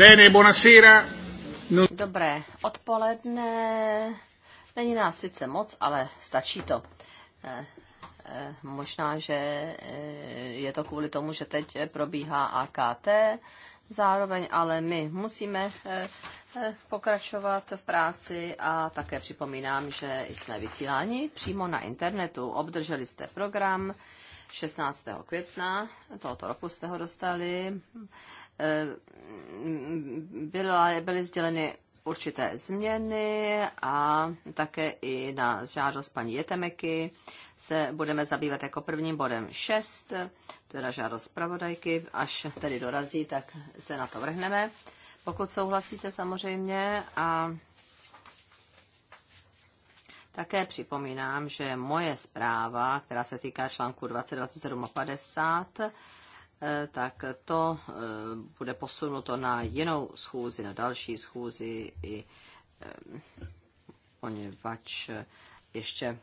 Bene, buonasera. No. Dobré odpoledne. Není nás sice moc, ale stačí to. Eh, eh, možná, že eh, je to kvůli tomu, že teď probíhá AKT zároveň, ale my musíme pokračovat v práci a také připomínám, že jsme vysíláni přímo na internetu. Obdrželi jste program 16. května tohoto roku jste ho dostali Eh, byla, byly sděleny určité změny a také i na žádost paní Jetemeky se budeme zabývat jako prvním bodem 6, teda žádost zpravodajky, až tedy dorazí, tak se na to vrhneme, pokud souhlasíte samozřejmě a také připomínám, že moje zpráva, která se týká článku 20, 27 a 50, Eh, tak to eh, bude posunuto na jinou schůzi, na další schůzi i eh, poněvadž ještě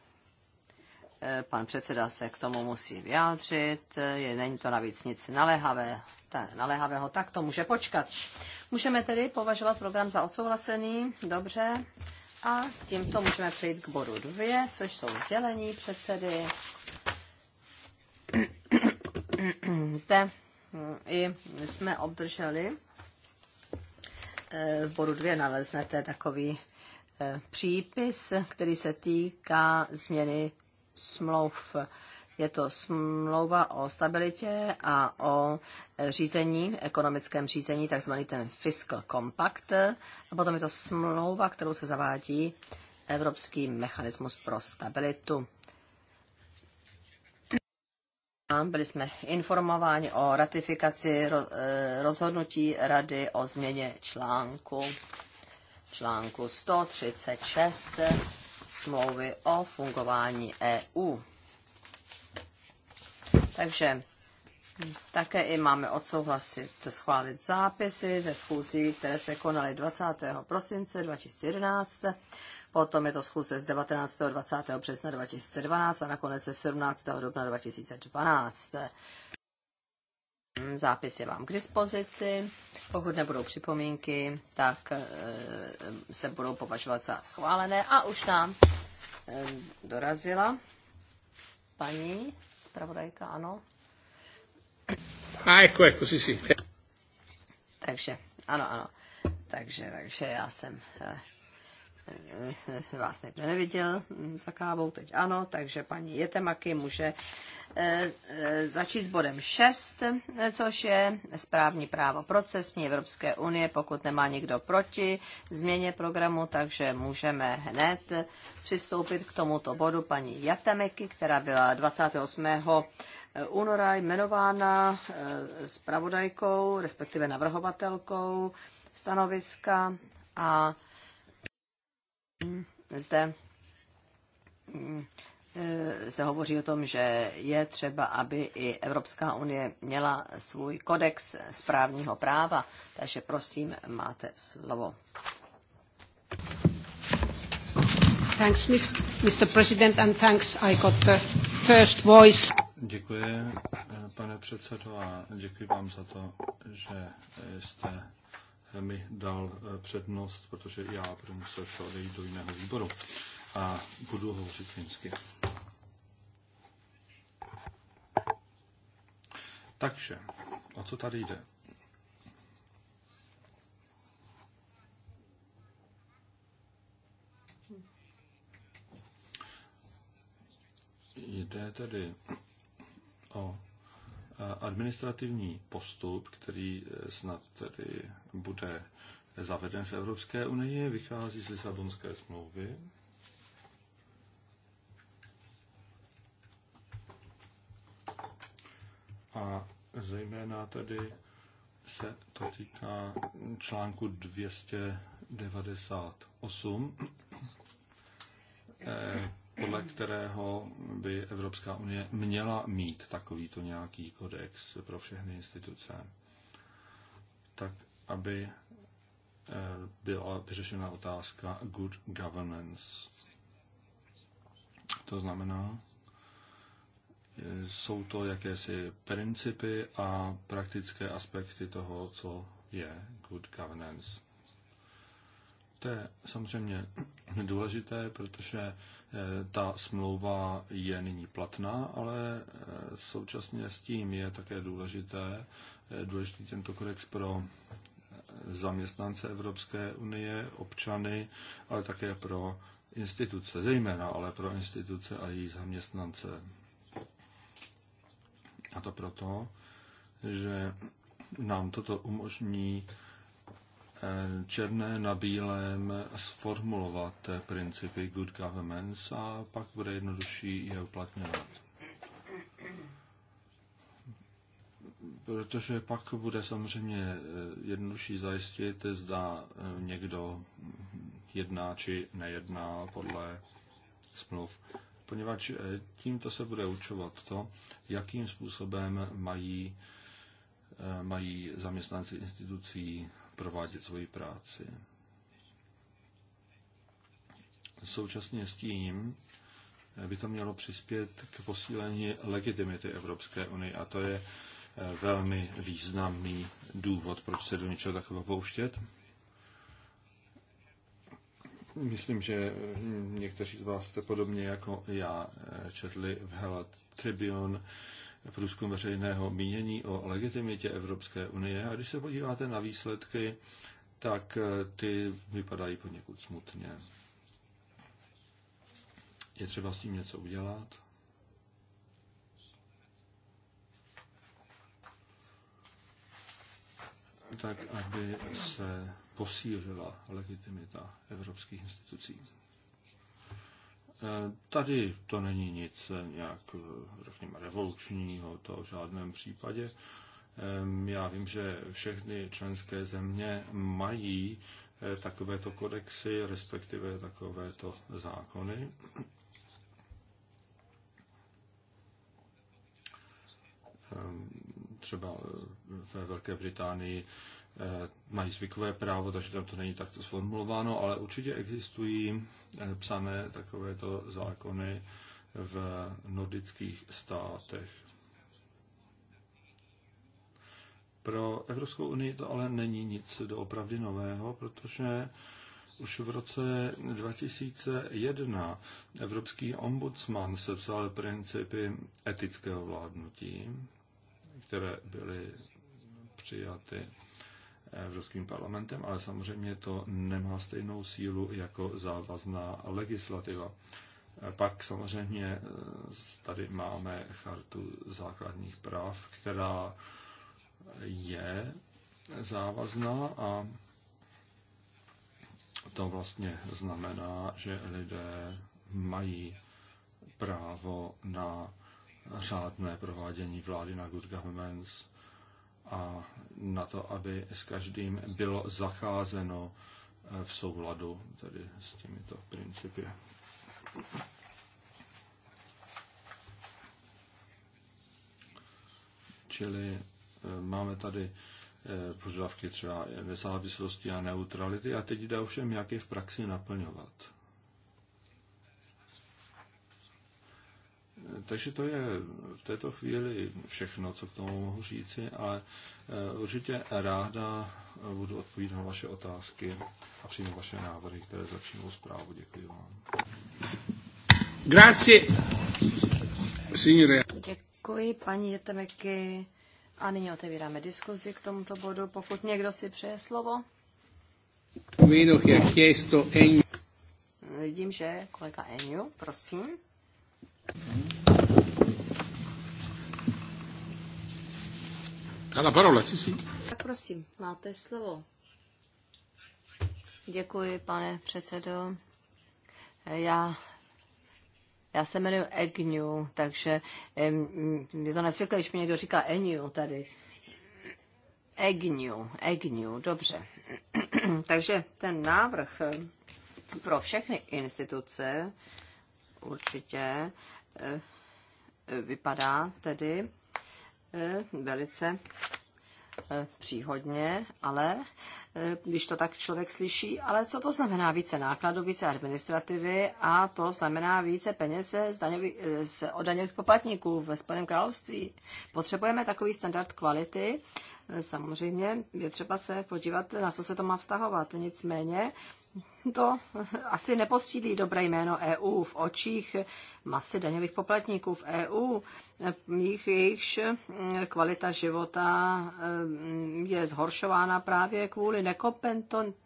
pan předseda se k tomu musí vyjádřit, je, není to navíc nic naléhavé, tak, naléhavého, tak to může počkat. Můžeme tedy považovat program za odsouhlasený, dobře, a tímto můžeme přejít k bodu dvě, což jsou sdělení předsedy. Zde eh, i jsme obdrželi eh, v bodu dvě naleznete takový eh, přípis, který se týká změny smlouv. Je to smlouva o stabilitě a o řízení, ekonomickém řízení, takzvaný ten Fiscal Compact. A potom je to smlouva, kterou se zavádí Evropský mechanismus pro stabilitu. Byli jsme informováni o ratifikaci e, rozhodnutí Rady o změně článku, článku 136 smlouvy o fungování EU. Takže také i máme odsouhlasit, schválit zápisy ze schůzí, které se konaly 20. prosince 2011, potom je to schůze z 19. 20. března 2012 a nakonec ze 17. dubna 2012. Zápis je vám k dispozici. Pokud nebudou připomínky, tak eh, se budou považovat za schválené. A už nám eh, dorazila paní zpravodajka, ano. A jako, jako, si, si. Takže, ano, ano. Takže, takže já jsem eh, Eh, vás nejprve neviděl hm, za kávou, teď ano, takže paní Jetemaky může eh, eh, začít s bodem 6, což je správní právo procesní Evropské unie, pokud nemá nikdo proti změně programu, takže můžeme hned přistoupit k tomuto bodu paní Jatemeky, která byla 28. února jmenována zpravodajkou, respektive navrhovatelkou stanoviska a zde mm, e, se hovoří o tom, že je třeba, aby i Evropská unie měla svůj kodex správního práva. Takže prosím, máte slovo. Thanks, Mr. President, and thanks. I got the first voice. Děkuji, pane předsedo, a děkuji vám za to, že jste mi dal eh, přednost, protože já budu muset odejít do jiného výboru a budu hovořit finsky. Takže, o co tady jde? Jde tedy o administrativní postup, který eh, snad tedy bude zaveden v Evropské unii, vychází z Lisabonské smlouvy. A zejména tedy se to týká článku 298, podle kterého by Evropská unie měla mít takovýto nějaký kodex pro všechny instituce, tak aby eh, byla vyřešena otázka good governance. To znamená, eh, jsou to jakési principy a praktické aspekty toho, co je good governance. To je samozřejmě důležité, protože eh, ta smlouva je nyní platná, ale eh, současně s tím je také důležité, eh, důležitý tento kodex pro zaměstnance Evropské unie, občany, ale také pro instituce, zejména ale pro instituce a její zaměstnance. A to proto, že nám toto umožní černé na bílém sformulovat principy good governance a pak bude jednodušší je uplatňovat. Protože pak bude samozřejmě eh, jednodušší zajistit, zda eh, někdo jedná či nejedná podle smluv. Poněvadž eh, tímto se bude učovat to, jakým způsobem mají, mají zaměstnanci institucí provádět svoji práci. Současně s tím by to mělo přispět k posílení legitimity Evropské unie a to je eh, velmi významný důvod, proč se do něčeho takového pouštět. Myslím, že někteří z vás jste podobně jako já eh, četli v Hellat Tribune průzkum veřejného mínění o legitimitě Evropské unie. A když se podíváte na výsledky, tak eh, ty vypadají poněkud smutně. Je třeba s tím něco udělat. tak, aby se posílila legitimita evropských institucí. Eh, tady to není nic eh, nějak, eh, řekněme, revolučního, to v žádném případě. Ehm, já vím, že všechny členské země mají takovéto kodexy, respektive takovéto zákony. Ehm, třeba ve Velké Británii Eh, mají zvykové právo, takže tam to není takto sformulováno, ale určitě existují eh, psané takovéto zákony v nordických státech. Pro Evropskou unii to ale není nic doopravdy nového, protože už v roce 2001 evropský ombudsman sepsal principy etického vládnutí, které byly přijaty Evropským parlamentem, ale samozřejmě to nemá stejnou sílu jako závazná legislativa. Pak samozřejmě eh, tady máme chartu základních práv, která je závazná a to vlastně znamená, že lidé mají právo na řádné provádění vlády na good governance, a na to, aby s každým bylo zacházeno eh, v souladu tedy s těmito principy. Čili eh, máme tady eh, požadavky třeba nezávislosti a neutrality a teď jde ovšem, jak je v praxi naplňovat. Takže to je v této chvíli všechno, co k tomu mohu říci, ale e, určitě ráda budu odpovídat na vaše otázky a přijmu vaše návrhy, které začínou zprávu. Děkuji vám. Grazie. Signore. Děkuji, paní Jetemeky. A nyní otevíráme diskuzi k tomuto bodu, pokud někdo si přeje slovo. Vidím, že kolega Enju, prosím. La parola, si, si. Tak prosím, máte slovo. Děkuji, pane předsedo. Já já se jmenuji Egnu, takže je to nesvětlé, když mi někdo říká Egnu tady. Egnu, Egnu, dobře. takže ten návrh pro všechny instituce určitě eh, vypadá tedy E, velice e, příhodně, ale e, když to tak člověk slyší, ale co to znamená více nákladů, více administrativy a to znamená více peněz od daňových poplatníků ve Spojeném království. Potřebujeme takový standard kvality, samozřejmě je třeba se podívat, na co se to má vztahovat. Nicméně to asi neposílí dobré jméno EU v očích masy daňových poplatníků v EU. Jejich, jejichž mm, kvalita života mm, je zhoršována právě kvůli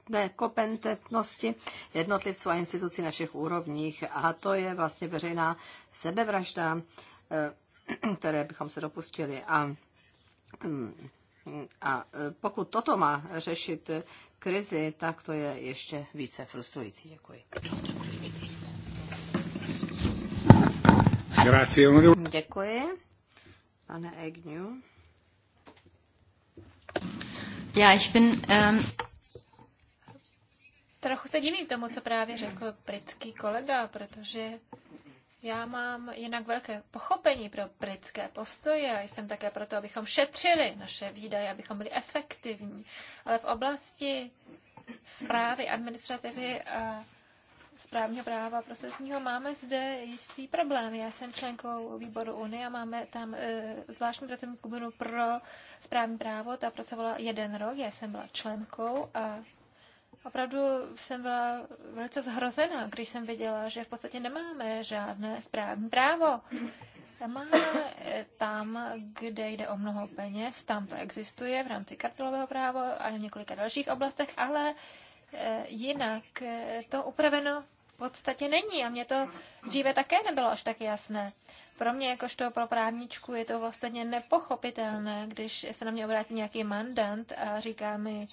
nekompetentnosti jednotlivců a institucí na všech úrovních. A to je vlastně veřejná sebevražda, eh, které bychom se dopustili. A mm, a eh, pokud toto má řešit krizi, tak to je ještě více frustrující. Děkuji. Děkuji, pane Egnu. Já ja, jsem um... Trochu se divím tomu, co právě řekl britský kolega, protože já mám jinak velké pochopení pro britské postoje a jsem také proto, abychom šetřili naše výdaje, abychom byli efektivní. Ale v oblasti zprávy, administrativy a správního práva procesního máme zde jistý problém. Já jsem členkou výboru Unie a máme tam e, zvláštní pracovní skupinu pro správní právo. Ta pracovala jeden rok, já jsem byla členkou a Opravdu jsem byla velice zhrozena, když jsem viděla, že v podstatě nemáme žádné správní právo. Tam, eh, tam, kde jde o mnoho peněz, tam to existuje v rámci kartelového práva a v několika dalších oblastech, ale eh, jinak eh, to upraveno v podstatě není a mě to dříve také nebylo až tak jasné. Pro mě, jakožto pro právničku, je to vlastně nepochopitelné, když se na mě obrátí nějaký mandant a říká mi,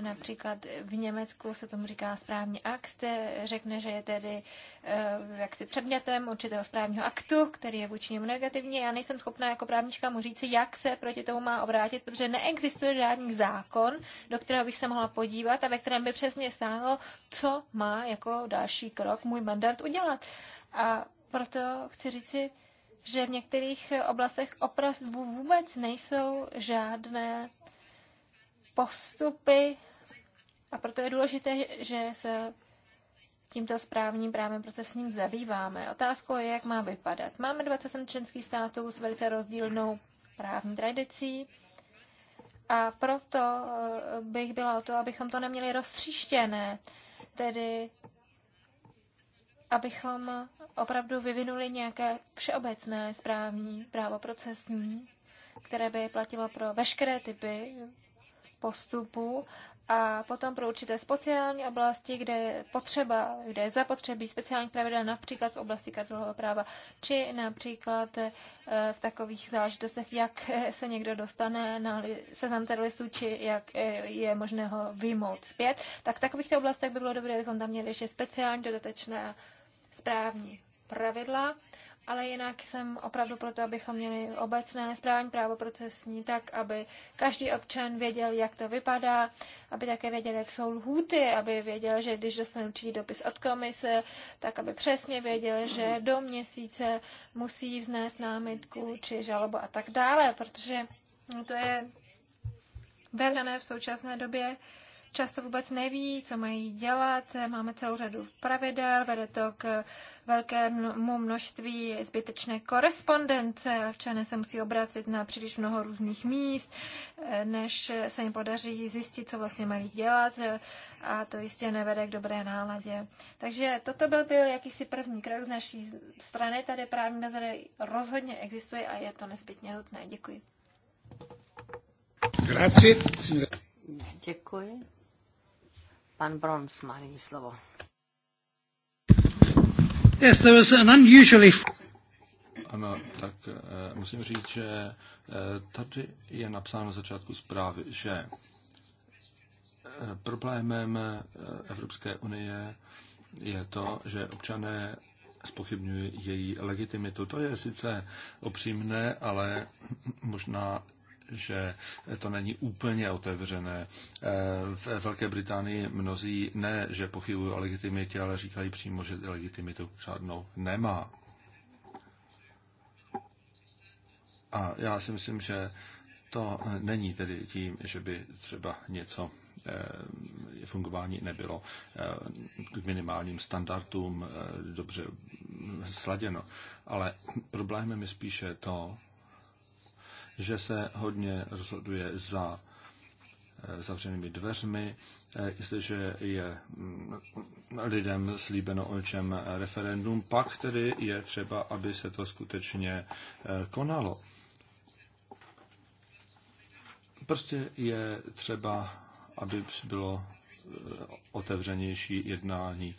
Například v Německu se tomu říká správní akt, řekne, že je tedy eh, jaksi předmětem určitého správního aktu, který je vůči němu negativní. Já nejsem schopná jako právnička mu říct, jak se proti tomu má obrátit, protože neexistuje žádný zákon, do kterého bych se mohla podívat a ve kterém by přesně stálo, co má jako další krok můj mandant udělat. A proto chci říci, že v některých oblastech opravdu vůbec nejsou žádné postupy a proto je důležité, že se tímto správním právem procesním zabýváme. Otázkou je, jak má vypadat. Máme 27 členských států s velice rozdílnou právní tradicí a proto eh, bych byla o to, abychom to neměli roztříštěné, tedy abychom opravdu vyvinuli nějaké všeobecné správní právo procesní, které by platilo pro veškeré typy postupů a potom pro určité speciální oblasti, kde je potřeba, kde je zapotřebí speciální pravidla, například v oblasti kartelového práva, či například eh, v takových záležitostech, jak eh, se někdo dostane na seznam teroristů, či jak eh, je možné ho vymout zpět, tak v takovýchto oblastech by bylo dobré, abychom tam měli ještě speciální dodatečné správní pravidla ale jinak jsem opravdu proto, abychom měli obecné správní právo procesní, tak aby každý občan věděl, jak to vypadá, aby také věděl, jak jsou lhůty, aby věděl, že když dostane určitý dopis od komise, tak aby přesně věděl, že do měsíce musí vznést námitku či žalobu a tak dále, protože to je velené v současné době často vůbec neví, co mají dělat. Máme celou řadu pravidel, vede to k velkému množství zbytečné korespondence. Občané se musí obracet na příliš mnoho různých míst, než se jim podaří zjistit, co vlastně mají dělat a to jistě nevede k dobré náladě. Takže toto byl, byl jakýsi první krok z naší strany. Tady právní mezery rozhodně existuje a je to nezbytně nutné. Děkuji. Grazie. Děkuji. Pan Brons má nyní slovo. Yes, there was an unusually... Ano, tak eh, musím říct, že eh, tady je napsáno na začátku zprávy, že eh, problémem Evropské unie je to, že občané spochybňují její legitimitu. To je sice opřímné, ale možná že to není úplně otevřené. Eh, v Velké Británii mnozí ne, že pochybují o legitimitě, ale říkají přímo, že legitimitu žádnou nemá. A já si myslím, že to není tedy tím, že by třeba něco eh, fungování nebylo eh, k minimálním standardům dobře sladěno. Ale problémem je spíše to, že se hodně rozhoduje za eh, zavřenými dveřmi, eh, jestliže je mm, lidem slíbeno o čem referendum, pak tedy je třeba, aby se to skutečně eh, konalo. Prostě je třeba, aby bylo otevřenější jednání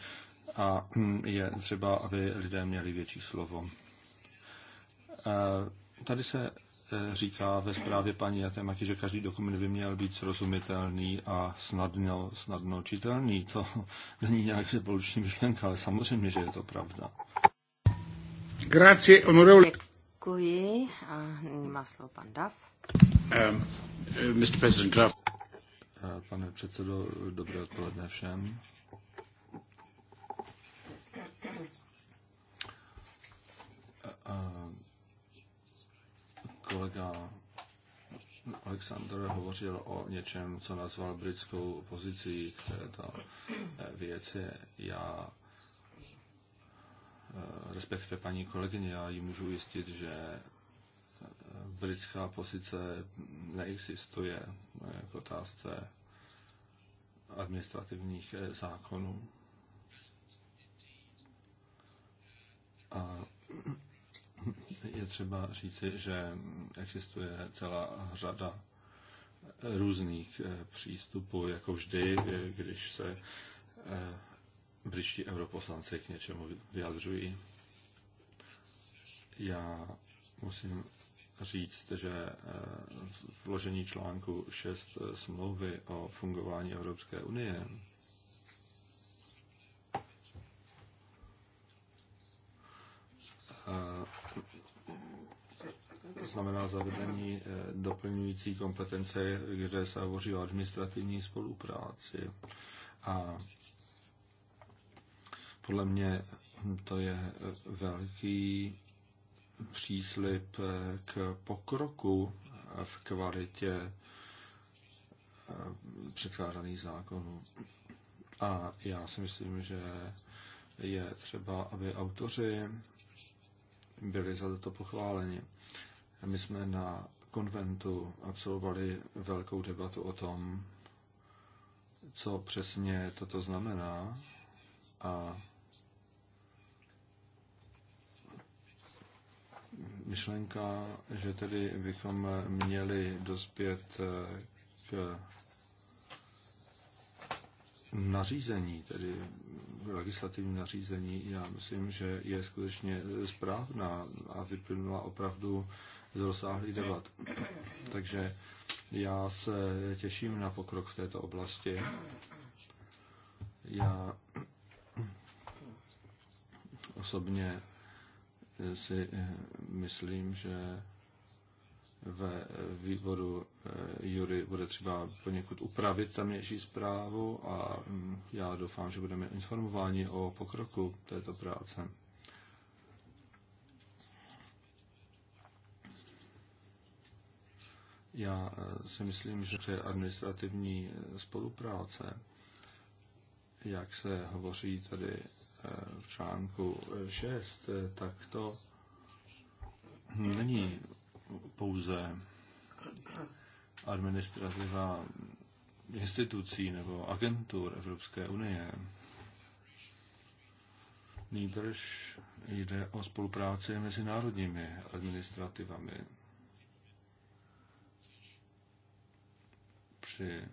a hm, je třeba, aby lidé měli větší slovo. Tady se E, říká ve zprávě paní Jatemaky, že každý dokument by měl být srozumitelný a snadno, snadno čitelný. To není nějak revoluční myšlenka, ale samozřejmě, že je to pravda. Grazie, onorevole. Děkuji. A má slovo pan Dav. Um, uh, Mr. President Graf. E, pane předsedo, dobré odpoledne všem. Uh, kolega Aleksandr hovořil o něčem, co nazval britskou opozicí v této věci. Já, eh, respektive paní kolegyně, já jí můžu ujistit, že eh, britská pozice neexistuje eh, k otázce administrativních zákonů. A je třeba říci, že existuje celá řada různých eh, přístupů, jako vždy, eh, když se eh, britští europoslanci k něčemu vyjadřují. Já musím říct, že vložení článku 6 smlouvy o fungování Evropské unie znamená zavedení eh, doplňující kompetence, kde se hovoří o administrativní spolupráci. A podle mě to je eh, velký příslip eh, k pokroku v kvalitě překládaných zákonů. A já si myslím, že je třeba, aby autoři byli za to pochváleni. My jsme na konventu absolvovali velkou debatu o tom, co přesně toto znamená a myšlenka, že tedy bychom měli dospět k nařízení, tedy legislativní nařízení, já myslím, že je skutečně správná a vyplynula opravdu z rozsáhlých debat. Takže já se těším na pokrok v této oblasti. Já osobně si myslím, že ve výboru eh, Jury bude třeba poněkud upravit tamnější zprávu a mm, já doufám, že budeme informováni o pokroku této práce. Já eh, si myslím, že administrativní eh, spolupráce, jak se hovoří tady eh, v článku 6, tak to není pouze administrativa institucí nebo agentur Evropské unie. Nýbrž jde o spolupráci mezi národními administrativami. při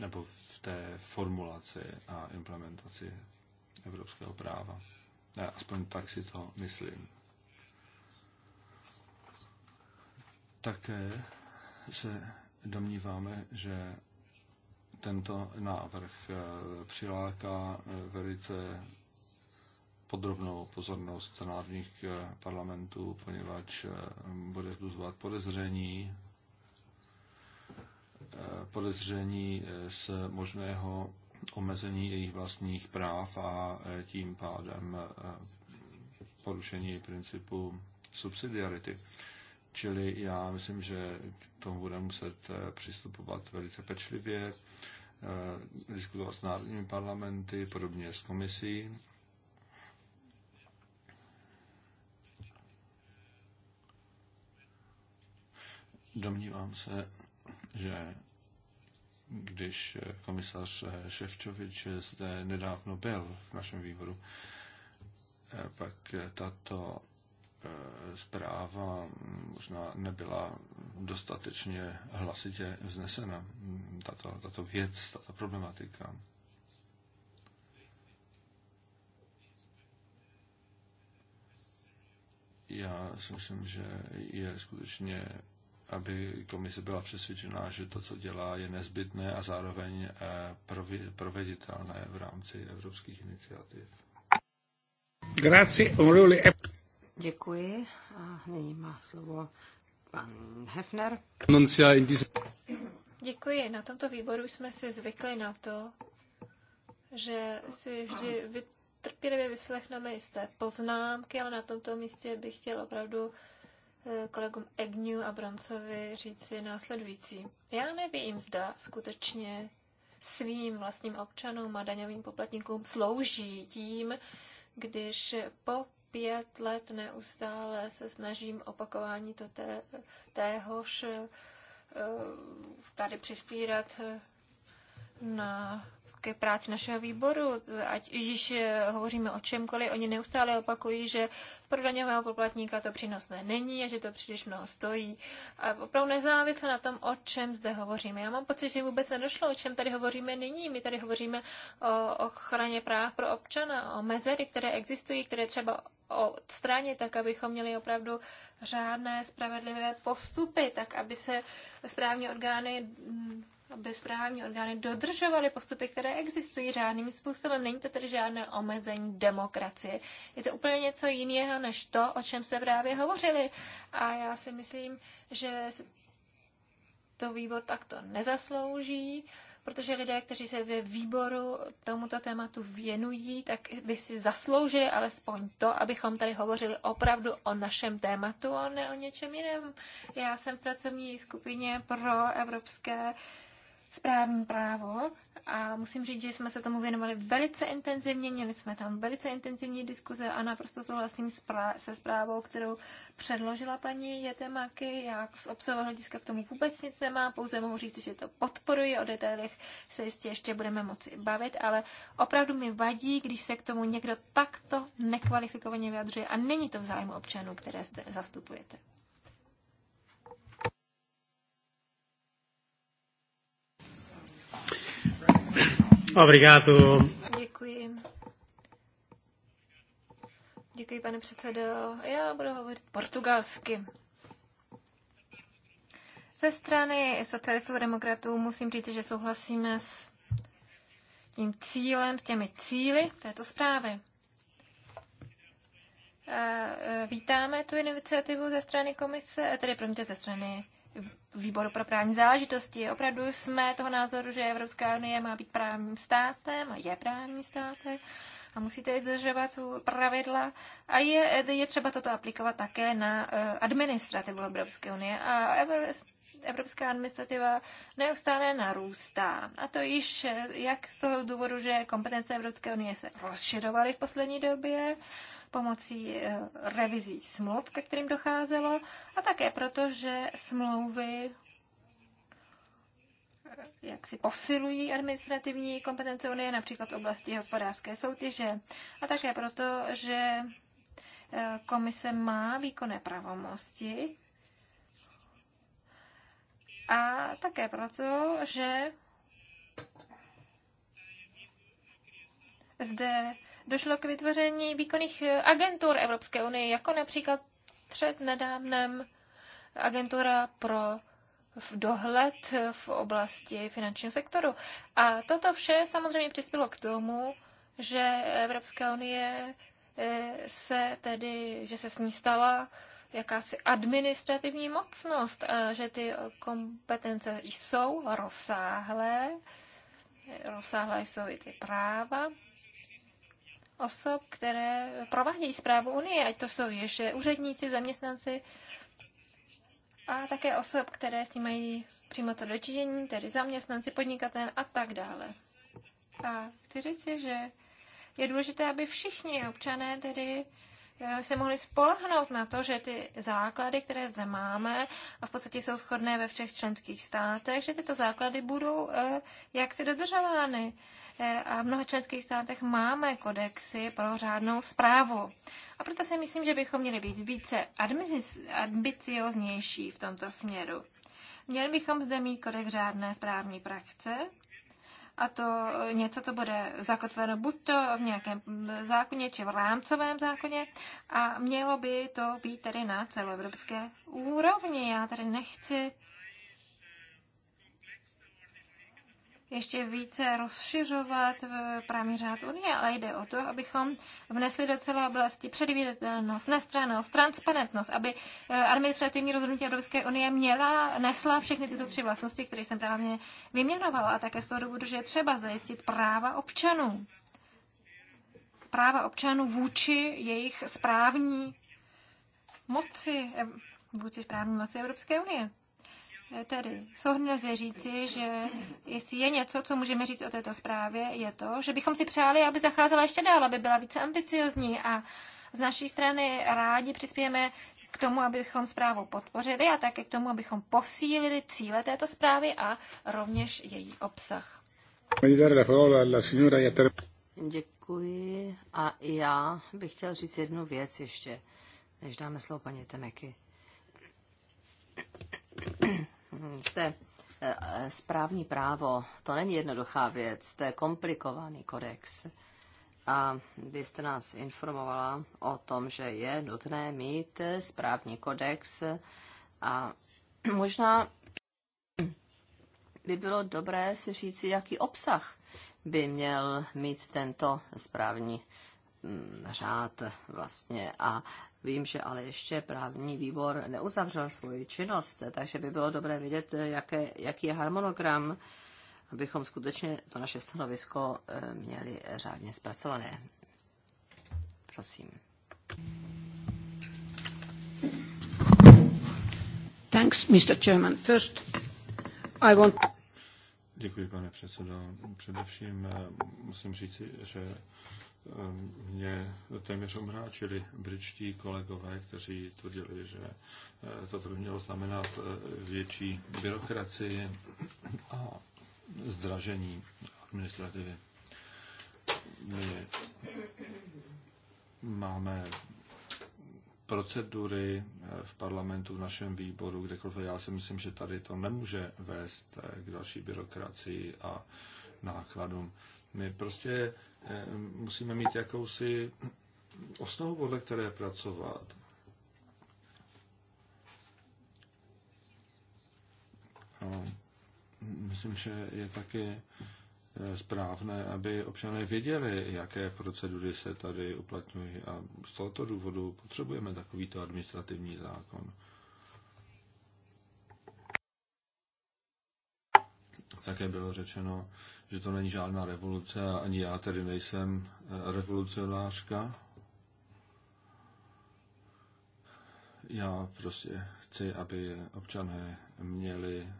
nebo v té formulaci a implementaci evropského práva. Já aspoň tak si to myslím. Také se domníváme, že tento návrh eh, přiláká eh, velice podrobnou pozornost národních eh, parlamentů, poněvadž bude vzbuzovat podezření Eh, podezření eh, z možného omezení jejich vlastních práv a eh, tím pádem porušení principu subsidiarity. Čili já myslím, že k tomu budeme muset přistupovat velice pečlivě, diskutovat s národními parlamenty, podobně s komisí. Domnívám se, že když komisař Ševčovič zde nedávno byl v našem výboru, eh, pak tato eh, zpráva možná nebyla dostatečně hlasitě vznesena, tato, tato věc, tato problematika. Já si myslím, že je skutečně aby komise byla přesvědčená, že to, co dělá, je nezbytné a zároveň eh, proveditelné v rámci evropských iniciativ. Děkuji. A nyní má slovo pan Hefner. Děkuji. Na tomto výboru jsme si zvykli na to, že si vždy vytrpělivě vyslechneme jisté poznámky, ale na tomto místě bych chtěl opravdu E, kolegům Egnu a Broncovi říci následující. Já nevím, zda skutečně svým vlastním občanům a daňovým poplatníkům slouží tím, když po pět let neustále se snažím opakování to té, téhož e, tady přispírat e, na ke práci našeho výboru, ať již eh, hovoříme o čemkoliv, oni neustále opakují, že pro daňového poplatníka to přínosné není a že to příliš mnoho stojí. A opravdu nezávisle na tom, o čem zde hovoříme. Já mám pocit, že vůbec nedošlo, o čem tady hovoříme nyní. My tady hovoříme o ochraně práv pro občana, o mezery, které existují, které třeba odstranit, tak abychom měli opravdu řádné, spravedlivé postupy, tak aby se správní orgány aby správní orgány dodržovaly postupy, které existují řádným způsobem. Není to tedy žádné omezení demokracie. Je to úplně něco jiného, než to, o čem se právě hovořili. A já si myslím, že to výbor takto nezaslouží protože lidé, kteří se ve výboru tomuto tématu věnují, tak by si zasloužili alespoň to, abychom tady hovořili opravdu o našem tématu a ne o něčem jiném. Já jsem v pracovní skupině pro evropské uh, správní právo a musím říct, že jsme se tomu věnovali velice intenzivně, měli jsme tam velice intenzivní diskuze a naprosto souhlasím se zprávou, kterou předložila paní Jetemaky. Já z obsahového hlediska k tomu vůbec nic nemám, pouze mohu říct, že to podporuji, o detailech se jistě ještě budeme moci bavit, ale opravdu mi vadí, když se k tomu někdo takto nekvalifikovaně vyjadřuje a není to v zájmu občanů, které zde zastupujete. Obrigado. Děkuji. Děkuji, pane předsedo. Já budu hovořit portugalsky. Ze strany socialistů a demokratů musím říct, že souhlasíme s tím cílem, s těmi cíly této zprávy. E, vítáme tu iniciativu ze strany komise, e, tedy promiňte, ze strany výboru pro právní záležitosti. Opravdu jsme toho názoru, že Evropská unie má být právním státem a je právním státem a musíte dodržovat pravidla a je, je třeba toto aplikovat také na eh, administrativu Evropské unie. A evropská administrativa neustále narůstá. A to již eh, jak z toho důvodu, že kompetence Evropské unie se rozširovaly v poslední době, pomocí eh, revizí smluv, ke kterým docházelo, a také proto, že smlouvy eh, jak si posilují administrativní kompetence Unie, například v oblasti hospodářské soutěže. A také proto, že komise má výkonné pravomosti a také proto, že zde došlo k vytvoření výkonných agentur Evropské unie, jako například před nedávnem agentura pro v dohled v oblasti finančního sektoru. A toto vše samozřejmě přispělo k tomu, že Evropská unie eh, se tedy, že se s ní stala jakási administrativní mocnost, eh, že ty kompetence jsou rozsáhlé, rozsáhlé jsou i ty práva osob, které provádějí zprávu Unie, ať to jsou ještě úředníci, zaměstnanci a také osob, které s ním mají přímo to dočinění, tedy zaměstnanci, podnikatel a tak dále. A chci říct, že je důležité, aby všichni občané tedy Eh, se mohli spolehnout na to, že ty základy, které zde máme, a v podstatě jsou shodné ve všech členských státech, že tyto základy budou eh, jaksi dodržovány. Eh, a v mnoha členských státech máme kodexy pro řádnou zprávu. A proto si myslím, že bychom měli být více ambicioznější v tomto směru. Měli bychom zde mít kodex řádné správní praxe, a to e, něco, co bude zakotveno buď to v nějakém zákoně či v rámcovém zákoně a mělo by to být tedy na celoevropské úrovni. Já tady nechci ještě více rozšiřovat v právní řád Unie, ale jde o to, abychom vnesli do celé oblasti předvídatelnost, nestranost, transparentnost, aby eh, administrativní rozhodnutí Evropské unie měla, nesla všechny tyto tři vlastnosti, které jsem právě vyměnovala a také z toho důvodu, že je třeba zajistit práva občanů. Práva občanů vůči jejich správní moci, eh, vůči správní moci Evropské unie. Tedy souhrně lze říci, že jestli je něco, co můžeme říct o této zprávě, je to, že bychom si přáli, aby zacházela ještě dál, aby byla více ambiciozní a z naší strany rádi přispějeme k tomu, abychom zprávu podpořili a také k tomu, abychom posílili cíle této zprávy a rovněž její obsah. Děkuji a já bych chtěl říct jednu věc ještě, než dáme slovo paní Temeky jste eh, správní právo, to není jednoduchá věc, to je komplikovaný kodex. A vy jste nás informovala o tom, že je nutné mít správní kodex a možná by bylo dobré si říci, jaký obsah by měl mít tento správní mm, řád vlastně a Vím, že ale ještě právní výbor neuzavřel svoji činnost, takže by bylo dobré vědět, jaké, jaký je harmonogram, abychom skutečně to naše stanovisko eh, měli řádně zpracované. Prosím. Thanks, Mr. Chairman. First, I want... Děkuji, pane předsedo. Především eh, musím říci, že mě téměř omráčili britští kolegové, kteří tvrdili, že eh, toto by mělo znamenat eh, větší byrokracii a zdražení administrativy. My máme procedury eh, v parlamentu, v našem výboru, kdekoliv. Já si myslím, že tady to nemůže vést k další byrokracii a nákladům. My prostě Eh, musíme mít jakousi osnovu, podle které pracovat. A myslím, že je taky eh, správné, aby občané věděli, jaké procedury se tady uplatňují a z tohoto důvodu potřebujeme takovýto administrativní zákon. také bylo řečeno, že to není žádná revoluce a ani já tedy nejsem eh, revolucionářka. Já prostě chci, aby občané měli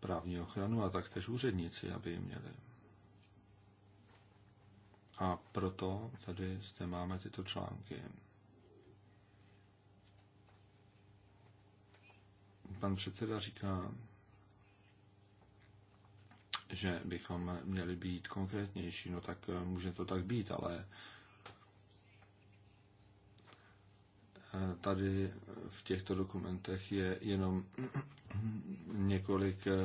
právní ochranu a taktéž úředníci, aby ji měli. A proto tady zde máme tyto články. Pan předseda říká, že bychom měli být konkrétnější, no tak eh, může to tak být, ale eh, tady v těchto dokumentech je jenom několik, eh,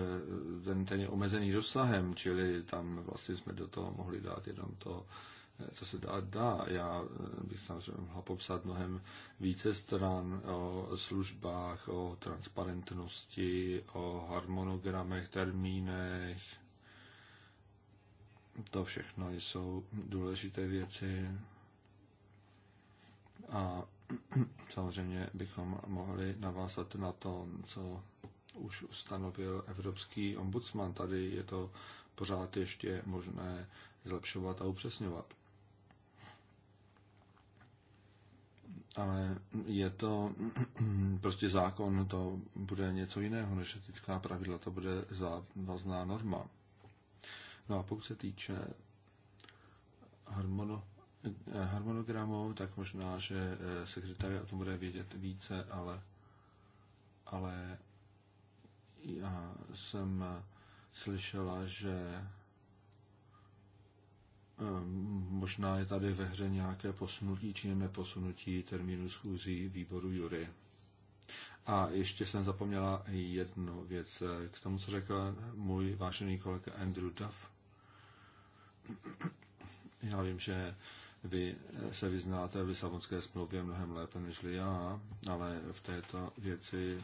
ten, ten je omezený rozsahem, čili tam vlastně jsme do toho mohli dát jenom to, co se dá, dá. Já bych samozřejmě mohla popsat mnohem více stran o službách, o transparentnosti, o harmonogramech, termínech, to všechno jsou důležité věci a samozřejmě bychom mohli navázat na to, co už ustanovil Evropský ombudsman. Tady je to pořád ještě možné zlepšovat a upřesňovat. Ale je to prostě zákon, to bude něco jiného než etická pravidla, to bude závazná norma. No a pokud se týče harmono, eh, harmonogramu, tak možná, že eh, sekretariat o tom bude vědět více, ale, ale já jsem eh, slyšela, že možná je tady ve hře nějaké posunutí či neposunutí termínu schůzí výboru jury. A ještě jsem zapomněla jednu věc k tomu, co řekl můj vážený kolega Andrew Duff. Já vím, že vy se vyznáte v Lisabonské smlouvě mnohem lépe než já, ale v této věci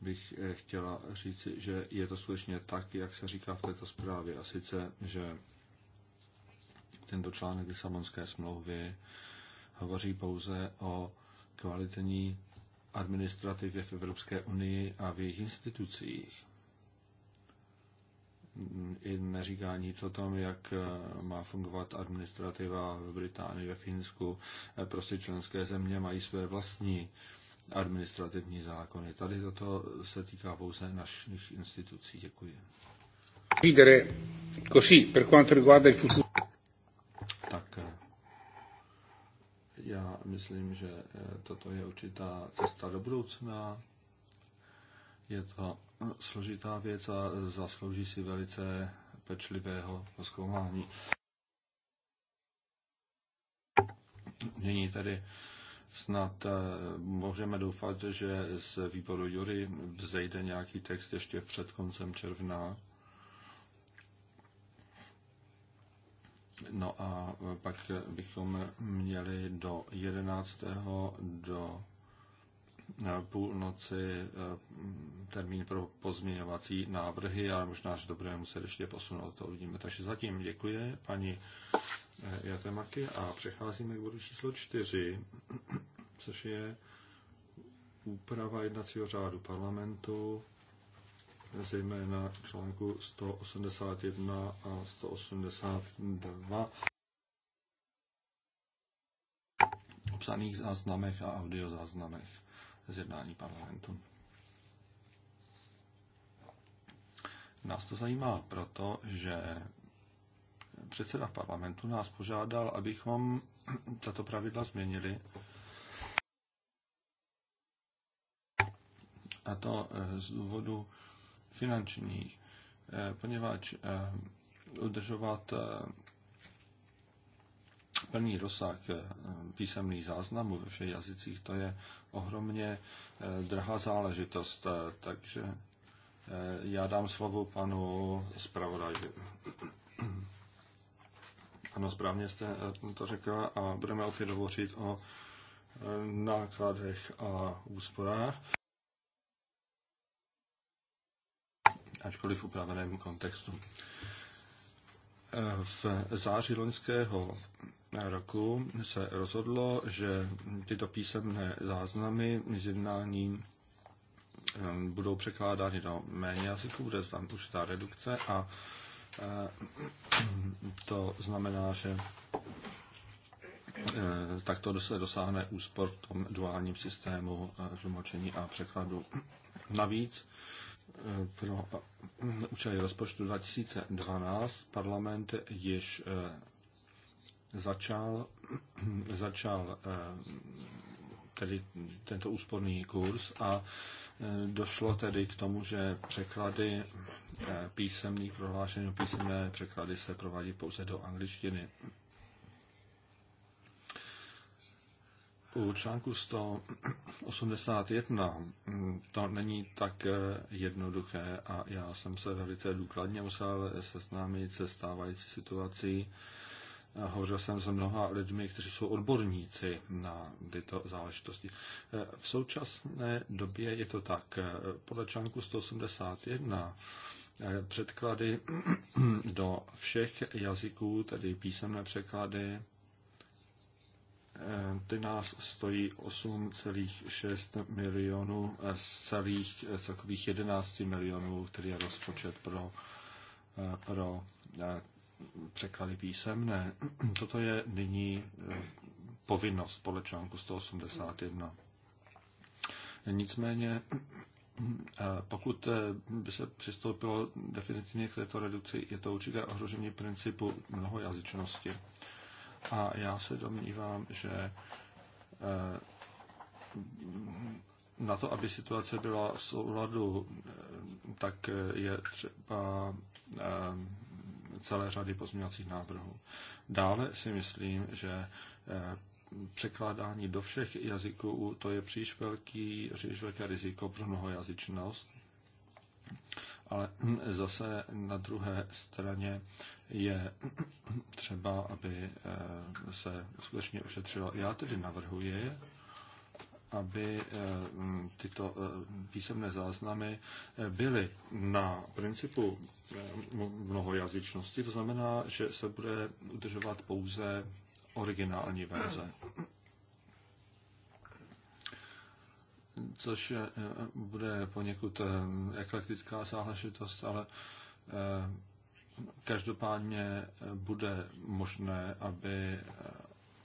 bych eh, chtěla říci, že je to skutečně tak, jak se říká v této zprávě. A sice, že tento článek Lisabonské smlouvy hovoří pouze o kvalitní administrativě v Evropské unii a v jejich institucích i nic co tam, jak eh, má fungovat administrativa v Británii, ve Finsku. Eh, prostě členské země mají své vlastní administrativní zákony. Tady toto se týká pouze našich institucí. Děkuji. Così, per quanto riguarda il futuro. Tak eh, já myslím, že toto je určitá cesta do budoucna je to eh, složitá věc a zaslouží si velice pečlivého zkoumání. Nyní tedy snad eh, můžeme doufat, že z výboru Jury vzejde nějaký text ještě před koncem června. No a pak bychom měli do 11. do půlnoci eh, termín pro pozměňovací návrhy, ale možná, že to budeme muset ještě posunout, to uvidíme. Takže zatím děkuji paní eh, Jatemaky a přecházíme k bodu číslo čtyři, což je úprava jednacího řádu parlamentu, zejména článku 181 a 182 psaných záznamech a audiozáznamech z jednání parlamentu. Nás to zajímá proto, že předseda parlamentu nás požádal, abychom tato pravidla změnili. A to eh, z důvodu finančních, eh, poněvadž eh, udržovat plný rozsah eh, písemných záznamů ve všech jazycích, to je ohromně eh, drahá záležitost. Eh, takže já dám slovo panu zpravodaji. Ano, správně jste to řekla a budeme opět hovořit o nákladech a úsporách. Ačkoliv v upraveném kontextu. V září loňského roku se rozhodlo, že tyto písemné záznamy z jednání budou překládány do méně jazyků, bude tam už ta redukce a eh, to znamená, že eh, takto se dosáhne úspor v tom duálním systému eh, tlumočení a překladu. Navíc pro účely rozpočtu 2012 parlament již začal, začal eh, tedy tento úsporný kurz a eh, došlo tedy k tomu, že překlady eh, písemných prohlášení, písemné překlady se provádí pouze do angličtiny. U článku 181 mm, to není tak jednoduché a já jsem se velice důkladně musel seznámit se stávající situací Hovořil jsem s mnoha lidmi, kteří jsou odborníci na tyto záležitosti. E, v současné době je to tak. E, podle článku 181 e, předklady do všech jazyků, tedy písemné překlady, ty nás stojí 8,6 milionů z celých z takových 11 milionů, který je rozpočet pro, pro překlady písemné. Toto je nyní eh, povinnost podle článku 181. Nicméně, eh, pokud eh, by se přistoupilo definitivně k této redukci, je to určité ohrožení principu mnohojazyčnosti. A já se domnívám, že na to, aby situace byla v souladu, tak je třeba celé řady pozměňovacích návrhů. Dále si myslím, že eh, překládání do všech jazyků, to je příliš, velký, příliš velké riziko pro mnohojazyčnost. Ale hm, zase na druhé straně je hm, třeba, aby eh, se skutečně ošetřilo. Já tedy navrhuji, aby eh, tyto eh, písemné záznamy eh, byly na principu mnohojazyčnosti, to znamená, že se bude udržovat pouze originální verze. Což bude poněkud eklektická záležitost, ale Každopádně bude možné, aby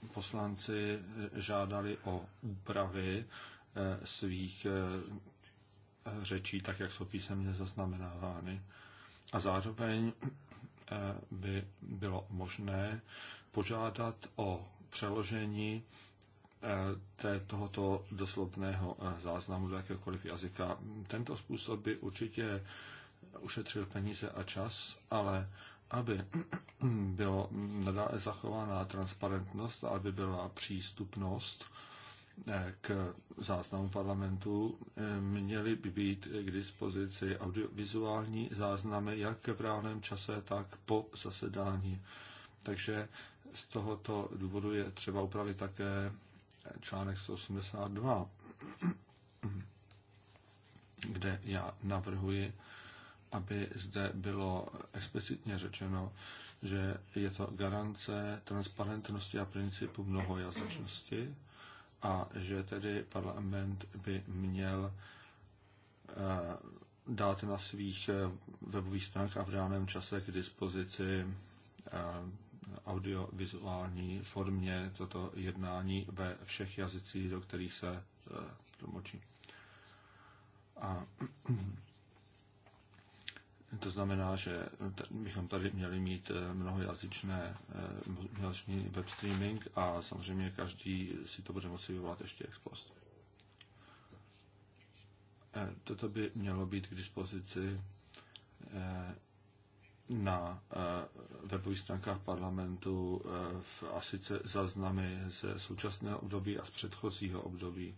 poslanci žádali o úpravy eh, svých eh, řečí, tak jak jsou písemně zaznamenávány. A zároveň eh, by bylo možné požádat o přeložení té, tohoto doslovného záznamu do jakéhokoliv jazyka. Tento způsob by určitě ušetřil peníze a čas, ale aby bylo nadále zachována transparentnost, aby byla přístupnost eh, k záznamu parlamentu, eh, měly by být k dispozici audiovizuální záznamy jak v reálném čase, tak po zasedání. Takže z tohoto důvodu je třeba upravit také článek 182, kde já navrhuji, aby zde bylo explicitně řečeno, že je to garance transparentnosti a principu mnohojazyčnosti a že tedy parlament by měl eh, dát na svých eh, webových stránkách v reálném čase k dispozici eh, audiovizuální formě toto jednání ve všech jazycích, do kterých se tlumočí. A to znamená, že bychom tady měli mít eh, mnohojazyčné, eh, mnohojazyčný web streaming a samozřejmě každý si to bude moci vyvolat ještě ex post. Eh, toto by mělo být k dispozici na webových stránkách parlamentu v, asice záznamy zaznamy ze současného období a z předchozího období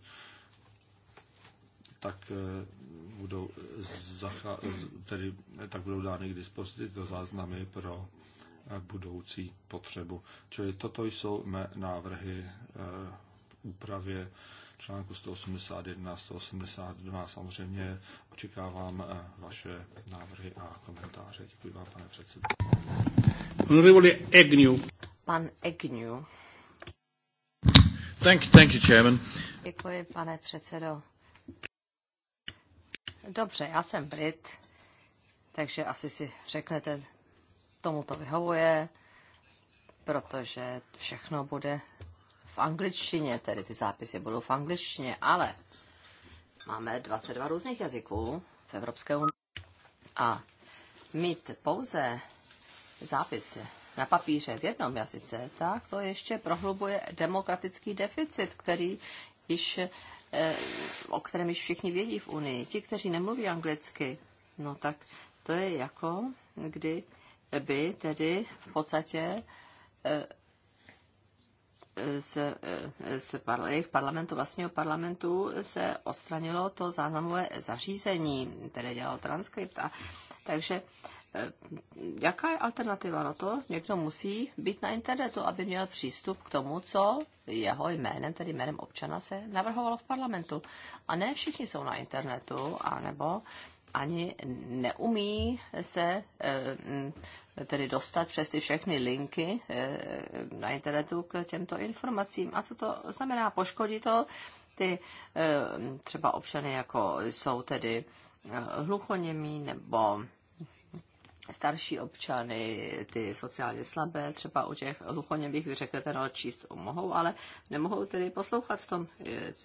tak eh, budou, zacha- tedy, tak budou dány k dispozici do záznamy pro eh, budoucí potřebu. Čili toto jsou mé návrhy eh, úpravě článku 181 182. Samozřejmě očekávám vaše návrhy a komentáře. Děkuji vám, pane předsedo. Pan Egnu. Thank you, thank you, chairman. Děkuji, pane předsedo. Dobře, já jsem Brit, takže asi si řeknete, tomu to vyhovuje, protože všechno bude v angličtině, tedy ty zápisy budou v angličtině, ale máme 22 různých jazyků v Evropské unii a mít pouze zápisy na papíře v jednom jazyce, tak to ještě prohlubuje demokratický deficit, který již Eh, o kterém již všichni vědí v Unii. Ti, kteří nemluví anglicky, no tak to je jako, kdy by tedy v podstatě eh, z, eh, z parla, jejich parlamentu, vlastního parlamentu, se odstranilo to záznamové zařízení, které dělalo transkript. A, takže jaká je alternativa na to? Někdo musí být na internetu, aby měl přístup k tomu, co jeho jménem, tedy jménem občana, se navrhovalo v parlamentu. A ne všichni jsou na internetu, anebo ani neumí se eh, mm, tedy dostat přes ty všechny linky eh, na internetu k těmto informacím. A co to znamená? Poškodí to ty eh, třeba občany, jako jsou tedy hluchoněmí nebo starší občany, ty sociálně slabé, třeba u těch hluchoně bych řekl, no číst mohou, ale nemohou tedy poslouchat v tom eh, eh,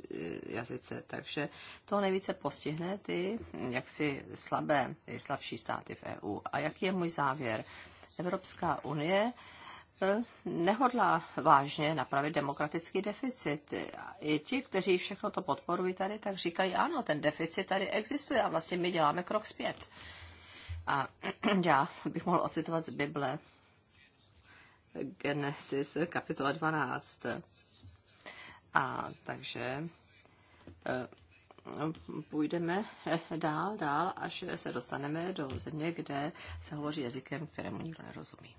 jazyce. Takže to nejvíce postihne ty hm, jaksi slabé, ty slabší státy v EU. A jaký je můj závěr? Evropská unie eh, nehodlá vážně napravit demokratický deficit. I ti, kteří všechno to podporují tady, tak říkají, ano, ten deficit tady existuje a vlastně my děláme krok zpět. A já bych mohl ocitovat z Bible Genesis kapitola 12. A takže eh, půjdeme eh, dál, dál, až se dostaneme do země, kde se hovoří jazykem, kterému nikdo nerozumí.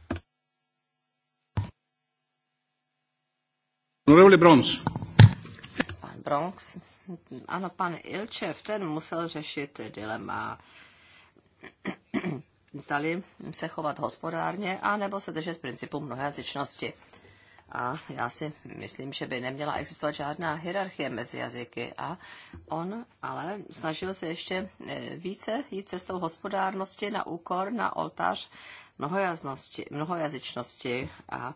Bronx. Pan Bronx. Ano, pan Ilčev, ten musel řešit dilema zdali se chovat hospodárně, a nebo se držet principu mnohojazyčnosti. A já si myslím, že by neměla existovat žádná hierarchie mezi jazyky. A on ale snažil se ještě e, více jít cestou hospodárnosti na úkor, na oltář mnohojazyčnosti. A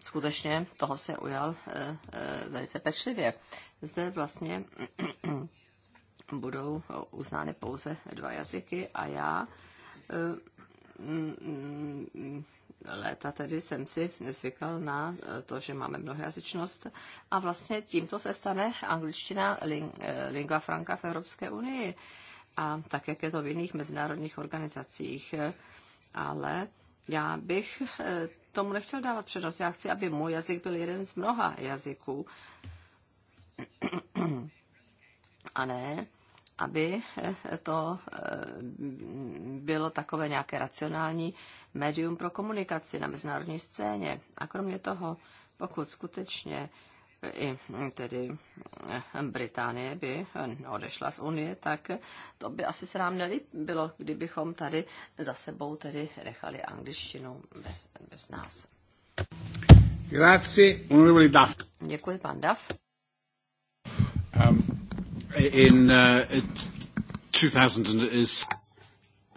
skutečně toho se ujal e, e, velice pečlivě. Zde vlastně budou uznány pouze dva jazyky a já Eh, mm, mm, léta tedy jsem si nezvykal na eh, to, že máme mnohojazyčnost a vlastně tímto se stane angličtina eh, lingua franca v Evropské unii a tak, jak je to v jiných mezinárodních organizacích. Ale já bych tomu nechtěl dávat přednost. Já chci, aby můj jazyk byl jeden z mnoha jazyků. A ne, aby eh, to eh, bylo takové nějaké racionální médium pro komunikaci na mezinárodní scéně. A kromě toho, pokud skutečně eh, i hm, tedy Británie by odešla z Unie, tak to by asi se nám nelíbilo, kdybychom tady za sebou tedy nechali angličtinu bez, bez nás. Grazie, onorevole Duff. Děkuji, pan Duff in uh, 2007.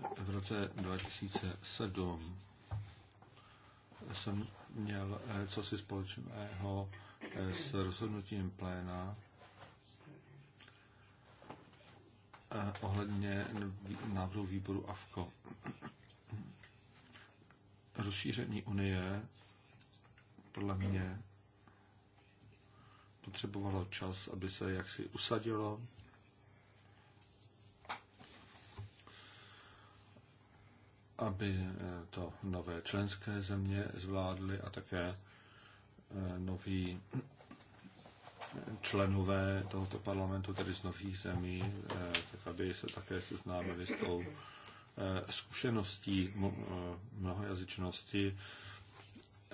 V roce 2007 jsem měl eh, cosi společného eh, s rozhodnutím pléna eh, ohledně návrhu výboru AFKO. Rozšíření Unie podle mě potřebovalo čas, aby se jaksi usadilo. aby eh, to nové členské země zvládly a také eh, noví eh, členové tohoto parlamentu, tedy z nových zemí, tak aby se také seznámili s tou zkušeností mnohojazyčnosti,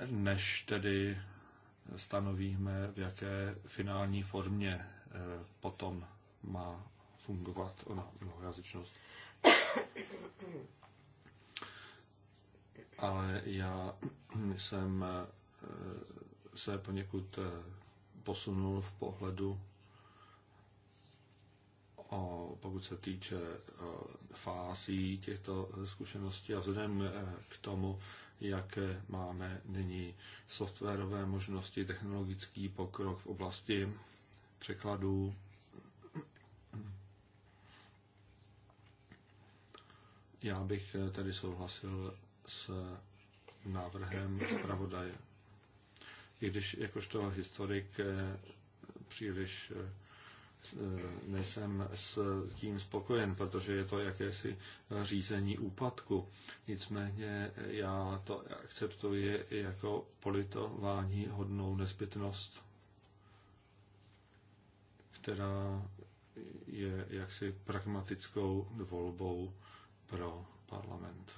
než tedy stanovíme, v jaké finální formě eh, potom má fungovat ona mnohojazyčnost. Ale já jsem eh, se poněkud eh, posunul v pohledu, o, pokud se týče fází těchto zkušeností a vzhledem k tomu, jaké máme nyní softwarové možnosti, technologický pokrok v oblasti překladů. Já bych eh, tedy souhlasil s návrhem zpravodaje. I když jakožto historik eh, příliš eh, Eh, nejsem s tím spokojen, protože je to jakési řízení úpadku. Nicméně já to akceptuji jako politování hodnou nezbytnost, která je jaksi pragmatickou volbou pro parlament.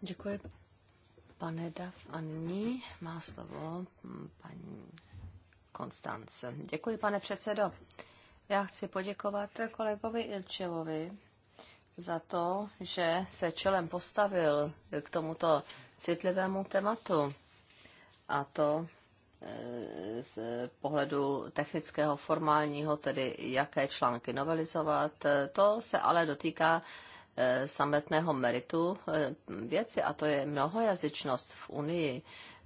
Děkuji, pane Dav. A nyní má slovo paní Konstanc. Děkuji, pane předsedo. Já chci poděkovat kolegovi Ilčevovi za to, že se čelem postavil k tomuto citlivému tématu. A to e, z pohledu technického, formálního, tedy jaké články novelizovat. To se ale dotýká e, sametného meritu e, věci, a to je mnohojazyčnost v Unii.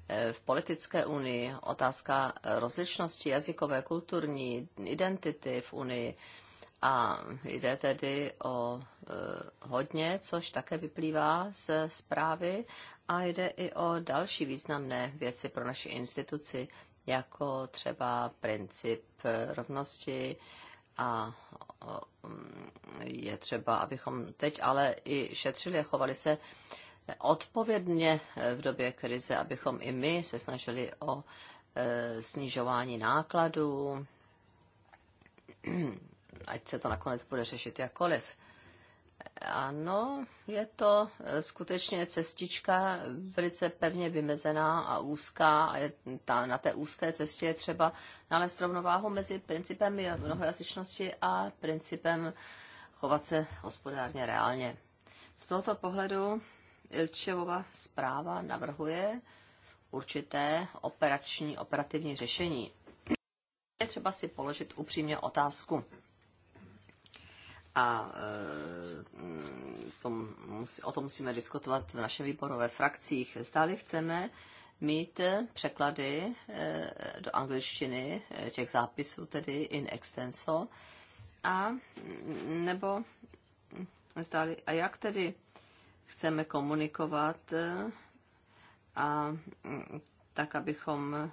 Eh, v politické unii, otázka rozličnosti jazykové, kulturní, identity v unii. A jde tedy o eh, hodně, což také vyplývá z zprávy a jde i o další významné věci pro naši instituci, jako třeba princip eh, rovnosti a mm, je třeba, abychom teď ale i šetřili a chovali se odpovědně eh, v době krize, abychom i my se snažili o eh, snižování nákladů, ať se to nakonec bude řešit jakkoliv. Ano, je to eh, skutečně cestička velice pevně vymezená a úzká a je ta, na té úzké cestě je třeba nalézt rovnováhu mezi principem mnohojazyčnosti a principem chovat se hospodárně reálně. Z tohoto pohledu Ilčevova zpráva navrhuje určité operační, operativní řešení. Je třeba si položit upřímně otázku. A e, to musí, o tom musíme diskutovat v našem výboru ve frakcích. Zdáli chceme mít překlady e, do angličtiny e, těch zápisů, tedy in extenso, a nebo zdáli, a jak tedy chceme komunikovat eh, a mm, tak, abychom eh,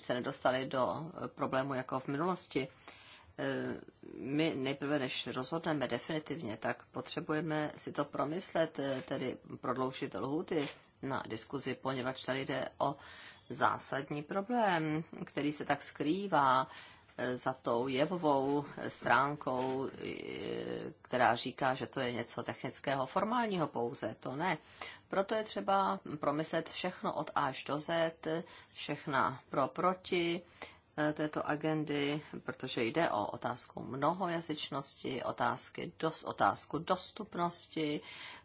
se nedostali do problému jako v minulosti. Eh, my nejprve, než rozhodneme definitivně, tak potřebujeme si to promyslet, tedy prodloužit lhuty na diskuzi, poněvadž tady jde o zásadní problém, který se tak skrývá za tou jevovou stránkou, která říká, že to je něco technického, formálního pouze, to ne. Proto je třeba promyslet všechno od až do Z, všechna pro proti eh, této agendy, protože jde o otázku mnohojazyčnosti, otázky dos, otázku dostupnosti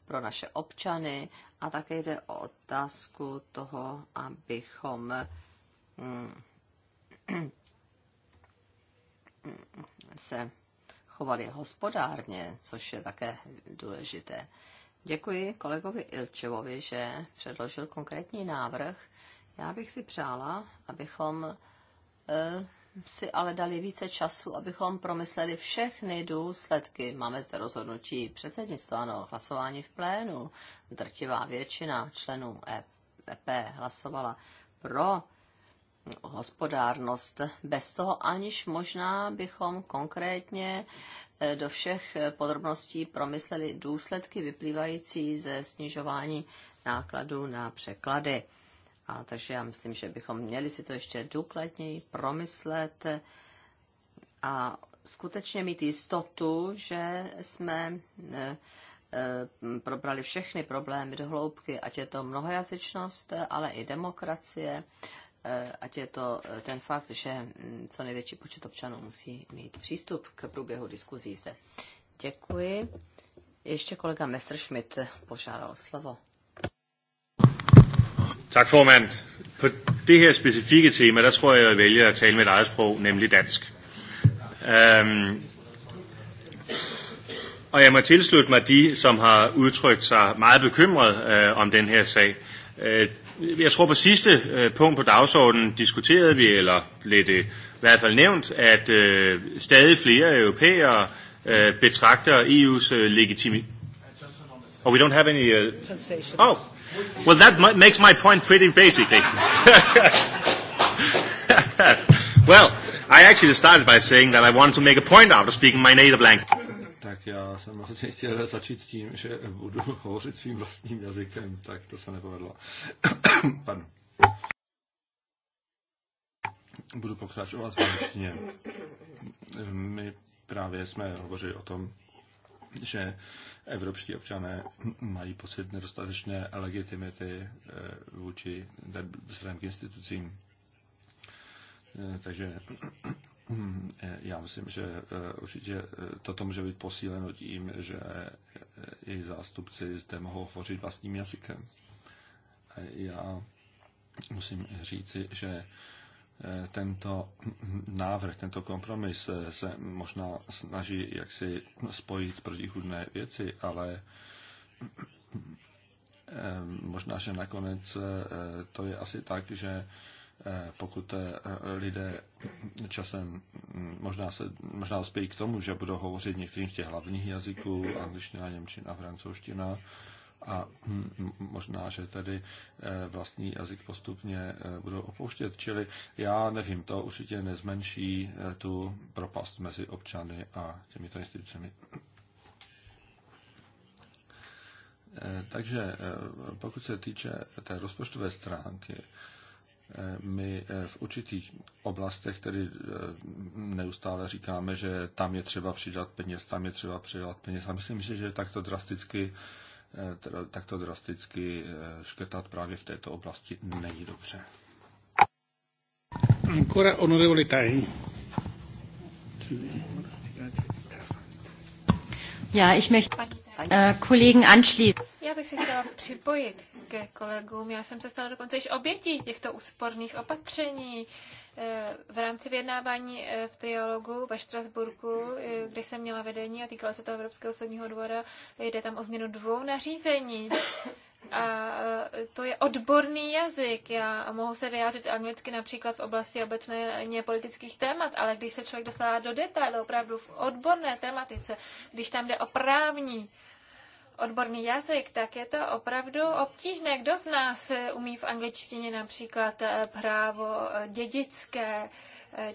pro naše občany a také jde o otázku toho, abychom hm, se chovali hospodárně, což je také důležité. Děkuji kolegovi Ilčevovi, že předložil konkrétní návrh. Já bych si přála, abychom si ale dali více času, abychom promysleli všechny důsledky. Máme zde rozhodnutí předsednictva, ano, hlasování v plénu. Drtivá většina členů EP hlasovala pro hospodárnost. Bez toho aniž možná bychom konkrétně eh, do všech eh, podrobností promysleli důsledky vyplývající ze snižování nákladů na překlady. A takže já myslím, že bychom měli si to ještě důkladněji promyslet a skutečně mít jistotu, že jsme eh, probrali všechny problémy do hloubky, ať je to mnohojazyčnost, ale i demokracie, Eh, ať je to eh, ten fakt, že mm, co největší počet občanů musí mít přístup k průběhu diskuzí zde. Děkuji. Ještě kolega Messerschmidt požádal slovo. Tak formand. På det her specifikke tema, der tror jeg, jeg vælger at tale mit eget sprog, nemlig dansk. Øhm, og jeg må tilslutte mig de, som har udtrykt sig meget bekymret øh, om den her sag. Øh, Jeg tror på sidste øh, punkt på dagsordenen diskuterede vi, eller blev det i hvert fald nævnt, at øh, stadig flere europæere øh, betragter EU's øh, legitimitet. Oh, we don't have any. Uh, Oh, well, that makes my point pretty basic. well, I actually started by saying that I wanted to make a point out of speaking my native language já jsem vlastně chtěl začít tím, že budu hovořit svým vlastním jazykem, tak to se nepovedlo. Pardon. Budu pokračovat v angličtině. My právě jsme hovořili o tom, že evropští občané mají pocit nedostatečné legitimity eh, vůči vzhledem k institucím. Eh, takže Hmm, eh, já myslím, že eh, určitě eh, toto může být posíleno tím, že jejich zástupci zde mohou hovořit vlastním jazykem. Já musím říci, že tento návrh, tento kompromis se možná snaží jaksi spojit protichudné věci, ale možná, že nakonec to je asi tak, že Eh, pokud eh, lidé časem hm, možná, se, možná spějí k tomu, že budou hovořit některým z těch hlavních jazyků, angličtina, němčina, francouzština, a hm, možná, že tedy eh, vlastní jazyk postupně budou opouštět. Čili já nevím, to určitě nezmenší tu propast mezi občany a těmito institucemi. Takže pokud se týče té rozpočtové stránky, my eh, v určitých oblastech tedy eh, neustále říkáme, že tam je třeba přidat peněz, tam je třeba přidat peněz. A myslím si, že takto drasticky, eh, takto drasticky škrtat právě v této oblasti není dobře. Ancora onorevole Tain. Ja, ich möchte äh, Kollegen anschließen. Já bych se chtěla připojit ke kolegům. Já jsem se stala dokonce již obětí těchto úsporných opatření. Eh, v rámci vyjednávání eh, v triologu ve Štrasburku, eh, kde jsem měla vedení a týkalo se toho Evropského soudního dvora, jde tam o změnu dvou nařízení. A to je odborný jazyk. Já mohu se vyjádřit anglicky například v oblasti obecně politických témat, ale když se člověk dostává do detailu, opravdu v odborné tematice, když tam jde o právní odborný jazyk, tak je to opravdu obtížné. Kdo z nás eh, umí v angličtině například eh, právo eh, dědické,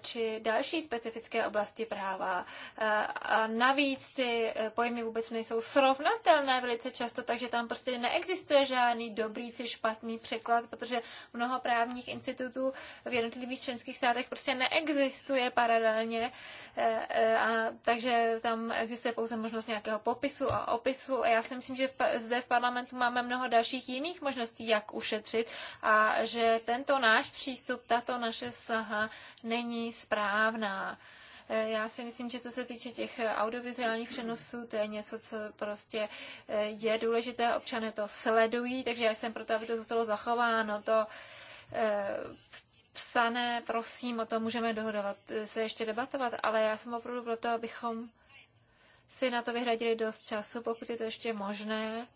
či další specifické oblasti práva. Eh, a navíc ty eh, pojmy vůbec nejsou srovnatelné velice často, takže tam prostě neexistuje žádný dobrý či špatný překlad, protože mnoho právních institutů v jednotlivých členských státech prostě neexistuje paralelně, eh, a, takže tam existuje pouze možnost nějakého popisu a opisu a já si myslím, že zde v parlamentu máme mnoho dalších jiných možností, jak ušetřit a že tento náš přístup, tato naše snaha není není správná. E, já si myslím, že co se týče těch audiovizuálních přenosů, to je něco, co prostě e, je důležité, občané to sledují, takže já jsem proto, aby to zůstalo zachováno. To e, psané, prosím, o tom můžeme dohodovat, se ještě debatovat, ale já jsem opravdu proto, abychom si na to vyhradili dost času, pokud je to ještě možné,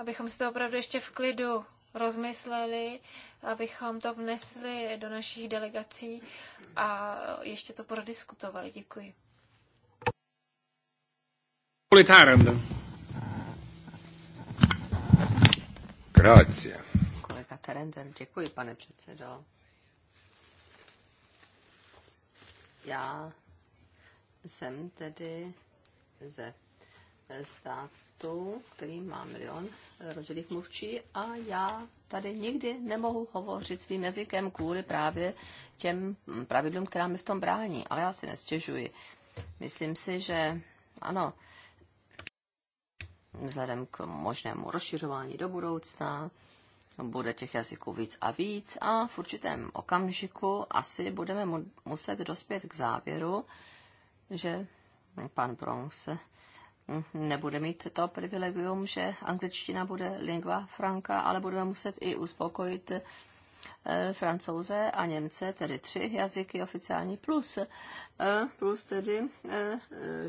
abychom si to opravdu ještě v klidu rozmysleli, abychom to vnesli do našich delegací a ještě to prodiskutovali. Děkuji. Grazie. Kolega Terender, děkuji, pane předsedo. Já jsem tedy ze státu, který má milion rodilých mluvčí a já tady nikdy nemohu hovořit svým jazykem kvůli právě těm pravidlům, která mi v tom brání. Ale já si nestěžuji. Myslím si, že ano, vzhledem k možnému rozšiřování do budoucna, bude těch jazyků víc a víc a v určitém okamžiku asi budeme muset dospět k závěru, že pan Bronx Mhm, nebude mít to privilegium, že angličtina bude lingua franca, ale budeme muset i uspokojit eh, francouze a Němce, tedy tři jazyky oficiální, plus, eh, plus tedy eh,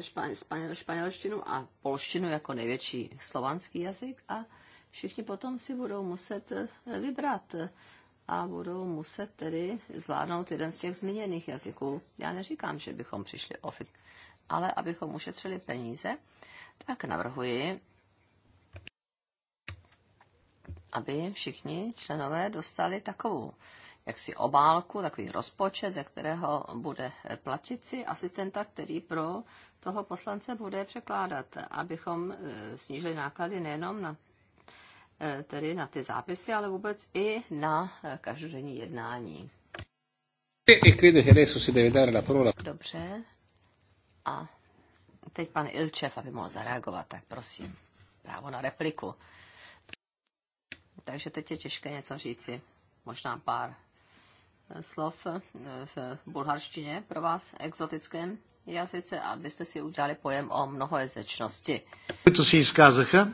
španěl, španělštinu a polštinu jako největší slovanský jazyk a všichni potom si budou muset vybrat a budou muset tedy zvládnout jeden z těch zmíněných jazyků. Já neříkám, že bychom přišli oficiálně ale abychom ušetřili peníze, tak navrhuji, aby všichni členové dostali takovou jaksi obálku, takový rozpočet, ze kterého bude platit si asistenta, který pro toho poslance bude překládat, abychom eh, snížili náklady nejenom na, eh, tedy na ty zápisy, ale vůbec i na eh, každodenní jednání. E Dobře, a teď pan Ilčev, aby mohl zareagovat, tak prosím, právo na repliku. Takže teď je těžké něco říci, možná pár eh, slov eh, v bulharštině pro vás, exotickém jazyce, abyste si udělali pojem o To si си изказаха,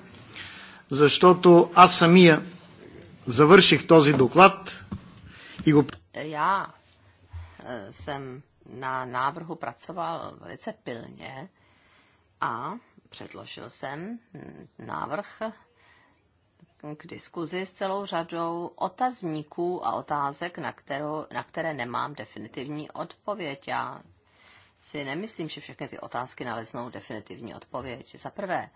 защото аз самия завърших този доклад и го... Já eh, jsem na návrhu pracoval velice pilně a předložil jsem návrh k diskuzi s celou řadou otazníků a otázek, na, kterou, na které nemám definitivní odpověď. Já si nemyslím, že všechny ty otázky naleznou definitivní odpověď. Za prvé,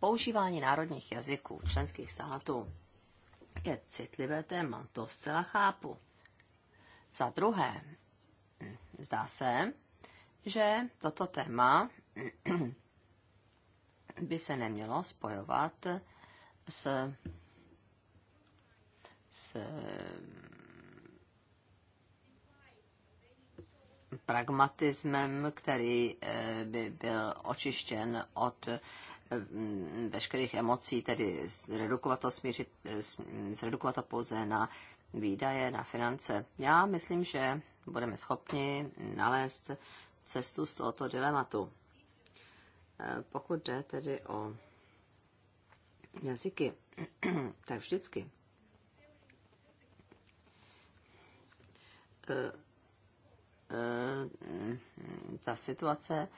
používání národních jazyků členských států je citlivé téma, to zcela chápu. Za druhé, zdá se, že toto téma by se nemělo spojovat s, s pragmatismem, který eh, by byl očištěn od eh, veškerých emocí, tedy zredukovat to, smířit, eh, zredukovat to pouze na výdaje, na finance. Já myslím, že budeme schopni nalézt cestu z tohoto dilematu. E, pokud jde tedy o jazyky, tak vždycky e, e, ta situace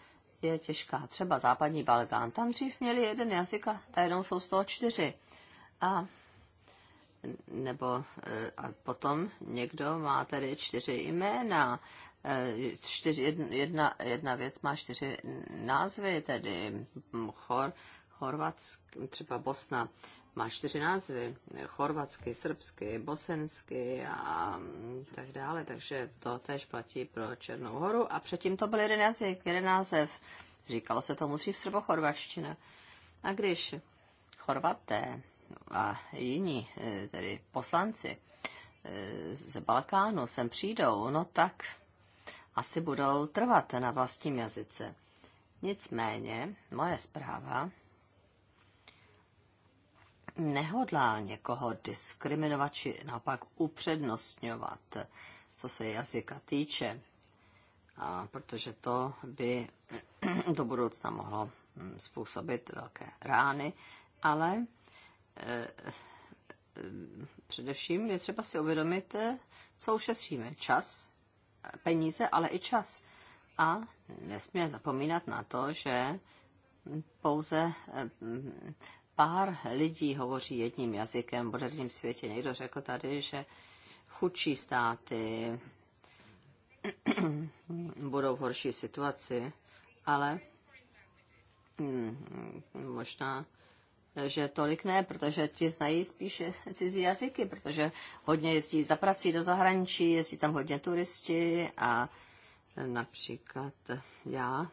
je těžká. Třeba západní Balkán, tam dřív měli jeden jazyk a najednou jsou z toho čtyři. A nebo e, a potom někdo má tady čtyři jména. E, čtyři, jedna, jedna věc má čtyři názvy, tedy Chor, Chorvatsk, třeba Bosna má čtyři názvy, chorvatsky, srbsky, bosensky a tak dále, takže to tež platí pro Černou horu. A předtím to byl jeden jazyk, jeden název. Říkalo se tomu dřív srbochorvaština. A když Chorvaté a jiní, eh, tedy poslanci eh, z Balkánu sem přijdou, no tak asi budou trvat na vlastním jazyce. Nicméně moje zpráva nehodlá někoho diskriminovat či naopak upřednostňovat, co se jazyka týče, a protože to by do budoucna mohlo mm, způsobit velké rány, ale Eh, především je třeba si uvědomit, eh, co ušetříme. Čas, peníze, ale i čas. A nesmíme zapomínat na to, že pouze eh, pár lidí hovoří jedním jazykem v moderním světě. Někdo řekl tady, že chudší státy budou v horší situaci, ale hm, možná že tolik ne, protože ti znají spíše cizí jazyky, protože hodně jezdí za prací do zahraničí, jezdí tam hodně turisti a například já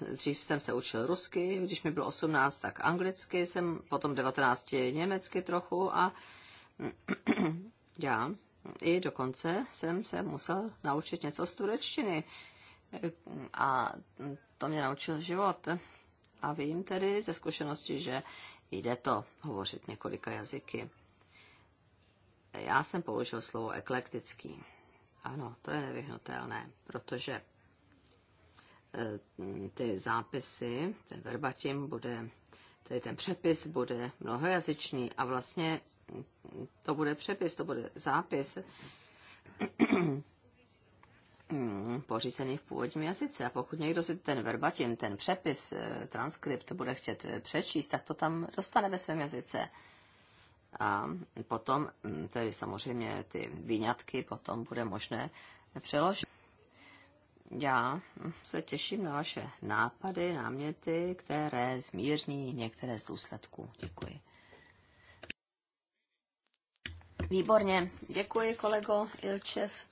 eh, Dřív jsem se učil rusky, když mi bylo 18, tak anglicky, jsem potom 19 německy trochu a já i dokonce jsem se musel naučit něco z turečtiny. A to mě naučil život. A vím tedy ze zkušenosti, že jde to hovořit několika jazyky. Já jsem použil slovo eklektický. Ano, to je nevyhnutelné, protože eh, ty zápisy, ten verbatim bude, tedy ten přepis bude mnohojazyčný a vlastně to bude přepis, to bude zápis Hmm, pořízený v původním jazyce. A pokud někdo si ten verbatim, ten přepis, eh, transkript bude chtět eh, přečíst, tak to tam dostane ve svém jazyce. A potom, hm, tedy samozřejmě ty výňatky potom bude možné přeložit. Já hm, se těším na vaše nápady, náměty, které zmírní některé z důsledků. Děkuji. Výborně. Děkuji, kolego Ilčev.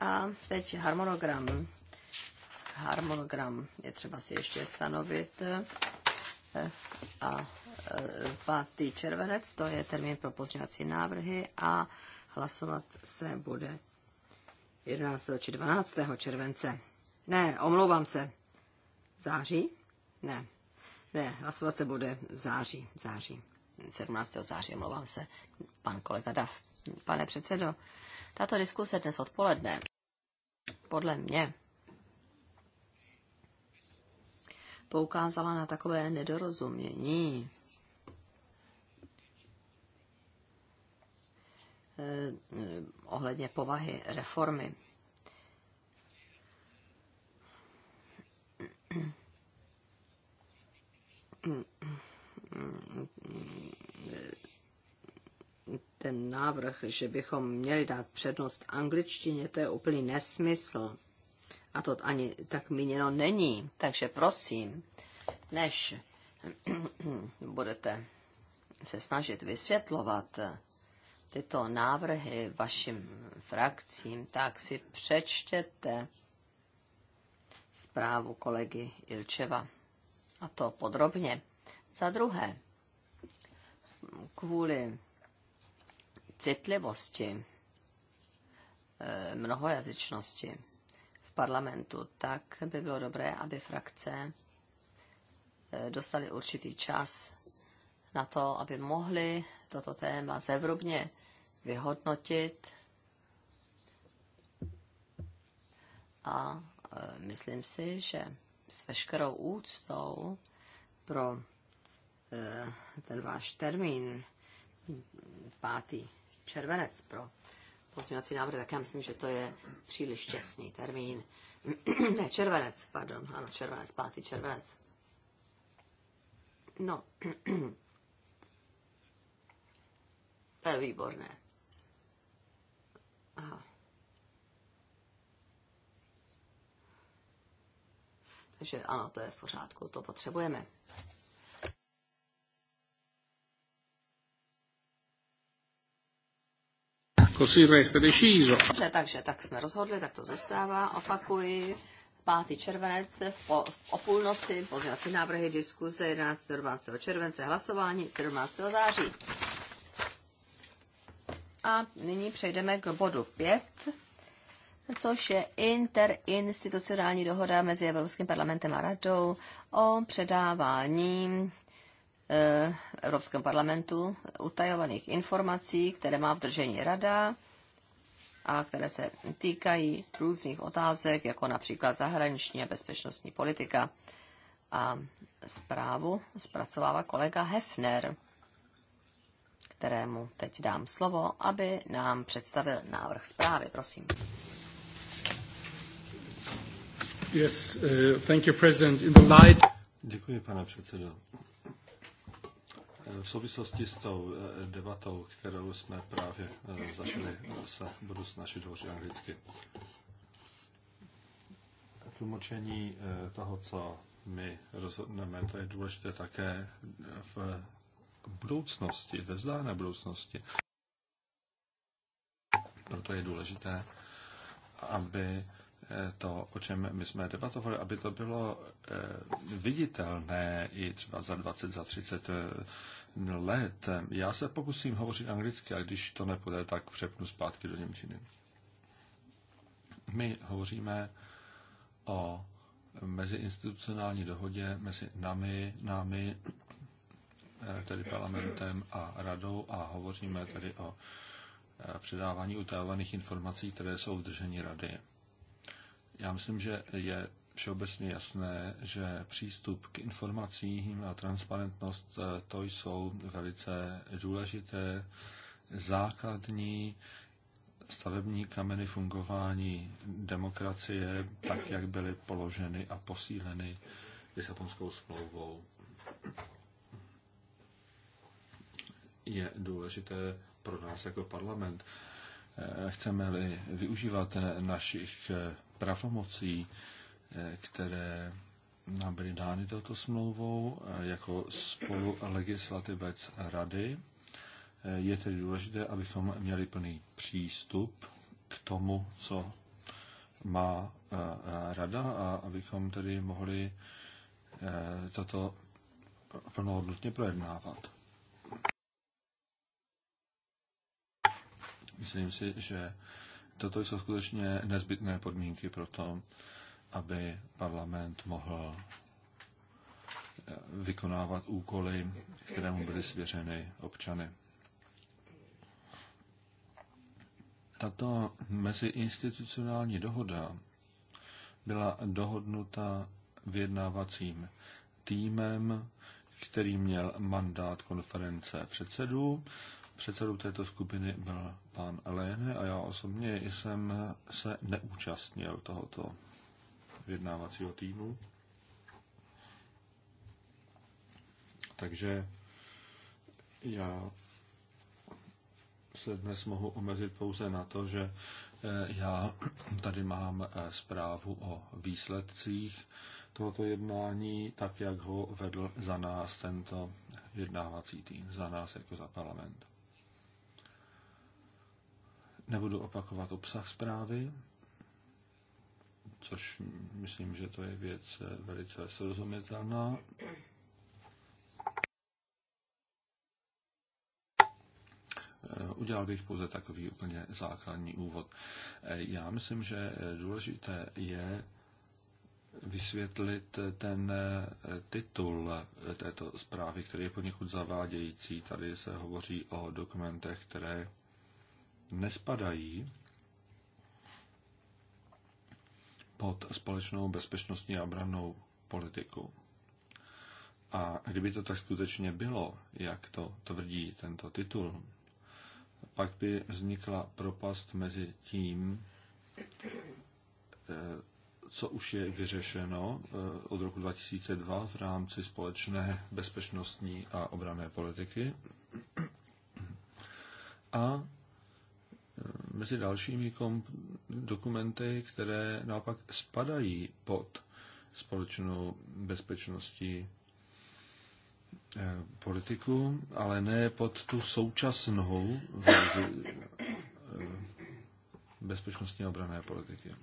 A teď harmonogram. Harmonogram je třeba si ještě stanovit. Eh, a 5. Eh, červenec, to je termín pro pozměňovací návrhy a hlasovat se bude 11. či 12. července. Ne, omlouvám se. Září? Ne. Ne, hlasovat se bude v září. V září. 17. září, omlouvám se. Pan kolega Dav. Pane předsedo, tato diskuse dnes odpoledne, podle mě, poukázala na takové nedorozumění. Eh, ohledně povahy reformy ten návrh, že bychom měli dát přednost angličtině, to je úplný nesmysl. A to ani tak míněno není. Takže prosím, než budete se snažit vysvětlovat tyto návrhy vašim frakcím, tak si přečtěte zprávu kolegy Ilčeva. A to podrobně. Za druhé, kvůli citlivosti, eh, mnohojazyčnosti v parlamentu, tak by bylo dobré, aby frakce eh, dostali určitý čas na to, aby mohli toto téma zevrubně vyhodnotit a eh, myslím si, že s veškerou úctou pro ten váš termín pátý červenec pro pozměňovací návrh, tak já myslím, že to je příliš těsný termín. ne, červenec, pardon, ano, červenec, pátý červenec. No, to je výborné. Aha. Takže ano, to je v pořádku, to potřebujeme. Così resta deciso. Dobře, takže tak jsme rozhodli, tak to zůstává. Opakuji. 5. červenec o, o půlnoci, pozměňovací návrhy, diskuze 11. 12. července, hlasování 17. září. A nyní přejdeme k bodu 5, což je interinstitucionální dohoda mezi Evropským parlamentem a radou o předávání Eh, Evropském parlamentu utajovaných informací, které má v držení rada a které se týkají různých otázek, jako například zahraniční a bezpečnostní politika. A zprávu zpracovává kolega Hefner, kterému teď dám slovo, aby nám představil návrh zprávy. Prosím. Yes, uh, thank you, President. In the light... Děkuji, pane předsedo. V souvislosti s tou eh, debatou, kterou jsme právě eh, začali, se budu snažit hovořit anglicky. Tlumočení eh, toho, co my rozhodneme, to je důležité také v budoucnosti, ve vzdálené budoucnosti. Proto je důležité, aby to, o čem my jsme debatovali, aby to bylo eh, viditelné i třeba za 20, za 30 eh, let. Já se pokusím hovořit anglicky, a když to nepůjde, tak přepnu zpátky do Němčiny. My hovoříme o meziinstitucionální dohodě mezi námi, námi, eh, tedy parlamentem a radou a hovoříme tedy o předávání utajovaných informací, které jsou v držení rady. Já myslím, že je všeobecně jasné, že přístup k informacím a transparentnost eh, to jsou velice důležité základní stavební kameny fungování demokracie, tak jak byly položeny a posíleny Lisabonskou smlouvou. Je důležité pro nás jako parlament, eh, chceme-li využívat eh, našich pravomocí, eh, které nám byly dány touto smlouvou eh, jako spolu legislativec rady. Eh, je tedy důležité, abychom měli plný přístup k tomu, co má rada a abychom tedy mohli toto plnohodnotně projednávat. Myslím si, že Toto jsou skutečně nezbytné podmínky pro to, aby parlament mohl eh, vykonávat úkoly, které mu byly svěřeny občany. Tato meziinstitucionální dohoda byla dohodnuta vyjednávacím týmem, který měl mandát konference předsedů Předsedou této skupiny byl pan Lene a já osobně jsem se neúčastnil tohoto vyjednávacího týmu. Takže já se dnes mohu omezit pouze na to, že eh, já tady mám eh, zprávu o výsledcích tohoto jednání, tak jak ho vedl za nás tento jednávací tým, za nás jako za parlament. Nebudu opakovat obsah zprávy, což myslím, že to je věc eh, velice srozumitelná. Eh, udělal bych pouze takový úplně základní úvod. Eh, já myslím, že důležité je vysvětlit ten titul této zprávy, který je poněkud zavádějící. Tady se hovoří o dokumentech, které nespadají pod společnou bezpečnostní a obrannou politiku. A kdyby to tak skutečně bylo, jak to tvrdí tento titul, pak by vznikla propast mezi tím, eh, co už je vyřešeno eh, od roku 2002 v rámci společné bezpečnostní a obrané politiky a mezi dalšími dokumenty, které naopak spadají pod společnou bezpečnostní eh, politiku, ale ne pod tu současnou eh, bezpečnostní obrané politiky.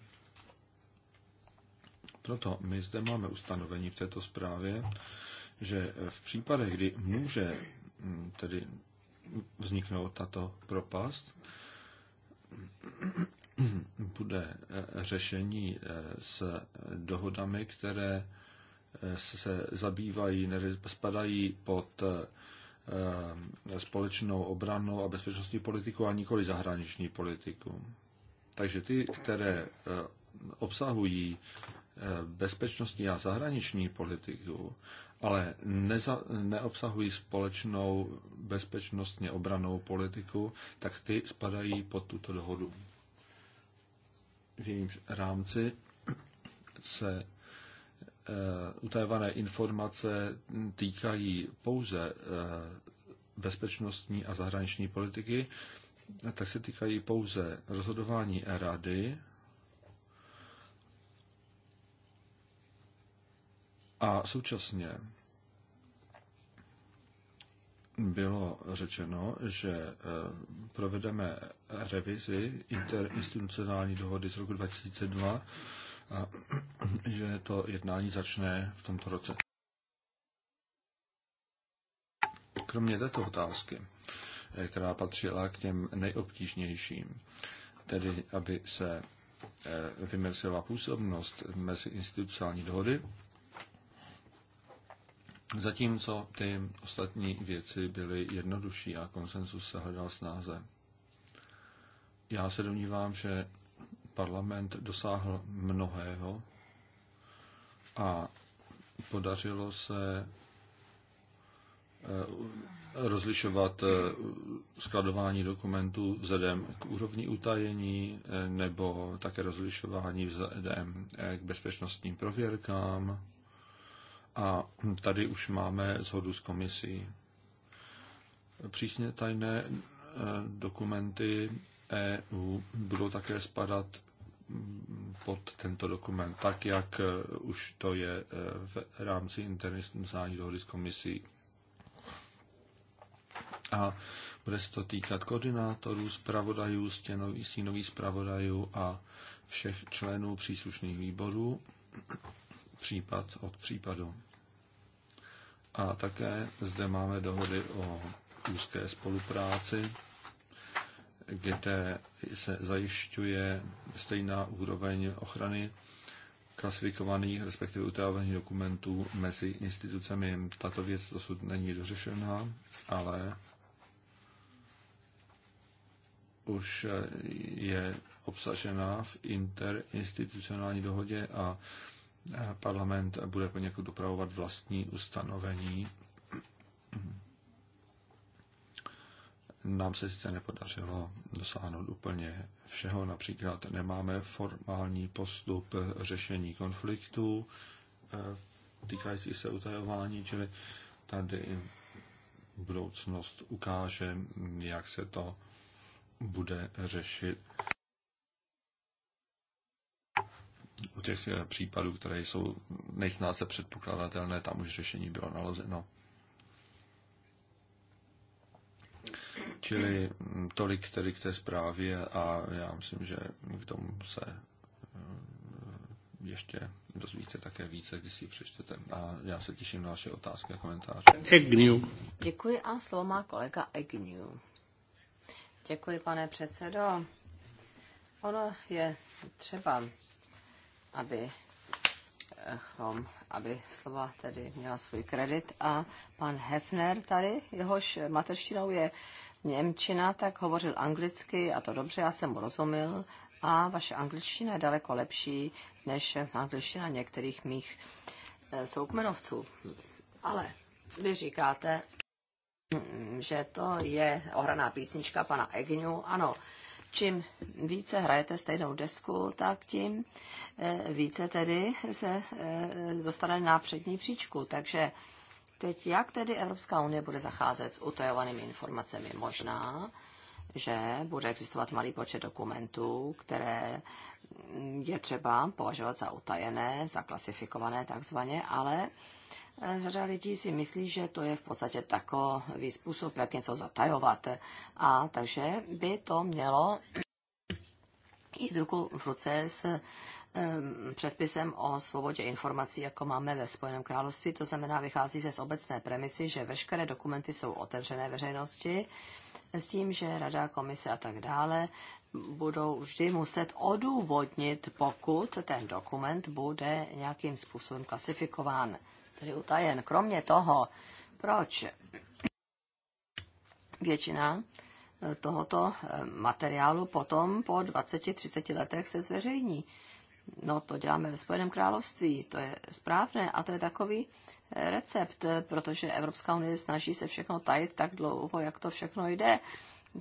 Proto my zde máme ustanovení v této zprávě, že v případech, kdy může mm, tedy vzniknout tato propast, bude eh, řešení eh, s dohodami, které eh, se zabývají, spadají pod společnou obranou a bezpečnostní politiku a nikoli zahraniční politiku. Takže ty, které obsahují bezpečnostní a zahraniční politiku, ale neza, neobsahují společnou bezpečnostně obranou politiku, tak ty spadají pod tuto dohodu. V jejímž rámci se e, utajované informace týkají pouze e, bezpečnostní a zahraniční politiky, tak se týkají pouze rozhodování rady A současně bylo řečeno, že eh, provedeme revizi interinstitucionální dohody z roku 2002 a že to jednání začne v tomto roce. Kromě této otázky, eh, která patřila k těm nejobtížnějším, tedy aby se eh, vymezila působnost mezi institucionální dohody Zatímco ty ostatní věci byly jednodušší a konsensus se hledal snáze. Já se domnívám, že parlament dosáhl mnohého a podařilo se eh, rozlišovat eh, skladování dokumentů vzhledem k úrovni utajení eh, nebo také rozlišování vzhledem k bezpečnostním prověrkám a tady už máme shodu s komisí. Přísně tajné eh, dokumenty EU budou také spadat mm, pod tento dokument, tak jak eh, už to je eh, v rámci internacionální dohody s komisí. A bude se to týkat koordinátorů, zpravodajů, stínových zpravodajů a všech členů příslušných výborů případ od případu. A také zde máme dohody o úzké spolupráci, kde se zajišťuje stejná úroveň ochrany klasifikovaných, respektive utajovaných dokumentů mezi institucemi. Tato věc dosud není dořešená, ale už je obsažená v interinstitucionální dohodě a parlament bude poněkud upravovat vlastní ustanovení. Nám se sice nepodařilo dosáhnout úplně všeho, například nemáme formální postup řešení konfliktů eh, týkající se utajování, čili tady budoucnost ukáže, jak se to bude řešit u těch eh, případů, které jsou nejsnáze předpokladatelné, tam už řešení bylo nalozeno. Čili hm, tolik tedy k té zprávě a já myslím, že k tomu se hm, ještě dozvíte také více, když si ji přečtete. A já se těším na vaše otázky a komentáře. Egnew. Děkuji a slovo má kolega Egnew. Děkuji, pane předsedo. Ono je třeba aby abychom, eh, aby slova tedy měla svůj kredit. A pan Hefner tady, jehož mateřštinou je Němčina, tak hovořil anglicky a to dobře, já jsem mu rozuměl. A vaše angličtina je daleko lepší než angličtina některých mých eh, soukmenovců. Ale vy říkáte, že to je ohraná písnička pana Egňu. Ano, čím více hrajete stejnou desku, tak tím eh, více tedy se eh, dostane na přední příčku. Takže teď jak tedy Evropská unie bude zacházet s utajovanými informacemi? Možná, že bude existovat malý počet dokumentů, které mm, je třeba považovat za utajené, za klasifikované takzvaně, ale Řada lidí si myslí, že to je v podstatě takový způsob, jak něco zatajovat. A takže by to mělo jít ruku v ruce s předpisem o svobodě informací, jako máme ve Spojeném království. To znamená, vychází se z obecné premisy, že veškeré dokumenty jsou otevřené veřejnosti s tím, že Rada, komise a tak dále budou vždy muset odůvodnit, pokud ten dokument bude nějakým způsobem klasifikován tedy utajen. Kromě toho, proč většina eh, tohoto eh, materiálu potom po 20-30 letech se zveřejní. No to děláme ve Spojeném království, to je správné a to je takový eh, recept, protože Evropská unie snaží se všechno tajit tak dlouho, jak to všechno jde.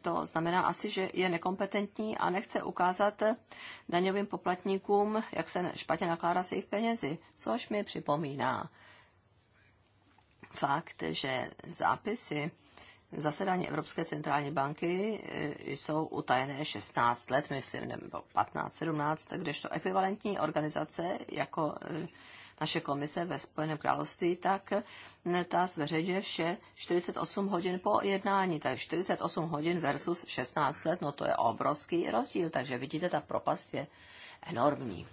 To znamená asi, že je nekompetentní a nechce ukázat daňovým poplatníkům, jak se špatně nakládá s jejich penězi, což mi připomíná fakt, že zápisy zasedání Evropské centrální banky e, jsou utajené 16 let, myslím, nebo 15-17, kdežto ekvivalentní organizace jako e, naše komise ve Spojeném království, tak ta zveřejňuje vše 48 hodin po jednání. Takže 48 hodin versus 16 let, no to je obrovský rozdíl, takže vidíte, ta propast je enormní.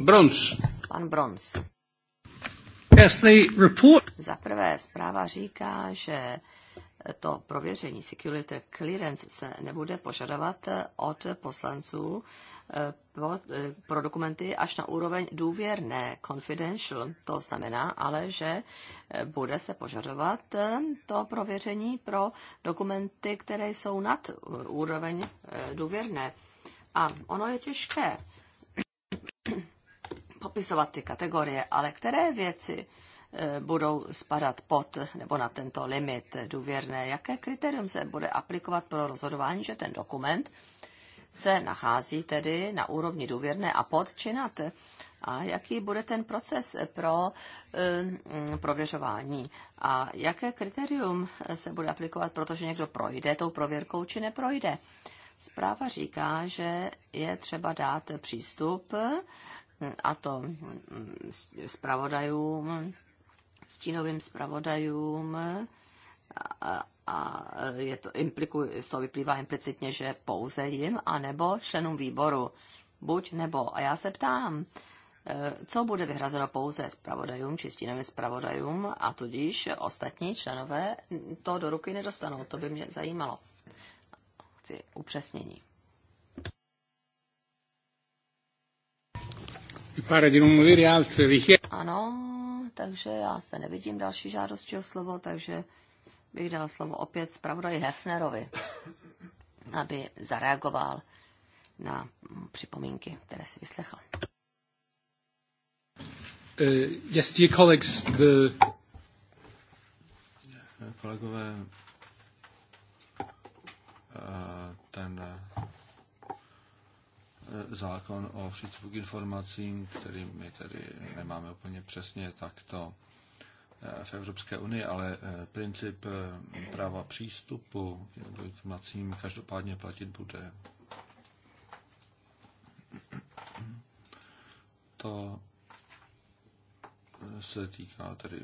Bronz. Pan Bronz. Yes, the report... Za prvé zpráva říká, že to prověření security clearance se nebude požadovat od poslanců eh, pro, eh, pro dokumenty až na úroveň důvěrné, confidential. To znamená ale, že eh, bude se požadovat to prověření pro dokumenty, které jsou nad úroveň důvěrné. A ono je těžké popisovat ty kategorie, ale které věci e, budou spadat pod nebo na tento limit důvěrné, jaké kritérium se bude aplikovat pro rozhodování, že ten dokument se nachází tedy na úrovni důvěrné a pod či nad. A jaký bude ten proces pro e, prověřování? A jaké kritérium se bude aplikovat, protože někdo projde tou prověrkou či neprojde? Zpráva říká, že je třeba dát přístup a to zpravodajům, mm, stínovým zpravodajům a, a je to implikuje, z toho vyplývá implicitně, že pouze jim, anebo členům výboru. Buď nebo. A já se ptám, e, co bude vyhrazeno pouze zpravodajům, či stínovým zpravodajům a tudíž ostatní členové to do ruky nedostanou. To by mě zajímalo. Chci upřesnění. Ano, takže já zde nevidím další žádosti o slovo, takže bych dal slovo opět zpravodaji Hefnerovi, aby zareagoval na připomínky, které si vyslechl. Uh, yes, dear colleagues, the... Kolegové, eh, ten zákon o přístupu k informacím, který my tedy nemáme úplně přesně takto eh, v Evropské unii, ale eh, princip eh, práva přístupu k informacím každopádně platit bude. To se týká tedy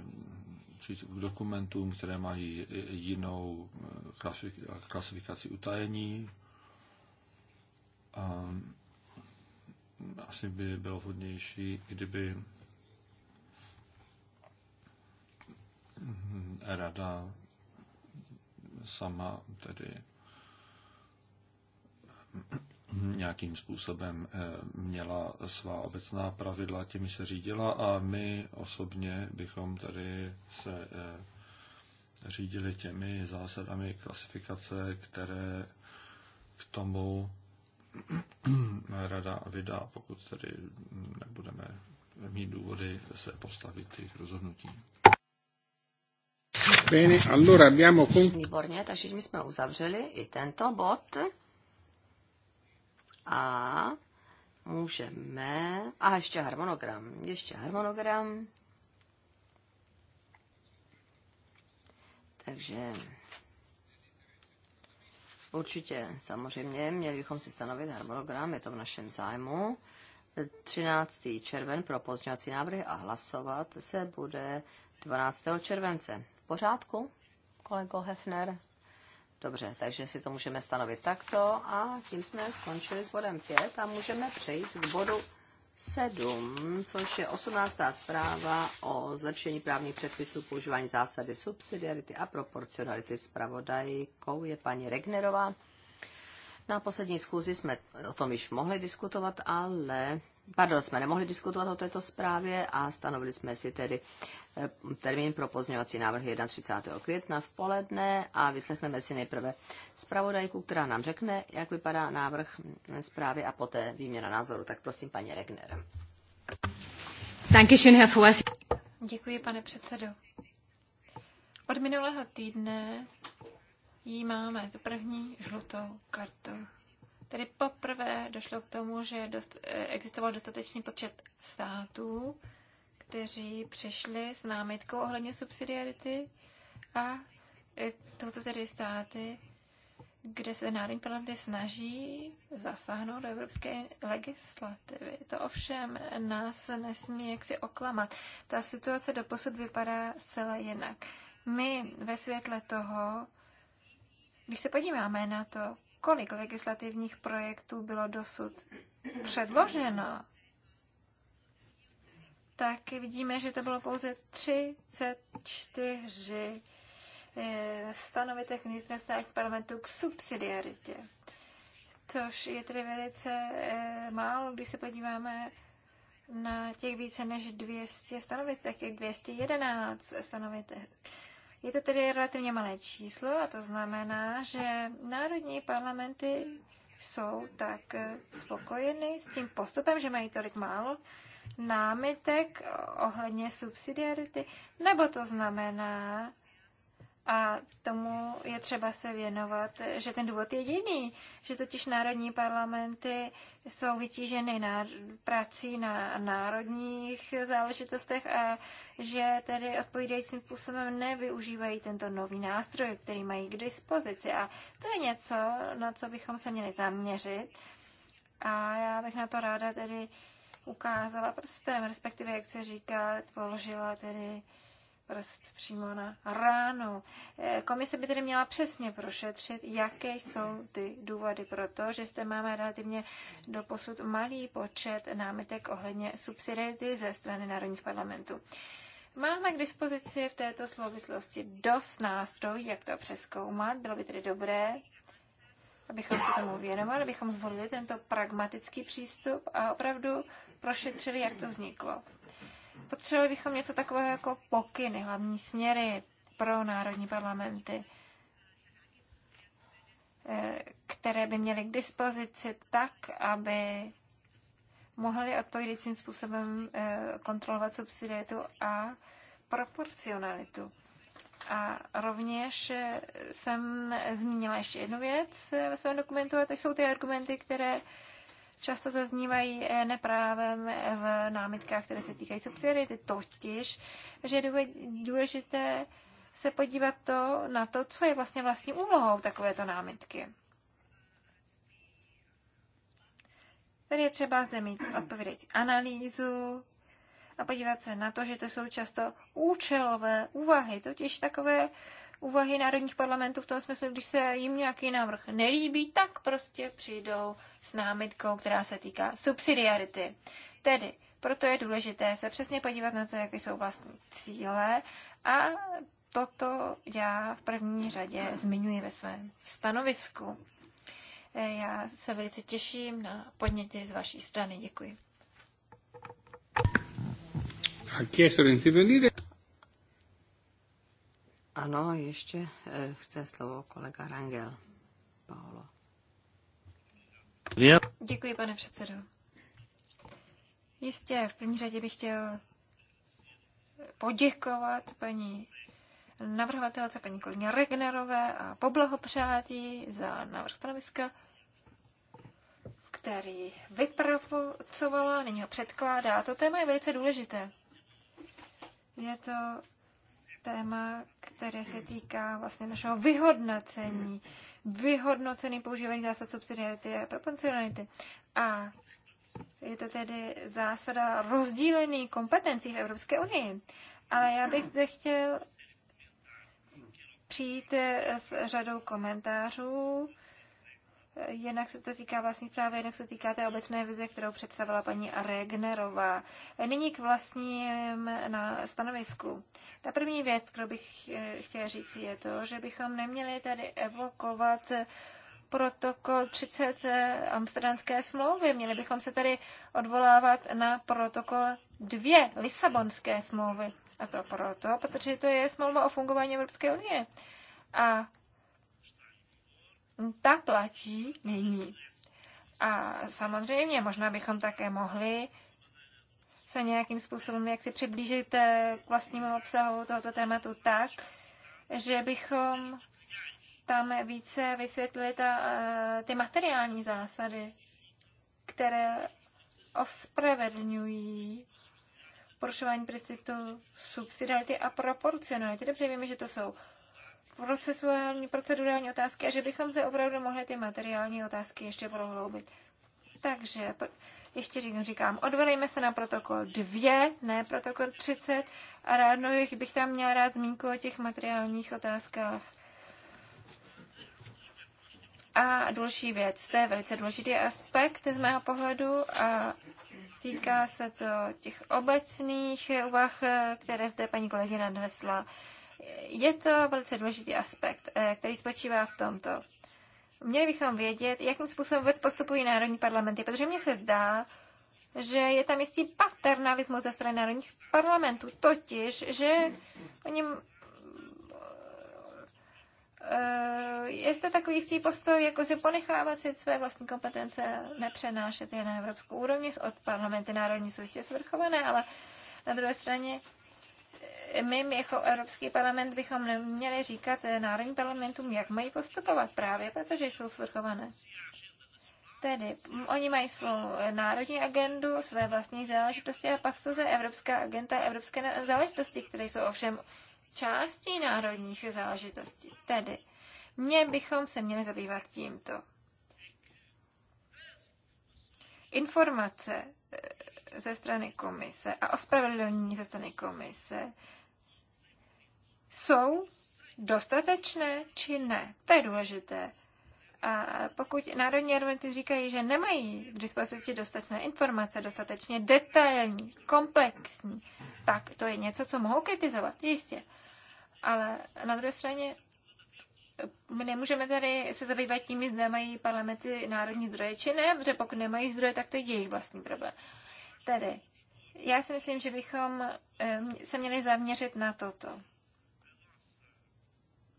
přístupu k dokumentům, které mají jinou klasifikaci utajení. A asi by bylo vhodnější, kdyby rada sama tedy nějakým způsobem eh, měla svá obecná pravidla, těmi se řídila a my osobně bychom tady se eh, řídili těmi zásadami klasifikace, které k tomu rada vydá, pokud tedy nebudeme mít důvody se postavit těch rozhodnutí. Bene, allora abbiamo... Výborně, takže my jsme uzavřeli i tento bod. A můžeme... A ještě harmonogram. Ještě harmonogram. Takže Určitě, samozřejmě, měli bychom si stanovit harmonogram, je to v našem zájmu. 13. červen pro pozměňovací návrhy a hlasovat se bude 12. července. V pořádku, kolego Hefner? Dobře, takže si to můžeme stanovit takto a tím jsme skončili s bodem 5 a můžeme přejít k bodu 7, což je 18. zpráva o zlepšení právních předpisů používání zásady subsidiarity a proporcionality. Spravodajkou je paní Regnerová. Na poslední schůzi jsme o tom již mohli diskutovat, ale pardon, jsme nemohli diskutovat o této zprávě a stanovili jsme si tedy eh, termín pro pozměňovací návrh 31. května v poledne a vyslechneme si nejprve zpravodajku, která nám řekne, jak vypadá návrh eh, zprávy a poté výměna názoru. Tak prosím, paní Regner. Děkuji, pane předsedo. Od minulého týdne jí máme tu první žlutou kartu. Tedy poprvé došlo k tomu, že dost, eh, existoval dostatečný počet států, kteří přišli s námitkou ohledně subsidiarity a eh, touto tedy státy, kde se národní parlamenty snaží zasáhnout do evropské legislativy. To ovšem nás nesmí jaksi oklamat. Ta situace do posud vypadá zcela jinak. My ve světle toho, když se podíváme na to, kolik legislativních projektů bylo dosud předloženo, tak vidíme, že to bylo pouze 34 eh, stanovitek vnitrostátních parlamentů k subsidiaritě. Což je tedy velice eh, málo, když se podíváme na těch více než 200 stanovitek, těch 211 stanovitek. Je to tedy relativně malé číslo a to znamená, že národní parlamenty jsou tak spokojeny s tím postupem, že mají tolik málo námitek ohledně subsidiarity, nebo to znamená, a tomu je třeba se věnovat, že ten důvod je jiný, že totiž národní parlamenty jsou vytíženy na prací na národních záležitostech a že tedy odpovídajícím způsobem nevyužívají tento nový nástroj, který mají k dispozici. A to je něco, na co bychom se měli zaměřit. A já bych na to ráda tedy ukázala prstem, respektive, jak se říká, položila tedy prst přímo na ránu. Eh, komise by tedy měla přesně prošetřit, jaké jsou ty důvody pro to, že zde máme relativně doposud malý počet námitek ohledně subsidiarity ze strany národních parlamentů. Máme k dispozici v této souvislosti dost nástrojů, jak to přeskoumat. Bylo by tedy dobré, abychom se tomu věnovali, abychom zvolili tento pragmatický přístup a opravdu prošetřili, jak to vzniklo. Potřebovali bychom něco takového jako pokyny, hlavní směry pro národní parlamenty, eh, které by měly k dispozici tak, aby mohli odpovědícím způsobem eh, kontrolovat subsidiaritu a proporcionalitu. A rovněž eh, jsem zmínila ještě jednu věc ve svém dokumentu, a to jsou ty argumenty, které často zaznívají eh, neprávem eh, v námitkách, které se týkají subsidiarity, totiž, že je důležité se podívat to na to, co je vlastně vlastní úlohou takovéto námitky. Tady je třeba zde mít odpovědět analýzu a podívat se na to, že to jsou často účelové úvahy, totiž takové úvahy národních parlamentů v tom smyslu, když se jim nějaký návrh nelíbí, tak prostě přijdou s námitkou, která se týká subsidiarity. Tedy proto je důležité se přesně podívat na to, jaké jsou vlastní cíle a toto já v první řadě zmiňuji ve svém stanovisku. E, já se velice těším na podněty z vaší strany. Děkuji. Ha chiesto di intervenire ano, ještě eh, chce slovo kolega Rangel. Paolo. Děkuji, pane předsedo. Jistě, v první řadě bych chtěl poděkovat paní navrhovatelce, paní kolegyně Regnerové a poblahopřát jí za návrh stanoviska, který vypracovala, nyní ho předkládá. To téma je velice důležité. Je to téma, které se týká vlastně našeho vyhodnocení. Vyhodnocení používání zásad subsidiarity a proporcionality. A je to tedy zásada rozdílený kompetencí v Evropské unii. Ale já bych zde chtěl přijít s řadou komentářů, Jednak se to týká vlastní zprávy, jednak se týká té obecné vize, kterou představila paní Regnerová. Nyní k vlastním na stanovisku. Ta první věc, kterou bych eh, chtěla říct, je to, že bychom neměli tady evokovat protokol 30 eh, amsterdamské smlouvy. Měli bychom se tady odvolávat na protokol 2 Lisabonské smlouvy. A to proto, protože to je smlouva o fungování Evropské unie. A ta platí nyní. A samozřejmě možná bychom také mohli se nějakým způsobem jak si přiblížit eh, k vlastnímu obsahu tohoto tématu tak, že bychom tam více vysvětlili ta, eh, ty materiální zásady, které ospravedlňují porušování principu subsidiarity a proporcionality. Dobře víme, že to jsou procesuální, procedurální otázky a že bychom se opravdu mohli ty materiální otázky ještě prohloubit. Takže ještě říkám, odvolejme se na protokol 2, ne protokol 30 a ráno bych tam měla rád zmínku o těch materiálních otázkách. A další věc, to je velice důležitý aspekt z mého pohledu a týká se to těch obecných úvah, které zde paní kolegyna nadvesla. Je to velice důležitý aspekt, eh, který spočívá v tomto. Měli bychom vědět, jakým způsobem vůbec postupují národní parlamenty, protože mně se zdá, že je tam jistý paternalismus ze strany národních parlamentů, totiž, že oni eh, je zde takový jistý postoj, jako si ponechávat si své vlastní kompetence, nepřenášet je na evropskou úrovni, od parlamenty národní jsou jistě svrchované, ale na druhé straně my jako Evropský parlament bychom neměli říkat eh, národním parlamentům, jak mají postupovat právě, protože jsou svrchované. Tedy, oni mají svou národní agendu, své vlastní záležitosti a pak jsou zde evropská agenda, evropské záležitosti, které jsou ovšem částí národních záležitostí. Tedy, mě bychom se měli zabývat tímto. Informace eh, ze strany komise a ospravedlnění ze strany komise jsou dostatečné či ne. To je důležité. A pokud národní argumenty říkají, že nemají k dispozici dostatečné informace, dostatečně detailní, komplexní, tak to je něco, co mohou kritizovat, jistě. Ale na druhé straně my nemůžeme tady se zabývat tím, zda mají parlamenty národní zdroje či ne, protože pokud nemají zdroje, tak to je jejich vlastní problém. Tedy, já si myslím, že bychom eh, se měli zaměřit na toto.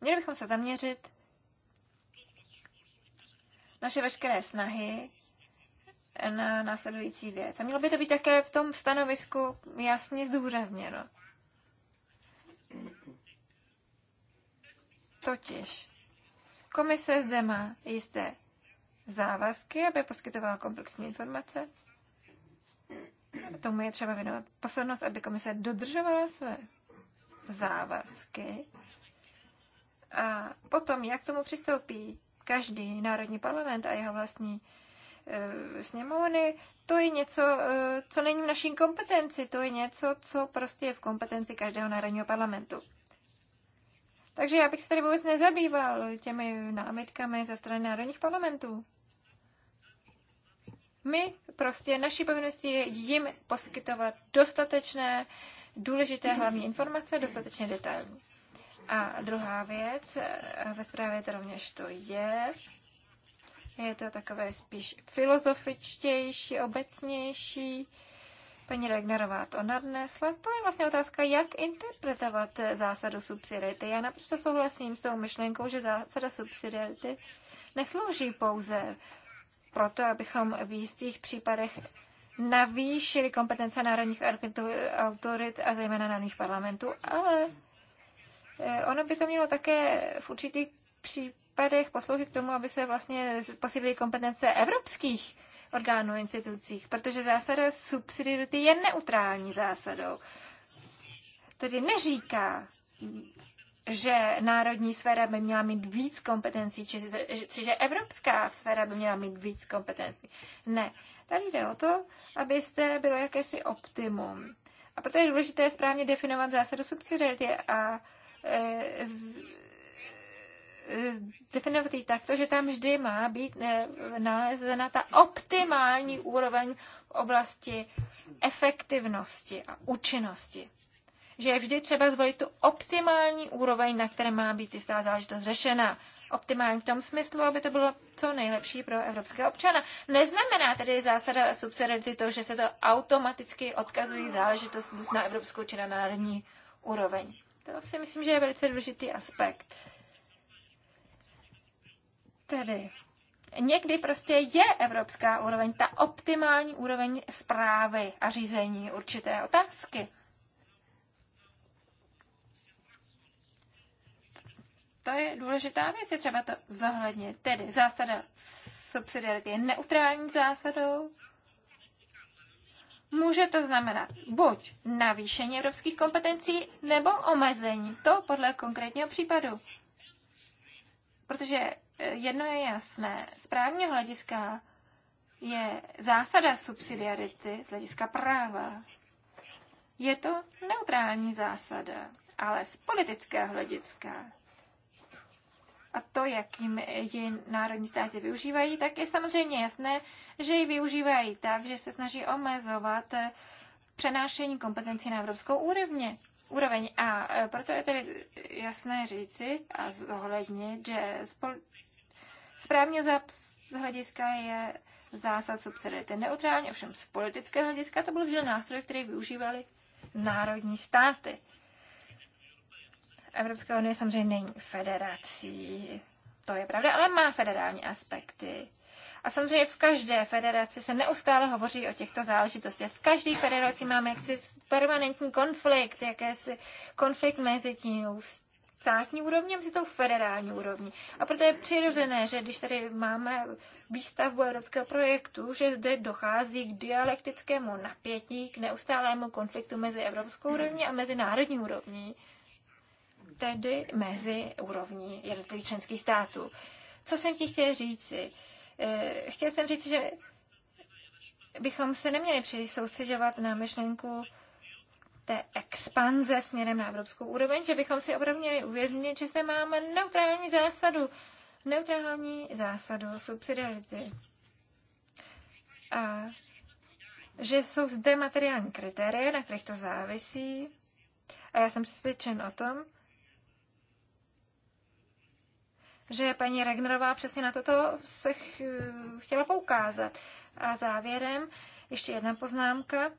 Měli bychom se zaměřit naše veškeré snahy na následující věc. A mělo by to být také v tom stanovisku jasně zdůrazněno. Totiž komise zde má jisté závazky, aby poskytovala komplexní informace. Tomu je třeba věnovat pozornost, aby komise dodržovala své závazky a potom, jak k tomu přistoupí každý národní parlament a jeho vlastní eh, sněmovny, to je něco, eh, co není v naší kompetenci, to je něco, co prostě je v kompetenci každého národního parlamentu. Takže já bych se tady vůbec nezabýval těmi námitkami ze strany národních parlamentů. My prostě naší povinností je jim poskytovat dostatečné, důležité hlavní informace, dostatečně detailní. A druhá věc, ve zprávě to rovněž to je, je to takové spíš filozofičtější, obecnější. Paní Regnerová to nadnesla. To je vlastně otázka, jak interpretovat zásadu subsidiarity. Já naprosto souhlasím s tou myšlenkou, že zásada subsidiarity neslouží pouze proto, abychom v jistých případech navýšili kompetence národních autorit a zejména národních parlamentů, ale Eh, ono by to mělo také v určitých případech posloužit k tomu, aby se vlastně posílily kompetence evropských orgánů institucích, protože zásada subsidiarity je neutrální zásadou. Tedy neříká, že národní sféra by měla mít víc kompetencí, či, či že evropská sféra by měla mít víc kompetencí. Ne. Tady jde o to, abyste bylo jakési optimum. A proto je důležité správně definovat zásadu subsidiarity a Eh, eh, definovat ji takto, že tam vždy má být eh, nalezena ta optimální úroveň v oblasti efektivnosti a účinnosti. Že je vždy třeba zvolit tu optimální úroveň, na které má být jistá záležitost řešena. Optimální v tom smyslu, aby to bylo co nejlepší pro evropské občana. Neznamená tedy zásada subsidiarity to, že se to automaticky odkazují záležitost buď na evropskou či na národní úroveň. To si myslím, že je velice důležitý aspekt. Tedy někdy prostě je evropská úroveň, ta optimální úroveň zprávy a řízení určité otázky. To je důležitá věc, je třeba to zohlednit. Tedy zásada subsidiarity je neutrální zásadou Může to znamenat buď navýšení evropských kompetencí nebo omezení. To podle konkrétního případu. Protože eh, jedno je jasné. Z právního hlediska je zásada subsidiarity z hlediska práva. Je to neutrální zásada, ale z politického hlediska a to, jakým ji národní státy využívají, tak je samozřejmě jasné, že ji využívají tak, že se snaží omezovat eh, přenášení kompetencí na evropskou úrovně. Úroveň. A eh, proto je tedy jasné říci a zohlednit, že spol... správně z hlediska je zásad subsidiarity neutrální, ovšem z politického hlediska to byl vždy nástroj, který využívali národní státy. Evropská unie samozřejmě není federací, to je pravda, ale má federální aspekty. A samozřejmě v každé federaci se neustále hovoří o těchto záležitostech. V každé federaci máme jaksi permanentní konflikt, jakési konflikt mezi tím státní úrovní a mezi tou federální úrovní. A proto je přirozené, že když tady máme výstavbu evropského projektu, že zde dochází k dialektickému napětí, k neustálému konfliktu mezi evropskou úrovní a mezi národní úrovní tedy mezi úrovní jednotlivých členských států. Co jsem ti chtěl říci? Eh, chtěl jsem říct, že bychom se neměli příliš soustředovat na myšlenku té expanze směrem na evropskou úroveň, že bychom si opravdu měli uvědomit, že zde máme neutrální zásadu, neutrální zásadu subsidiarity. A že jsou zde materiální kritéria, na kterých to závisí. A já jsem přesvědčen o tom, že paní Regnerová přesně na toto se ch chtěla poukázat. A závěrem ještě jedna poznámka.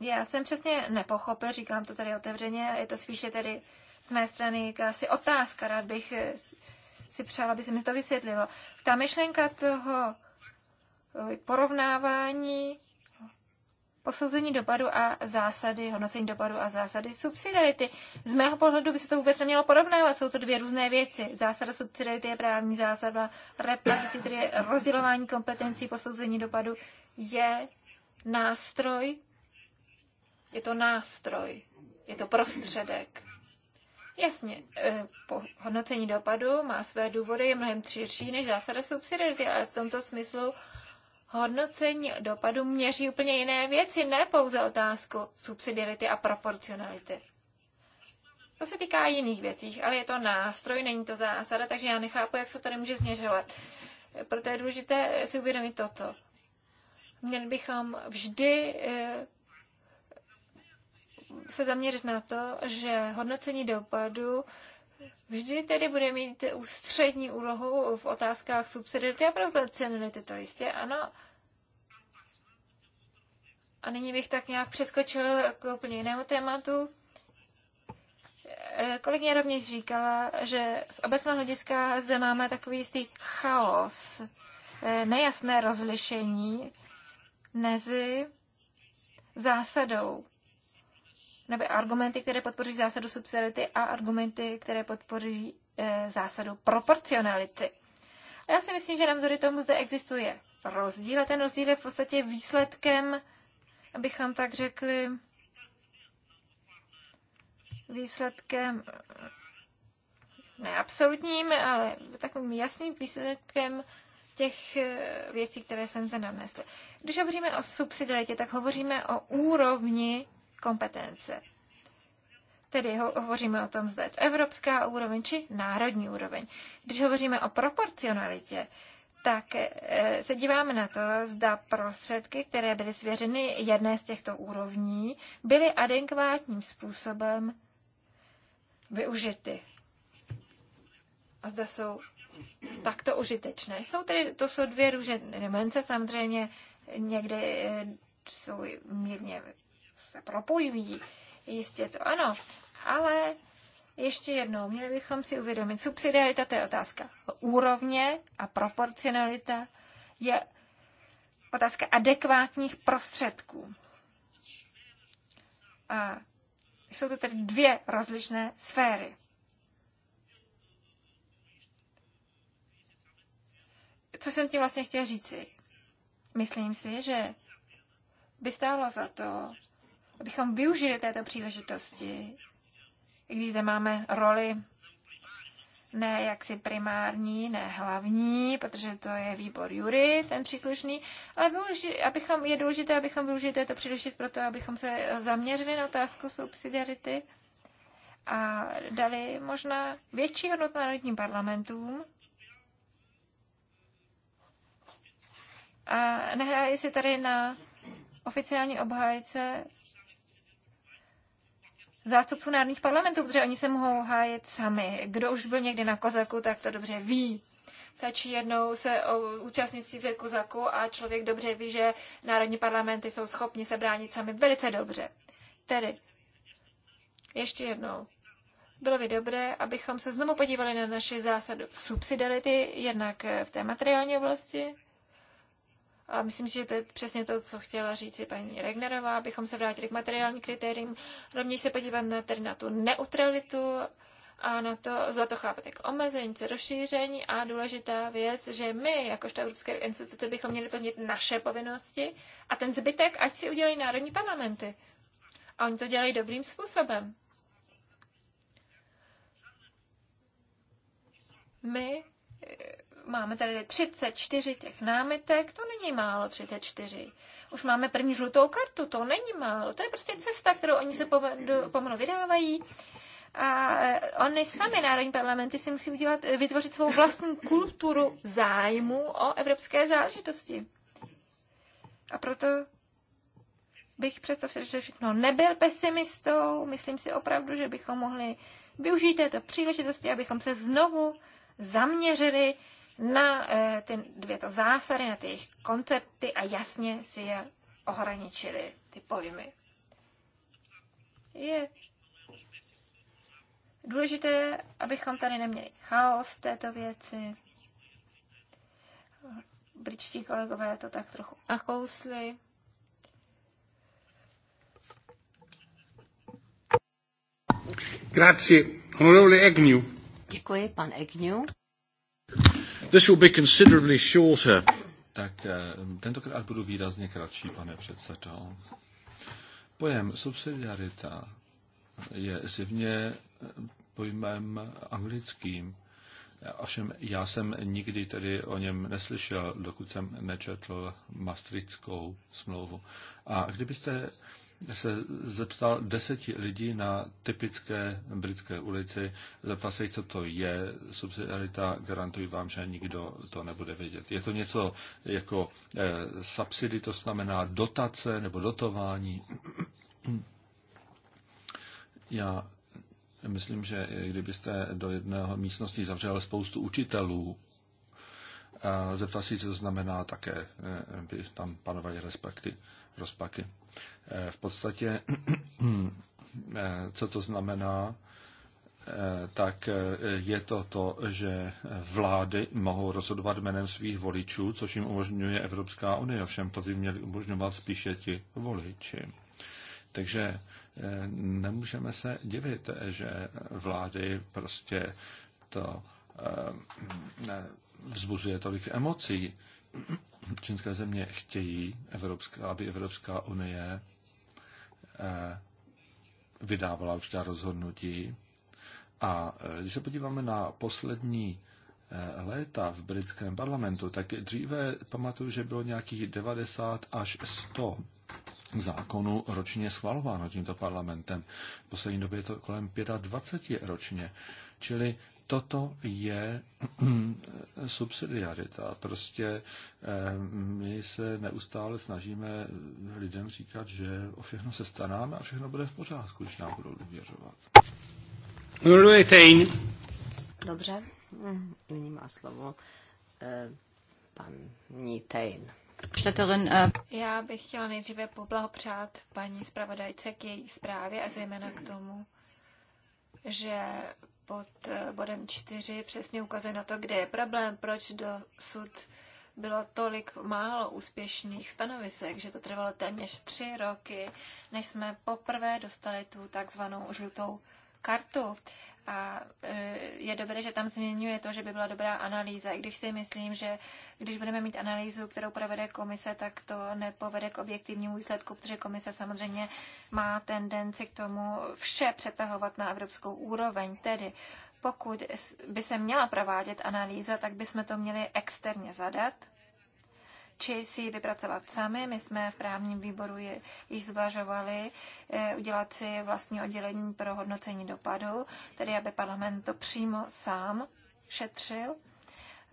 Já jsem přesně nepochopil, říkám to tady otevřeně, je to spíše tedy z mé strany asi otázka, rád bych si přála, aby se mi to vysvětlilo. Ta myšlenka toho porovnávání posouzení dopadu a zásady, hodnocení dopadu a zásady subsidiarity. Z mého pohledu by se to vůbec nemělo porovnávat, jsou to dvě různé věci. Zásada subsidiarity je právní zásada, replikaci, tedy rozdělování kompetencí, posouzení dopadu je nástroj, je to nástroj, je to prostředek. Jasně, eh, po hodnocení dopadu má své důvody, je mnohem širší než zásada subsidiarity, ale v tomto smyslu hodnocení dopadu měří úplně jiné věci, ne pouze otázku subsidiarity a proporcionality. To se týká jiných věcí, ale je to nástroj, není to zásada, takže já nechápu, jak se tady může změřovat. Proto je důležité si uvědomit toto. Měli bychom vždy eh, se zaměřit na to, že hodnocení dopadu vždy tedy bude mít ústřední úlohu v otázkách subsidiarity a cenujete to jistě ano. A nyní bych tak nějak přeskočil k úplně jinému tématu. Eh, kolegyně rovněž říkala, že z obecného hlediska zde máme takový jistý chaos, eh, nejasné rozlišení mezi zásadou nebo argumenty, které podpoří zásadu subsidiarity a argumenty, které podpoří e, zásadu proporcionality. A já si myslím, že navzory tomu zde existuje rozdíl a ten rozdíl je v podstatě výsledkem, abychom tak řekli, výsledkem ne absolutním, ale takovým jasným výsledkem těch eh, věcí, které jsem zde nanesl. Když hovoříme o subsidiaritě, tak hovoříme o úrovni kompetence. Tedy ho, hovoříme o tom, zda je to evropská úroveň či národní úroveň. Když hovoříme o proporcionalitě, tak eh, se díváme na to, zda prostředky, které byly svěřeny jedné z těchto úrovní, byly adekvátním způsobem využity. A zda jsou takto užitečné. Jsou tedy, to jsou dvě různé dimenze, samozřejmě někdy eh, jsou mírně se propojují. Jistě to ano, ale ještě jednou, měli bychom si uvědomit, subsidiarita to je otázka úrovně a proporcionalita je otázka adekvátních prostředků. A jsou to tedy dvě rozličné sféry. Co jsem tím vlastně chtěla říci? Myslím si, že by stálo za to abychom využili této příležitosti, i když zde máme roli ne jaksi primární, ne hlavní, protože to je výbor jury, ten příslušný, ale využi, abychom, je důležité, abychom využili této příležitost pro to, abychom se zaměřili na otázku subsidiarity a dali možná větší hodnotu národním parlamentům. A nehráli si tady na oficiální obhájce zástupců národních parlamentů, protože oni se mohou hájit sami. Kdo už byl někdy na Kozaku, tak to dobře ví. Stačí jednou se účastnit ze Kozaku a člověk dobře ví, že národní parlamenty jsou schopni se bránit sami velice dobře. Tedy, ještě jednou, bylo by dobré, abychom se znovu podívali na naši zásadu subsidiarity, jednak v té materiální oblasti, a myslím, že to je přesně to, co chtěla říct si paní Regnerová, abychom se vrátili k materiálním kritériím, rovněž se podívat na, tedy na tu neutralitu a na to, za to chápat jako k omezení, co rozšíření a důležitá věc, že my, jakožto Evropské instituce, bychom měli plnit naše povinnosti a ten zbytek, ať si udělají národní parlamenty. A oni to dělají dobrým způsobem. My Máme tady 34 těch námitek, to není málo, 34. Už máme první žlutou kartu, to není málo. To je prostě cesta, kterou oni se pomalu vydávají. A e, oni sami, národní parlamenty, si musí udělat, e, vytvořit svou vlastní kulturu zájmu o evropské záležitosti. A proto bych přesto všechno všechno nebyl pesimistou. Myslím si opravdu, že bychom mohli využít této příležitosti, abychom se znovu zaměřili na eh, ty dvě to zásady, na ty jejich koncepty a jasně si je ohraničili, ty pojmy. Je důležité, abychom tady neměli chaos této věci. Britští kolegové to tak trochu nakousli. Grazie. Honorable Děkuji, pan Egnew. This will be considerably shorter. Tak eh, tentokrát budu výrazně kratší, pane předsedo. Pojem subsidiarita je zjevně eh, pojmem anglickým. Ovšem já jsem nikdy tedy o něm neslyšel, dokud jsem nečetl Maastrichtskou smlouvu. A kdybyste se zeptal deseti lidí na typické britské ulici, zeptal se co to je subsidiarita, garantuji vám, že nikdo to nebude vědět. Je to něco jako eh, subsidy, to znamená dotace nebo dotování. Já myslím, že kdybyste do jedného místnosti zavřel spoustu učitelů, a zeptal si, co to znamená, také eh, by tam panovali respekty rozpaky. Eh, v podstatě, eh, co to znamená, eh, tak je to to, že vlády mohou rozhodovat jménem svých voličů, což jim umožňuje Evropská unie, ovšem to by měli umožňovat spíše ti voliči. Takže nemůžeme se divit, že vlády prostě to vzbuzuje tolik emocí čínské země chtějí, Evropská, aby Evropská unie eh, vydávala určitá rozhodnutí. A eh, když se podíváme na poslední eh, léta v britském parlamentu, tak dříve pamatuju, že bylo nějakých 90 až 100 zákonů ročně schvalováno tímto parlamentem. V poslední době je to kolem 25 ročně. Čili toto je subsidiarita. Prostě eh, my se neustále snažíme lidem říkat, že o všechno se staráme a všechno bude v pořádku, když nám budou důvěřovat. Dobře, hm, nyní má slovo eh, pan Nitejn. Eh. Já bych chtěla nejdříve poblahopřát paní zpravodajce k její zprávě a zejména k tomu, že pod eh, bodem 4 přesně ukazuje na to, kde je problém, proč dosud bylo tolik málo úspěšných stanovisek, že to trvalo téměř tři roky, než jsme poprvé dostali tu takzvanou žlutou kartu a e, je dobré, že tam zmiňuje to, že by byla dobrá analýza. I když si myslím, že když budeme mít analýzu, kterou provede komise, tak to nepovede k objektivnímu výsledku, protože komise samozřejmě má tendenci k tomu vše přetahovat na evropskou úroveň. Tedy pokud by se měla provádět analýza, tak bychom to měli externě zadat či si ji vypracovat sami. My jsme v právním výboru již zvažovali eh, udělat si vlastní oddělení pro hodnocení dopadu, tedy aby parlament to přímo sám šetřil.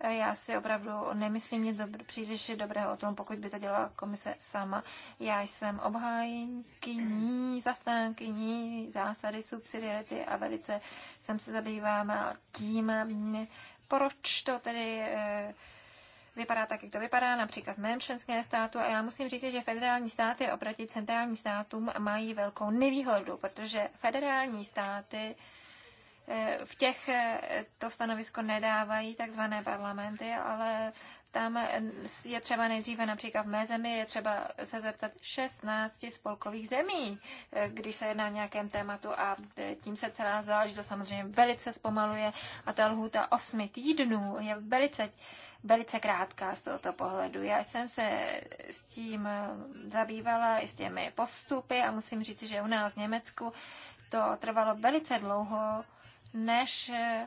Eh, já si opravdu nemyslím nic dobr- příliš dobrého o tom, pokud by to dělala komise sama. Já jsem obhájkyní, zastánkyní zásady subsidiarity a velice jsem se zabýváma tím, proč to tedy e, vypadá tak, jak to vypadá, například v mém členském státu. A já musím říct, že federální státy oproti centrálním státům mají velkou nevýhodu, protože federální státy eh, v těch eh, to stanovisko nedávají takzvané parlamenty, ale tam eh, je třeba nejdříve například v mé zemi, je třeba se zeptat 16 spolkových zemí, když se jedná o nějakém tématu a tím se celá záležitost samozřejmě velice zpomaluje a ta lhůta 8 týdnů je velice velice krátká z tohoto pohledu. Já jsem se s tím zabývala i s těmi postupy a musím říct, že u nás v Německu to trvalo velice dlouho, než eh,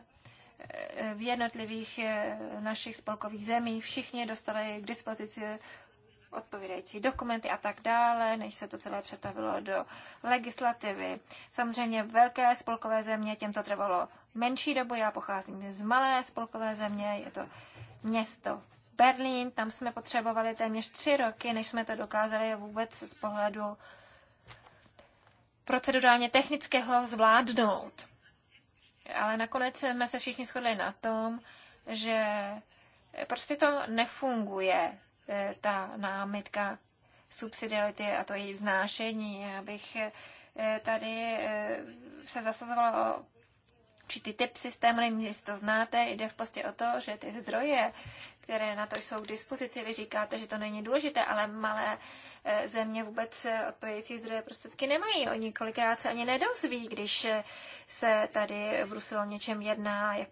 v jednotlivých eh, našich spolkových zemích všichni dostali k dispozici odpovídající dokumenty a tak dále, než se to celé přetavilo do legislativy. Samozřejmě velké spolkové země, těm to trvalo menší dobu, já pocházím z malé spolkové země, je to město Berlín. Tam jsme potřebovali téměř tři roky, než jsme to dokázali vůbec z pohledu procedurálně technického zvládnout. Ale nakonec jsme se všichni shodli na tom, že prostě to nefunguje, eh, ta námitka subsidiality a to její vznášení. abych eh, tady eh, se zasazovala o určitý typ systému, nevím, jestli to znáte, jde v podstatě o to, že ty zdroje, které na to jsou k dispozici, vy říkáte, že to není důležité, ale malé eh, země vůbec eh, odpovědějící zdroje prostředky nemají. Oni kolikrát se ani nedozví, když eh, se tady v Bruselu o něčem jedná, jak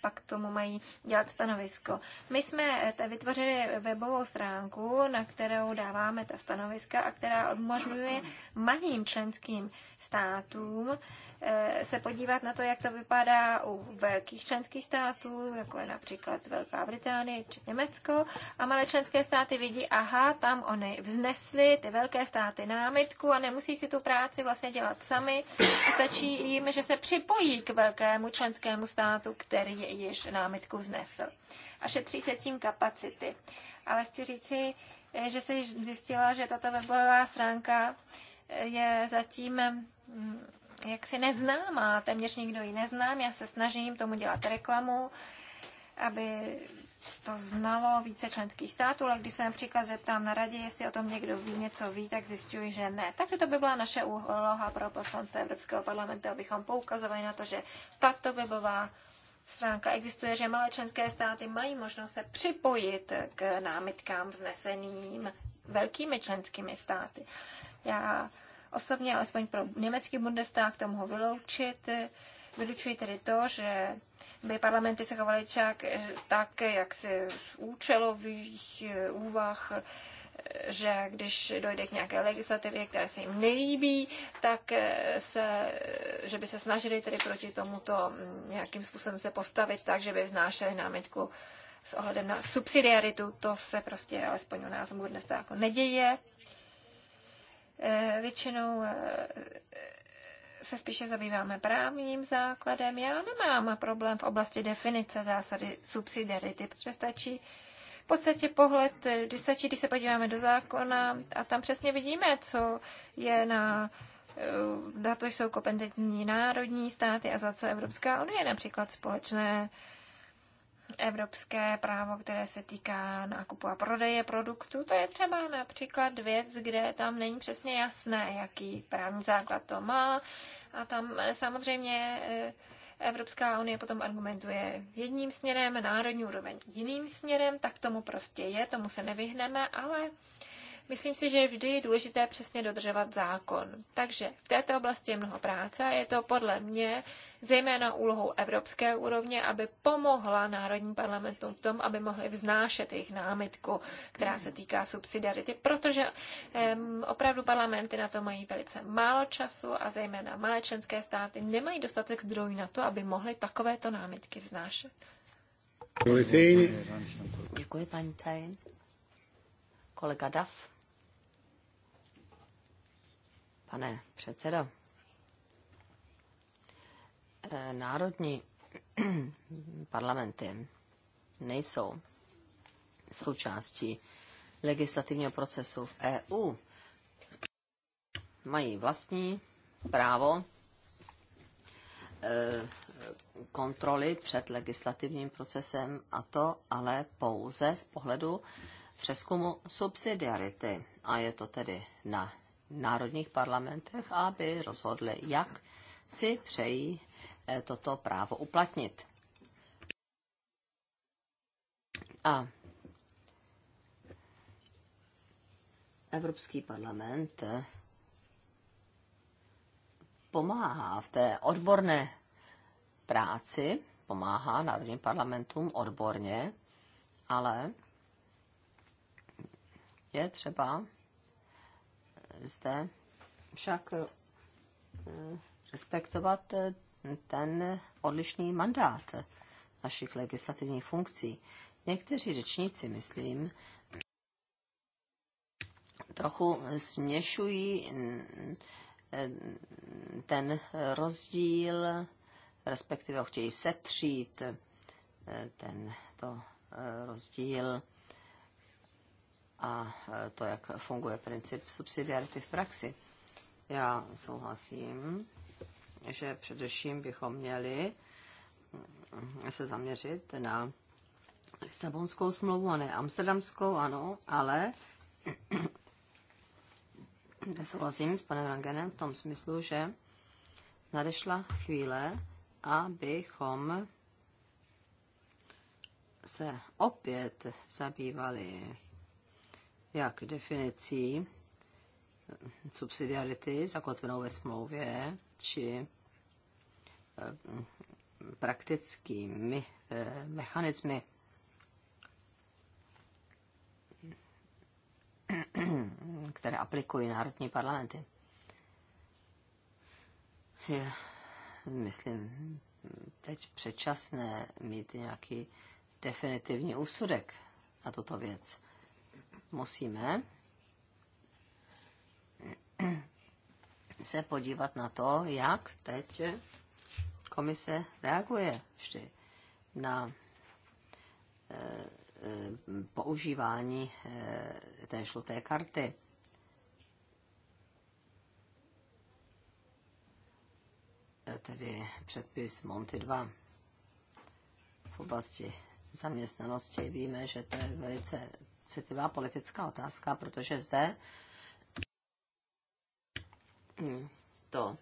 pak tomu mají dělat stanovisko. My jsme vytvořili webovou stránku, na kterou dáváme ta stanoviska a která odmožňuje malým členským státům Eh, se podívat na to, jak to vypadá u velkých členských států, jako je například Velká Británie či Německo. A malé členské státy vidí, aha, tam oni vznesli ty velké státy námitku a nemusí si tu práci vlastně dělat sami. Stačí jim, že se připojí k velkému členskému státu, který již námitku vznesl. A šetří se tím kapacity. Ale chci říci, eh, že se již zjistila, že tato webová stránka eh, je zatím mm, jaksi a téměř nikdo ji neznám. Já se snažím tomu dělat reklamu, aby to znalo více členských států, ale když se například zeptám na radě, jestli o tom někdo ví, něco ví, tak zjišťuji, že ne. Takže to by byla naše úloha pro poslance Evropského parlamentu, abychom poukazovali na to, že tato webová stránka existuje, že malé členské státy mají možnost se připojit k námitkám vzneseným velkými členskými státy. Já Osobně, alespoň pro německý Bundestag, to mohu vyloučit. Vylučuji tedy to, že by parlamenty se chovaly čak, tak, jak si z účelových eh, úvah, eh, že když dojde k nějaké legislativě, která se jim nelíbí, tak eh, se, že by se snažili tedy proti tomuto mm, nějakým způsobem se postavit tak, že by vznášeli námitku s ohledem na subsidiaritu. To se prostě alespoň u nás dnes to jako neděje. Eh, většinou eh, se spíše zabýváme právním základem. Já nemám problém v oblasti definice zásady subsidiarity, protože stačí v podstatě pohled, když stačí, když se podíváme do zákona a tam přesně vidíme, co je na eh, na to jsou kompetentní národní státy a za co Evropská unie, například společné evropské právo, které se týká nákupu a prodeje produktů. To je třeba například věc, kde tam není přesně jasné, jaký právní základ to má. A tam eh, samozřejmě eh, Evropská unie potom argumentuje jedním směrem, národní úroveň jiným směrem, tak tomu prostě je, tomu se nevyhneme, ale Myslím si, že je vždy důležité přesně dodržovat zákon. Takže v této oblasti je mnoho práce a je to podle mě zejména úlohou evropské úrovně, aby pomohla národním parlamentům v tom, aby mohli vznášet jejich námitku, která se týká subsidiarity, protože um, opravdu parlamenty na to mají velice málo času a zejména malé členské státy nemají dostatek zdrojů na to, aby mohly takovéto námitky vznášet. Děkuji, paní Tajn. Kolega Duff pane předsedo. Eh, národní parlamenty nejsou součástí legislativního procesu v EU. Mají vlastní právo eh, kontroly před legislativním procesem, a to ale pouze z pohledu přeskumu subsidiarity. A je to tedy na národních parlamentech, aby rozhodli, jak si přejí eh, toto právo uplatnit. A Evropský parlament eh, pomáhá v té odborné práci, pomáhá národním parlamentům odborně, ale je třeba zde však eh, respektovat eh, ten odlišný mandát našich legislativních funkcí. Někteří řečníci, myslím, trochu směšují ten rozdíl, respektive ho chtějí setřít, eh, ten to rozdíl a e, to, jak funguje princip subsidiarity v praxi. Já souhlasím, že především bychom měli mm, se zaměřit na Lisabonskou smlouvu a ne Amsterdamskou, ano, ale souhlasím s panem Rangenem v tom smyslu, že nadešla chvíle, abychom se opět zabývali jak definicí subsidiarity zakotvenou ve smlouvě, či eh, praktickými eh, mechanismy které aplikují národní parlamenty. Je, myslím, teď předčasné mít nějaký definitivní úsudek na tuto věc musíme se podívat na to, jak teď komise reaguje vždy na eh, eh, používání eh, té žluté karty. Tedy předpis Monty 2 v oblasti zaměstnanosti. Víme, že to je velice citlivá politická otázka, protože zde hm, to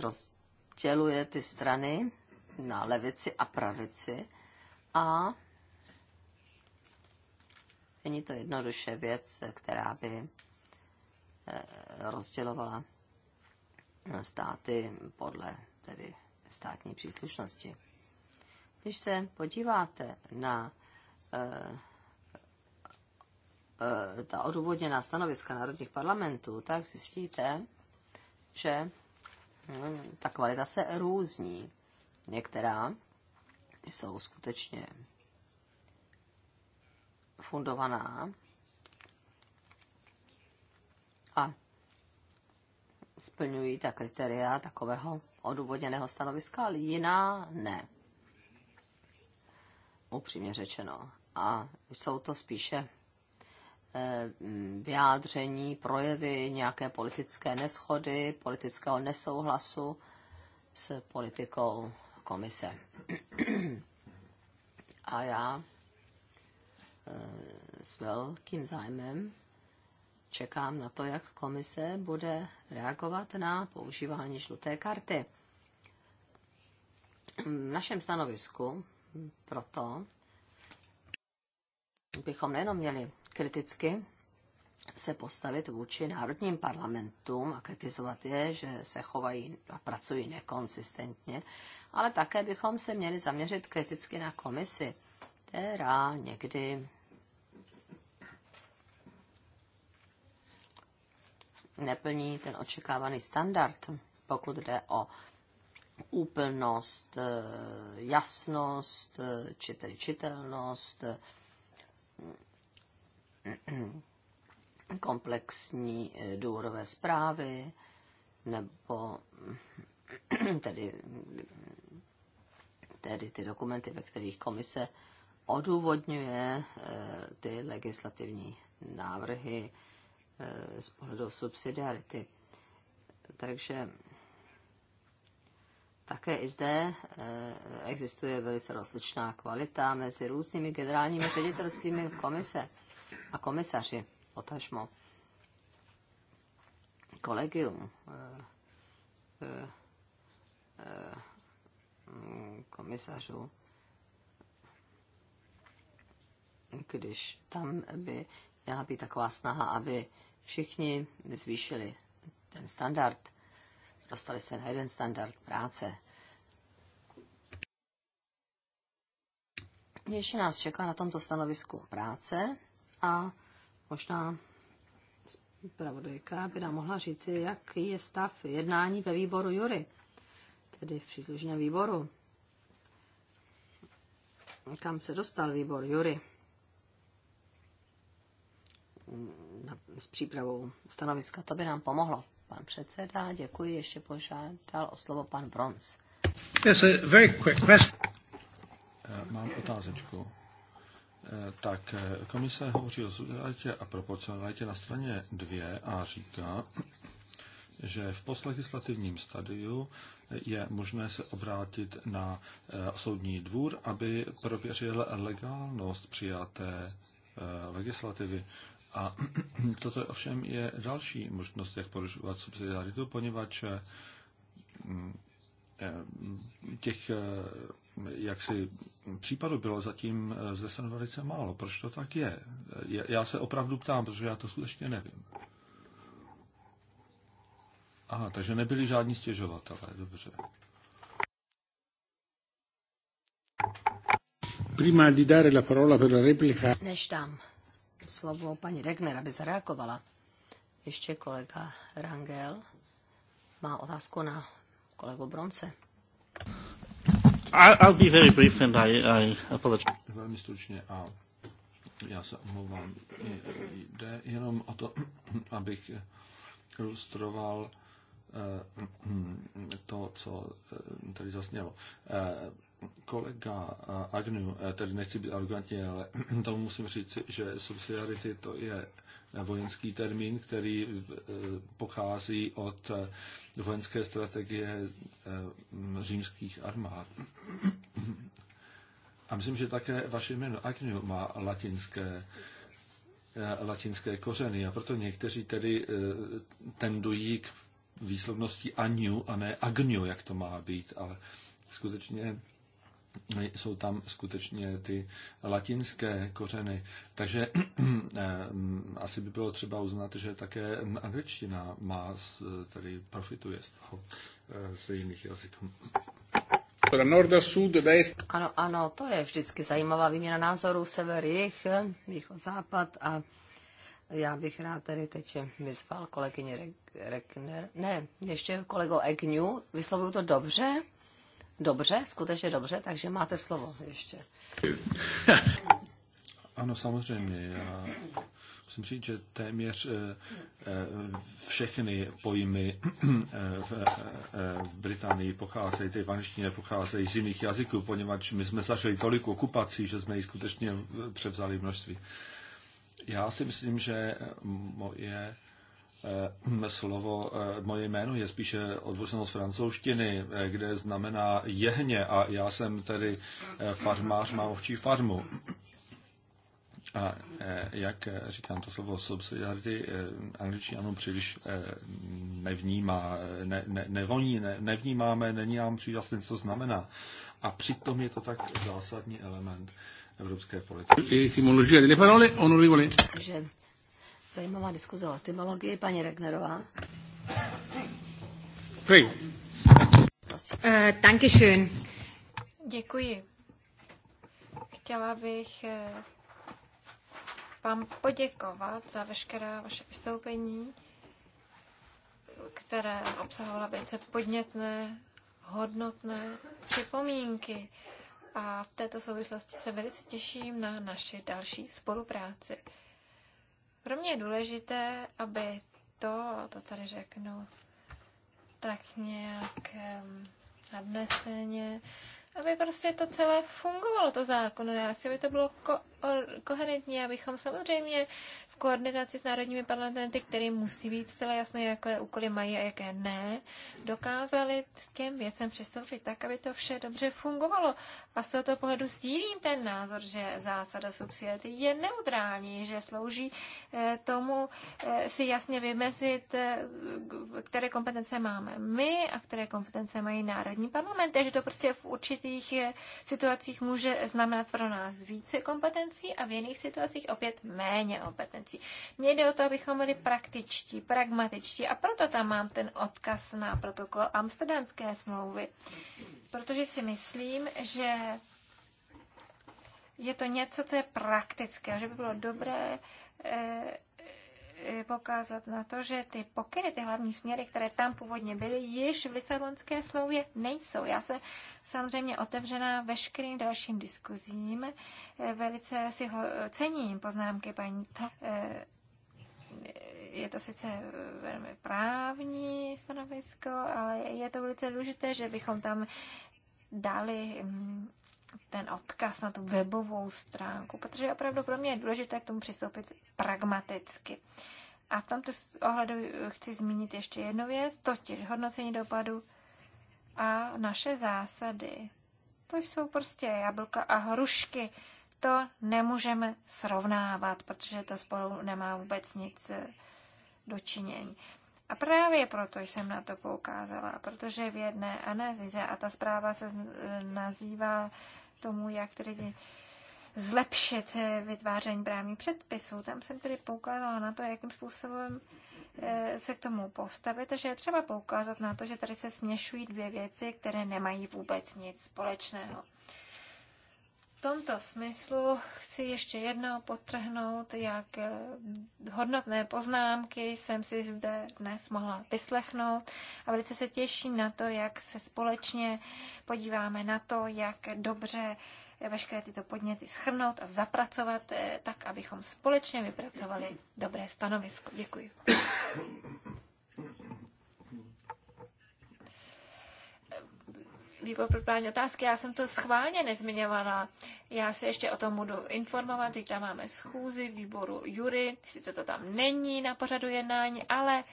rozděluje ty strany na levici a pravici a není to jednoduše věc, která by eh, rozdělovala eh, státy podle tedy státní příslušnosti. Když se podíváte na eh, Eh, ta odůvodněná stanoviska národních parlamentů, tak zjistíte, že eh, ta kvalita se různí. Některá jsou skutečně fundovaná a splňují ta kritéria takového odůvodněného stanoviska, ale jiná ne. Upřímně řečeno. A jsou to spíše Eh, vyjádření, projevy nějaké politické neschody, politického nesouhlasu s politikou komise. A já eh, s velkým zájmem čekám na to, jak komise bude reagovat na používání žluté karty. V našem stanovisku proto bychom nejenom měli kriticky se postavit vůči národním parlamentům a kritizovat je, že se chovají a pracují nekonsistentně, ale také bychom se měli zaměřit kriticky na komisi, která někdy neplní ten očekávaný standard, pokud jde o úplnost, eh, jasnost, eh, čitelnost, eh, komplexní eh, důvodové zprávy, nebo tedy, tedy ty dokumenty, ve kterých komise odůvodňuje eh, ty legislativní návrhy eh, z pohledu subsidiarity. Takže také i zde existuje velice rozličná kvalita mezi různými generálními ředitelstvími komise a komisaři, potažmo kolegium eh, eh, eh, komisařů, když tam by měla být taková snaha, aby všichni zvýšili ten standard, dostali se na jeden standard práce. Ještě nás čeká na tomto stanovisku práce a možná zpravodajka by nám mohla říci, jaký je stav jednání ve výboru Jury, tedy v příslušném výboru. Kam se dostal výbor Jury s přípravou stanoviska, to by nám pomohlo. Pan předseda, děkuji, ještě požádal o slovo pan Brons. Yes, a very quick question. Eh, mám otázečku tak komise hovoří o subsidiaritě a proporcionalitě na straně 2 a říká, že v poslegislativním stadiu je možné se obrátit na eh, soudní dvůr, aby prověřil legálnost přijaté eh, legislativy. A toto ovšem je další možnost, jak porušovat subsidiaritu, poněvadž mm, eh, těch jaksi případů bylo zatím eh, zneseno velice málo. Proč to tak je? Já se opravdu ptám, protože já to skutečně nevím. Aha, takže nebyli žádní stěžovatelé, dobře. Prima di dare la parola per la replica. Než dám slovo paní Regner, aby zareagovala, ještě kolega Rangel má otázku na kolegu Bronce. I'll be very brief and I, I apologize. Velmi stručně a já se omlouvám. Jde jenom o to, abych ilustroval eh, to, co eh, tady zasnělo. Eh, kolega Agnew, tedy nechci být arrogantní, ale tomu musím říct, že subsidiarity to je vojenský termín, který eh, pochází od eh, vojenské strategie eh, římských armád. A myslím, že také vaše jméno Agnew má latinské, latinské kořeny a proto někteří tedy tendují k výslovnosti Agnew a ne Agnew, jak to má být, ale skutečně No, jsou tam skutečně ty latinské kořeny. Takže eh, mm, asi by bylo třeba uznat, že také angličtina má, tedy profituje z toho, eh, z jiných jazyků. Norda, sud, west. Ano, ano, to je vždycky zajímavá výměna názorů, sever, jih, východ, západ a já bych rád tady teď vyzval kolegyně Rekner, ne, ještě kolego Egnu, vyslovuju to dobře? dobře, skutečně dobře, takže máte slovo ještě. Ano, samozřejmě. Já musím říct, že téměř eh, eh, všechny pojmy eh, v Británii pocházejí, ty v pocházejí z jiných jazyků, poněvadž my jsme zažili tolik okupací, že jsme ji skutečně převzali množství. Já si myslím, že moje Eh, slovo, eh, moje jméno je spíše odvozeno z francouzštiny, eh, kde znamená jehně a já jsem tedy farmář, mám ovčí farmu. A jak říkám to slovo subsidiarity, angličanům příliš nevnímá, ne, ne, nevoní, ne, nevnímáme, není nám příjasné, co znamená. A přitom je to tak zásadní element evropské politiky. Etimologie parole, zajímavá diskuze o etymologii. Paní Regnerová. Prosím. Uh, Děkuji. Chtěla bych eh, vám poděkovat za veškerá vaše vystoupení, které obsahovala velice podnětné, hodnotné připomínky. A v této souvislosti se velice těším na naši další spolupráci. Pro mě je důležité, aby to, to tady řeknu, tak nějak nadneseně, aby prostě to celé fungovalo, to zákon. Já si aby to bylo ko- koherentní, abychom samozřejmě v koordinaci s národními parlamenty, které musí být zcela jasné, jaké úkoly mají a jaké ne, dokázali s těm věcem přistoupit tak, aby to vše dobře fungovalo. A z tohoto pohledu sdílím ten názor, že zásada subsidiarity je neutrální, že slouží eh, tomu eh, si jasně vymezit, eh, které kompetence máme my a které kompetence mají národní parlamenty, že to prostě v určitých situacích může znamenat pro nás více kompetencí, kompetencí a v jiných situacích opět méně kompetencí. Mně jde o to, abychom byli praktičtí, pragmatičtí a proto tam mám ten odkaz na protokol Amsterdamské smlouvy. Protože si myslím, že je to něco, co je praktické, že by bylo dobré eh, Eh, pokázat na to, že ty pokyny, ty hlavní směry, které tam původně byly, již v Lisabonské slouvě nejsou. Já jsem samozřejmě otevřená veškerým dalším diskuzím. Eh, velice si ho, cením poznámky paní. Eh, je to sice velmi právní stanovisko, ale je to velice důležité, že bychom tam dali mm, ten odkaz na tu webovou stránku, protože opravdu pro mě je důležité k tomu přistoupit pragmaticky. A v tomto ohledu chci zmínit ještě jednu věc, totiž hodnocení dopadu a naše zásady. To jsou prostě jablka a hrušky. To nemůžeme srovnávat, protože to spolu nemá vůbec nic eh, dočinění. A právě proto jsem na to poukázala, protože v jedné analýze, a ta zpráva se nazývá tomu, jak tedy zlepšit eh, vytváření právních předpisů. Tam jsem tedy poukázala na to, jakým způsobem eh, se k tomu postavit, že je třeba poukázat na to, že tady se směšují dvě věci, které nemají vůbec nic společného. V tomto smyslu chci ještě jednou potrhnout, jak eh, hodnotné poznámky jsem si zde dnes mohla vyslechnout a velice se těším na to, jak se společně podíváme na to, jak dobře veškeré tyto podněty schrnout a zapracovat eh, tak, abychom společně vypracovali dobré stanovisko. Děkuji. výbor pro právní otázky. Já jsem to schválně nezmiňovala. Já se ještě o tom budu informovat. Zítra máme schůzi výboru Jury. Sice to tam není na pořadu jednání, ale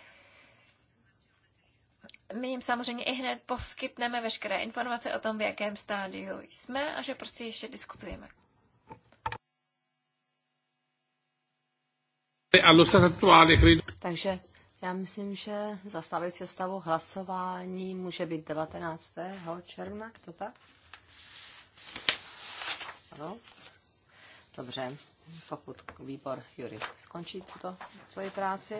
my jim samozřejmě i hned poskytneme veškeré informace o tom, v jakém stádiu jsme a že prostě ještě diskutujeme. Takže já myslím, že zastavující stavu hlasování může být 19. června, kdo tak? Ano. Dobře, pokud výbor Jury skončí tuto svoji práci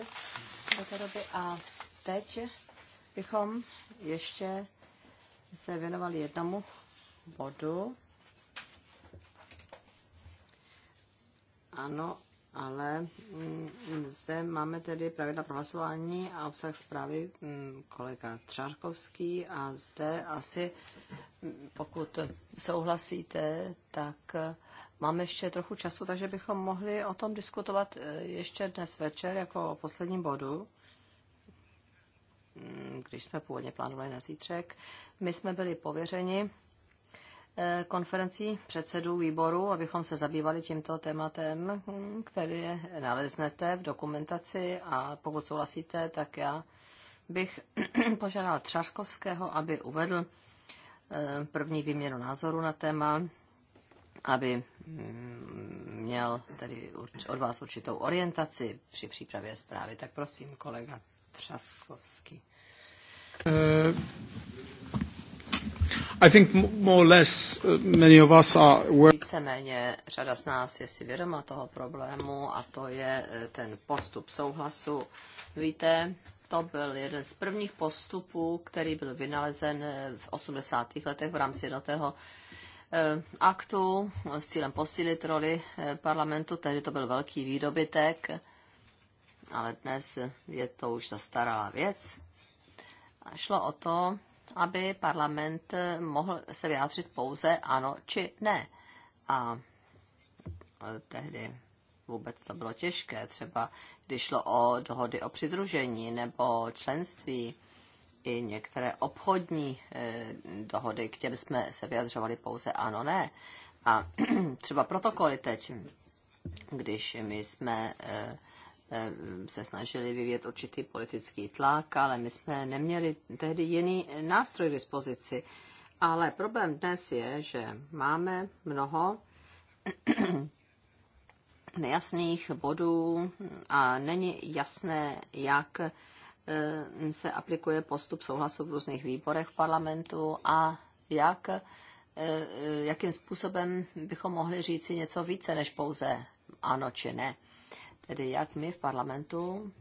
do té doby. A teď bychom ještě se věnovali jednomu bodu. Ano, ale mm, zde máme tedy pravidla pro hlasování a obsah zprávy mm, kolega Třárkovský a zde asi, mm, pokud souhlasíte, tak eh, máme ještě trochu času, takže bychom mohli o tom diskutovat eh, ještě dnes večer jako o posledním bodu když jsme původně plánovali na zítřek. My jsme byli pověřeni Eh, konferencí předsedů výboru, abychom se zabývali tímto tématem, které naleznete v dokumentaci a pokud souhlasíte, tak já bych požádal Třaškovského, aby uvedl eh, první výměnu názoru na téma, aby mm, měl tedy od vás určitou orientaci při přípravě zprávy. Tak prosím, kolega Třaskovský. Eh, i think more or less uh, many of us are Víceméně řada z nás je si vědoma toho problému a to je uh, ten postup souhlasu. Víte, to byl jeden z prvních postupů, který byl vynalezen uh, v 80. letech v rámci jednotného aktu s cílem posílit roli parlamentu. Tehdy to byl velký výdobytek, ale dnes je to už zastaralá věc. A šlo o to, aby parlament mohl se vyjádřit pouze ano či ne. A tehdy vůbec to bylo těžké, třeba když šlo o dohody o přidružení nebo členství, i některé obchodní e, dohody, k těm jsme se vyjadřovali pouze ano, ne. A třeba protokoly teď, když my jsme e, Ehm, se snažili vyvět určitý politický tlak, ale my jsme neměli tehdy jiný nástroj k dispozici. Ale problém dnes je, že máme mnoho nejasných bodů a není jasné, jak ehm, se aplikuje postup souhlasu v různých výborech v parlamentu a jak, ehm, jakým způsobem bychom mohli říci něco více než pouze ano či ne tedy jak my v parlamentu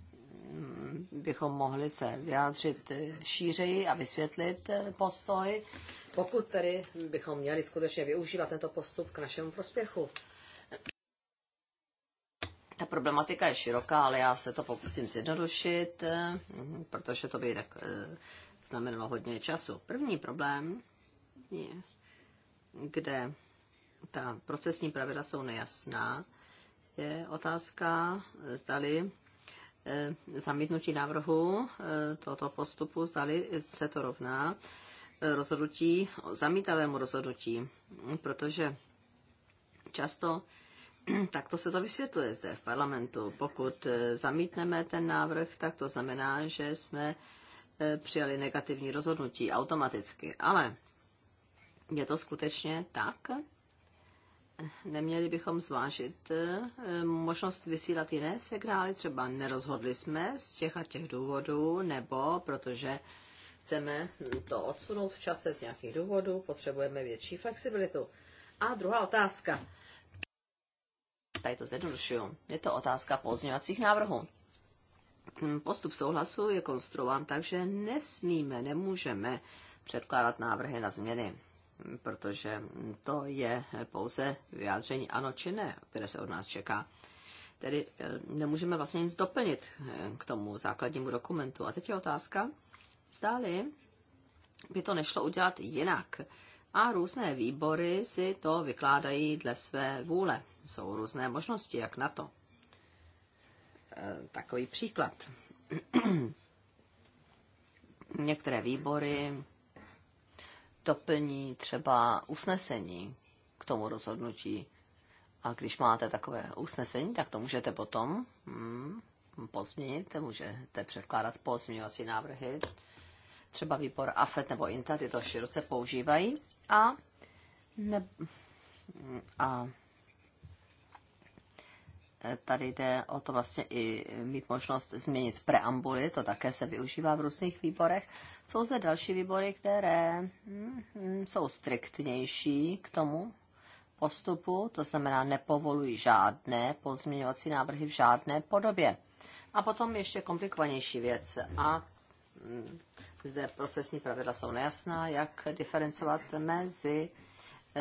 mm, bychom mohli se vyjádřit šířeji a vysvětlit eh, postoj, pokud tedy bychom měli skutečně využívat tento postup k našemu prospěchu. Ta problematika je široká, ale já se to pokusím zjednodušit, eh, protože to by tak eh, znamenalo hodně času. První problém je, kde ta procesní pravidla jsou nejasná, je otázka, zdali eh, zamítnutí návrhu eh, tohoto postupu, zdali se to rovná eh, rozhodnutí, zamítavému rozhodnutí, protože často takto se to vysvětluje zde v parlamentu. Pokud zamítneme ten návrh, tak to znamená, že jsme přijali negativní rozhodnutí automaticky. Ale je to skutečně tak? neměli bychom zvážit eh, možnost vysílat jiné signály, třeba nerozhodli jsme z těch a těch důvodů, nebo protože chceme to odsunout v čase z nějakých důvodů, potřebujeme větší flexibilitu. A druhá otázka. Tady to zjednodušuju. Je to otázka pozměňovacích návrhů. Postup souhlasu je konstruován tak, že nesmíme, nemůžeme předkládat návrhy na změny protože to je pouze vyjádření ano či ne, které se od nás čeká. Tedy eh, nemůžeme vlastně nic doplnit eh, k tomu základnímu dokumentu. A teď je otázka, zdáli by to nešlo udělat jinak. A různé výbory si to vykládají dle své vůle. Jsou různé možnosti, jak na to. Eh, takový příklad. Některé výbory doplní třeba usnesení k tomu rozhodnutí. A když máte takové usnesení, tak to můžete potom hmm, pozměnit, můžete předkládat pozměňovací návrhy. Třeba výbor AFET nebo INTA, ty to široce používají. A, ne, a tady jde o to vlastně i mít možnost změnit preambuly, to také se využívá v různých výborech. Jsou zde další výbory, které hm, jsou striktnější k tomu postupu, to znamená nepovolují žádné pozměňovací návrhy v žádné podobě. A potom ještě komplikovanější věc. A hm, zde procesní pravidla jsou nejasná, jak diferencovat mezi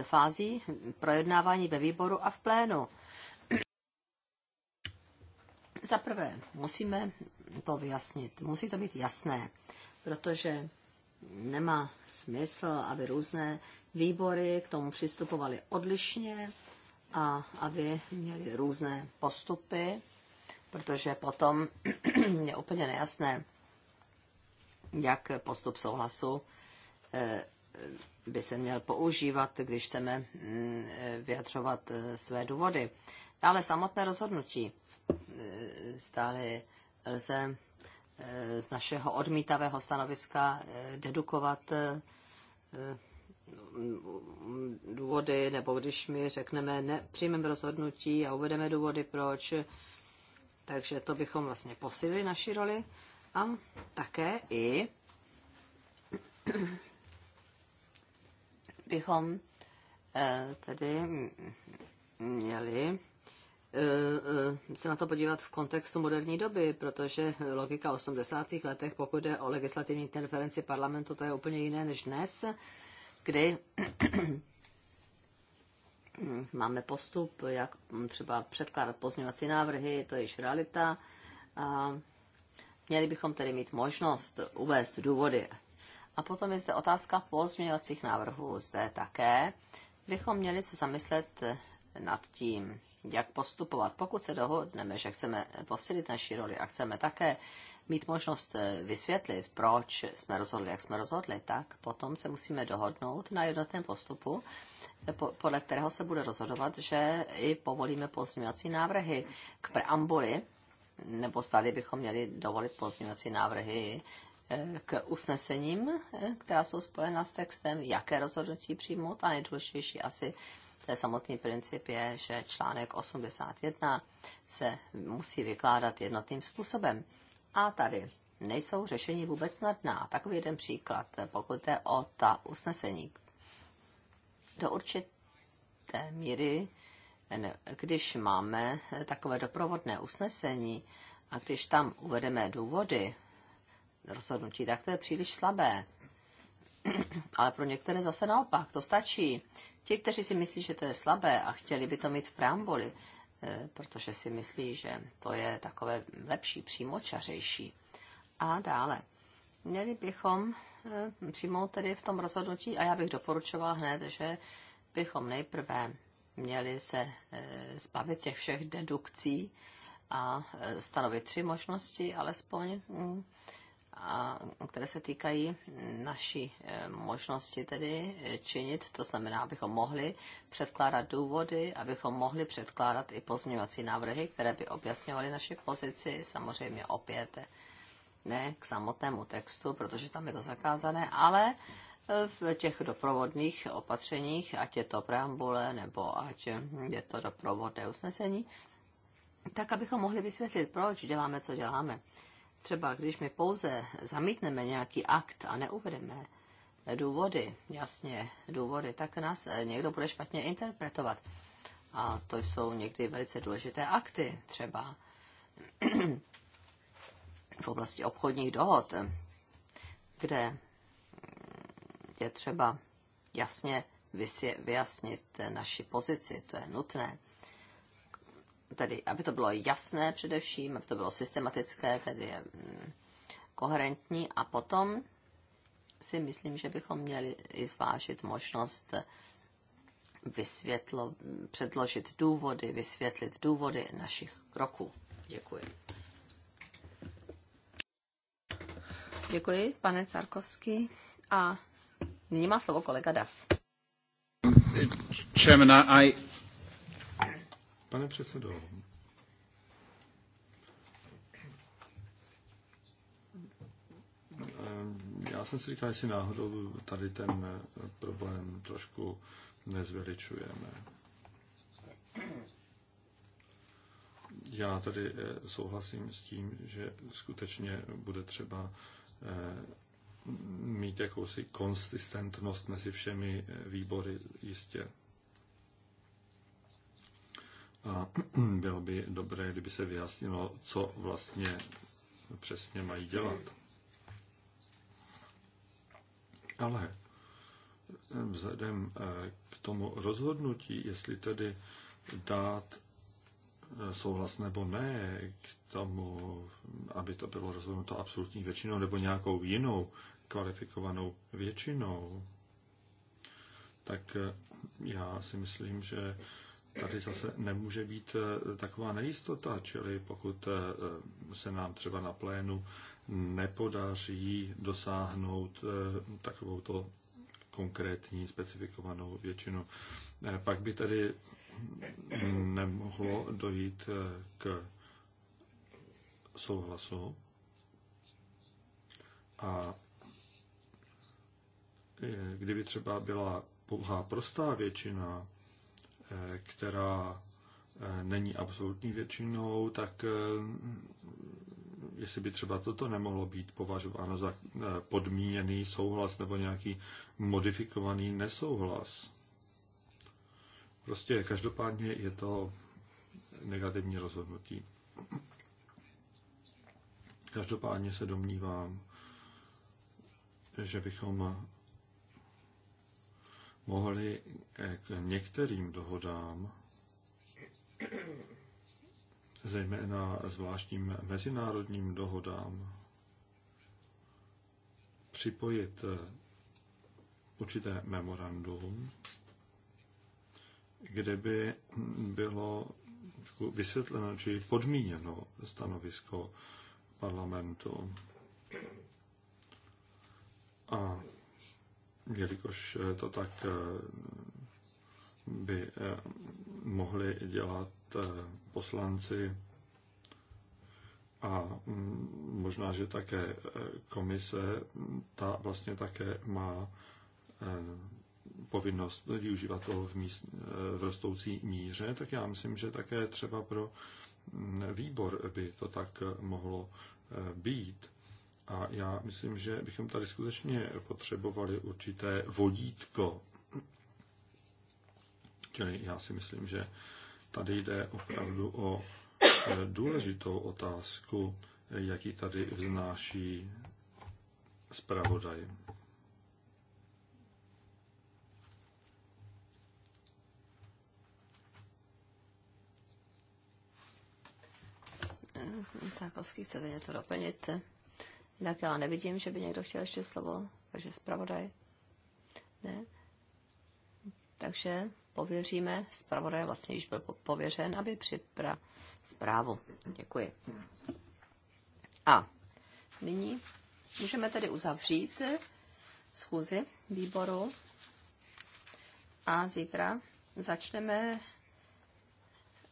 fází projednávání ve výboru a v plénu. Za prvé, musíme to vyjasnit. Musí to být jasné, protože nemá smysl, aby různé výbory k tomu přistupovaly odlišně a aby měly různé postupy, protože potom je úplně nejasné, jak postup souhlasu eh, by se měl používat, když chceme mm, eh, vyjadřovat eh, své důvody. Ale samotné rozhodnutí stále lze eh, z našeho odmítavého stanoviska eh, dedukovat eh, mm, důvody, nebo když my řekneme, ne, přijmeme rozhodnutí a uvedeme důvody, proč, takže to bychom vlastně posilili naši roli a také i bychom tedy měli Eh, eh, se na to podívat v kontextu moderní doby, protože logika 80. letech, pokud jde o legislativní interferenci parlamentu, to je úplně jiné než dnes, kdy máme postup, jak třeba předkládat pozměňovací návrhy, to je již realita. A měli bychom tedy mít možnost uvést důvody. A potom je zde otázka pozměňovacích návrhů. Zde také bychom měli se zamyslet nad tím, jak postupovat. Pokud se dohodneme, že chceme posilit naši roli a chceme také mít možnost eh, vysvětlit, proč jsme rozhodli, jak jsme rozhodli, tak potom se musíme dohodnout na jednotném postupu, eh, podle kterého se bude rozhodovat, že i povolíme pozměňovací návrhy k preambuli, nebo stále bychom měli dovolit pozměňovací návrhy eh, k usnesením, která jsou spojena s textem, jaké rozhodnutí přijmout a nejdůležitější asi ten samotný princip je, že článek 81 se musí vykládat jednotným způsobem. A tady nejsou řešení vůbec snadná. Takový jeden příklad, pokud je o ta usnesení. Do určité míry, když máme takové doprovodné usnesení a když tam uvedeme důvody rozhodnutí, tak to je příliš slabé. ale pro některé zase naopak, to stačí. Ti, kteří si myslí, že to je slabé a chtěli by to mít v preambuli, eh, protože si myslí, že to je takové lepší, přímočařejší. A dále. Měli bychom eh, přijmout tedy v tom rozhodnutí, a já bych doporučoval, hned, že bychom nejprve měli se eh, zbavit těch všech dedukcí a stanovit tři možnosti, alespoň mm, a které se týkají naší eh, možnosti tedy eh, činit, to znamená, abychom mohli předkládat důvody, abychom mohli předkládat i pozměňovací návrhy, které by objasňovaly naši pozici, samozřejmě opět eh, ne k samotnému textu, protože tam je to zakázané, ale v těch doprovodných opatřeních, ať je to preambule nebo ať je to doprovodné usnesení, tak abychom mohli vysvětlit, proč děláme, co děláme třeba když my pouze zamítneme nějaký akt a neuvedeme důvody, jasně důvody, tak nás eh, někdo bude špatně interpretovat. A to jsou někdy velice důležité akty, třeba v oblasti obchodních dohod, kde je třeba jasně vyjasnit naši pozici, to je nutné tedy aby to bylo jasné především, aby to bylo systematické, tedy mm, koherentní a potom si myslím, že bychom měli i zvážit možnost vysvětlo, předložit důvody, vysvětlit důvody našich kroků. Děkuji. Děkuji, pane Carkovský. A nyní má slovo kolega Dav. Chairman, I Pane předsedo, ehm, já jsem si říkal, jestli náhodou tady ten eh, problém trošku nezveličujeme. Já tady eh, souhlasím s tím, že skutečně bude třeba eh, mít jakousi konsistentnost mezi všemi výbory jistě. A bylo by dobré, kdyby se vyjasnilo, co vlastně přesně mají dělat. Ale vzhledem eh, k tomu rozhodnutí, jestli tedy dát eh, souhlas nebo ne k tomu, aby to bylo rozhodnuto absolutní většinou nebo nějakou jinou kvalifikovanou většinou, tak eh, já si myslím, že tady zase nemůže být eh, taková nejistota, čili pokud eh, se nám třeba na plénu nepodaří dosáhnout eh, takovouto konkrétní specifikovanou většinu, pak by tedy nemohlo dojít k souhlasu. A kdyby třeba byla pouhá prostá většina, která eh, není absolutní většinou, tak eh, jestli by třeba toto nemohlo být považováno za eh, podmíněný souhlas nebo nějaký modifikovaný nesouhlas. Prostě každopádně je to negativní rozhodnutí. Každopádně se domnívám, že bychom mohli eh, k některým dohodám, zejména zvláštním mezinárodním dohodám, připojit eh, určité memorandum, kde by bylo vysvětleno či podmíněno stanovisko parlamentu. A jelikož eh, to tak eh, by eh, mohli dělat poslanci a mm, možná, že také komise, ta vlastně také má povinnost využívat toho v, míst, v rostoucí míře, tak já myslím, že také třeba pro mm, výbor by to tak mohlo být. A já myslím, že bychom tady skutečně potřebovali určité vodítko. Čili já si myslím, že tady jde opravdu o eh, důležitou otázku, jaký tady vznáší zpravodaj. Zákovský, eh, chcete něco doplnit? Jinak já nevidím, že by někdo chtěl ještě slovo, takže zpravodaj. Ne. Takže pověříme, zpravodaj vlastně již byl pověřen, aby připravil zprávu. Děkuji. A nyní můžeme tedy uzavřít schůzi výboru a zítra začneme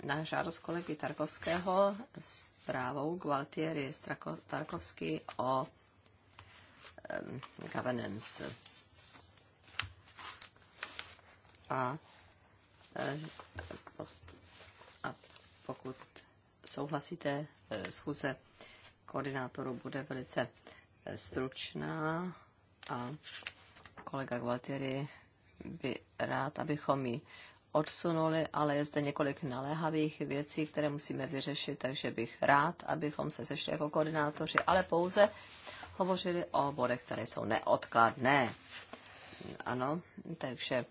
na žádost kolegy Tarkovského s zprávou Gualtieri Tarkovsky o governance. A, e, a pokud souhlasíte, e, schůze koordinátoru bude velice e, stručná a kolega Gualtieri by rád, abychom ji odsunuli, ale je zde několik naléhavých věcí, které musíme vyřešit, takže bych rád, abychom se sešli jako koordinátoři, ale pouze hovořili o bodech, které jsou neodkladné. Ano, takže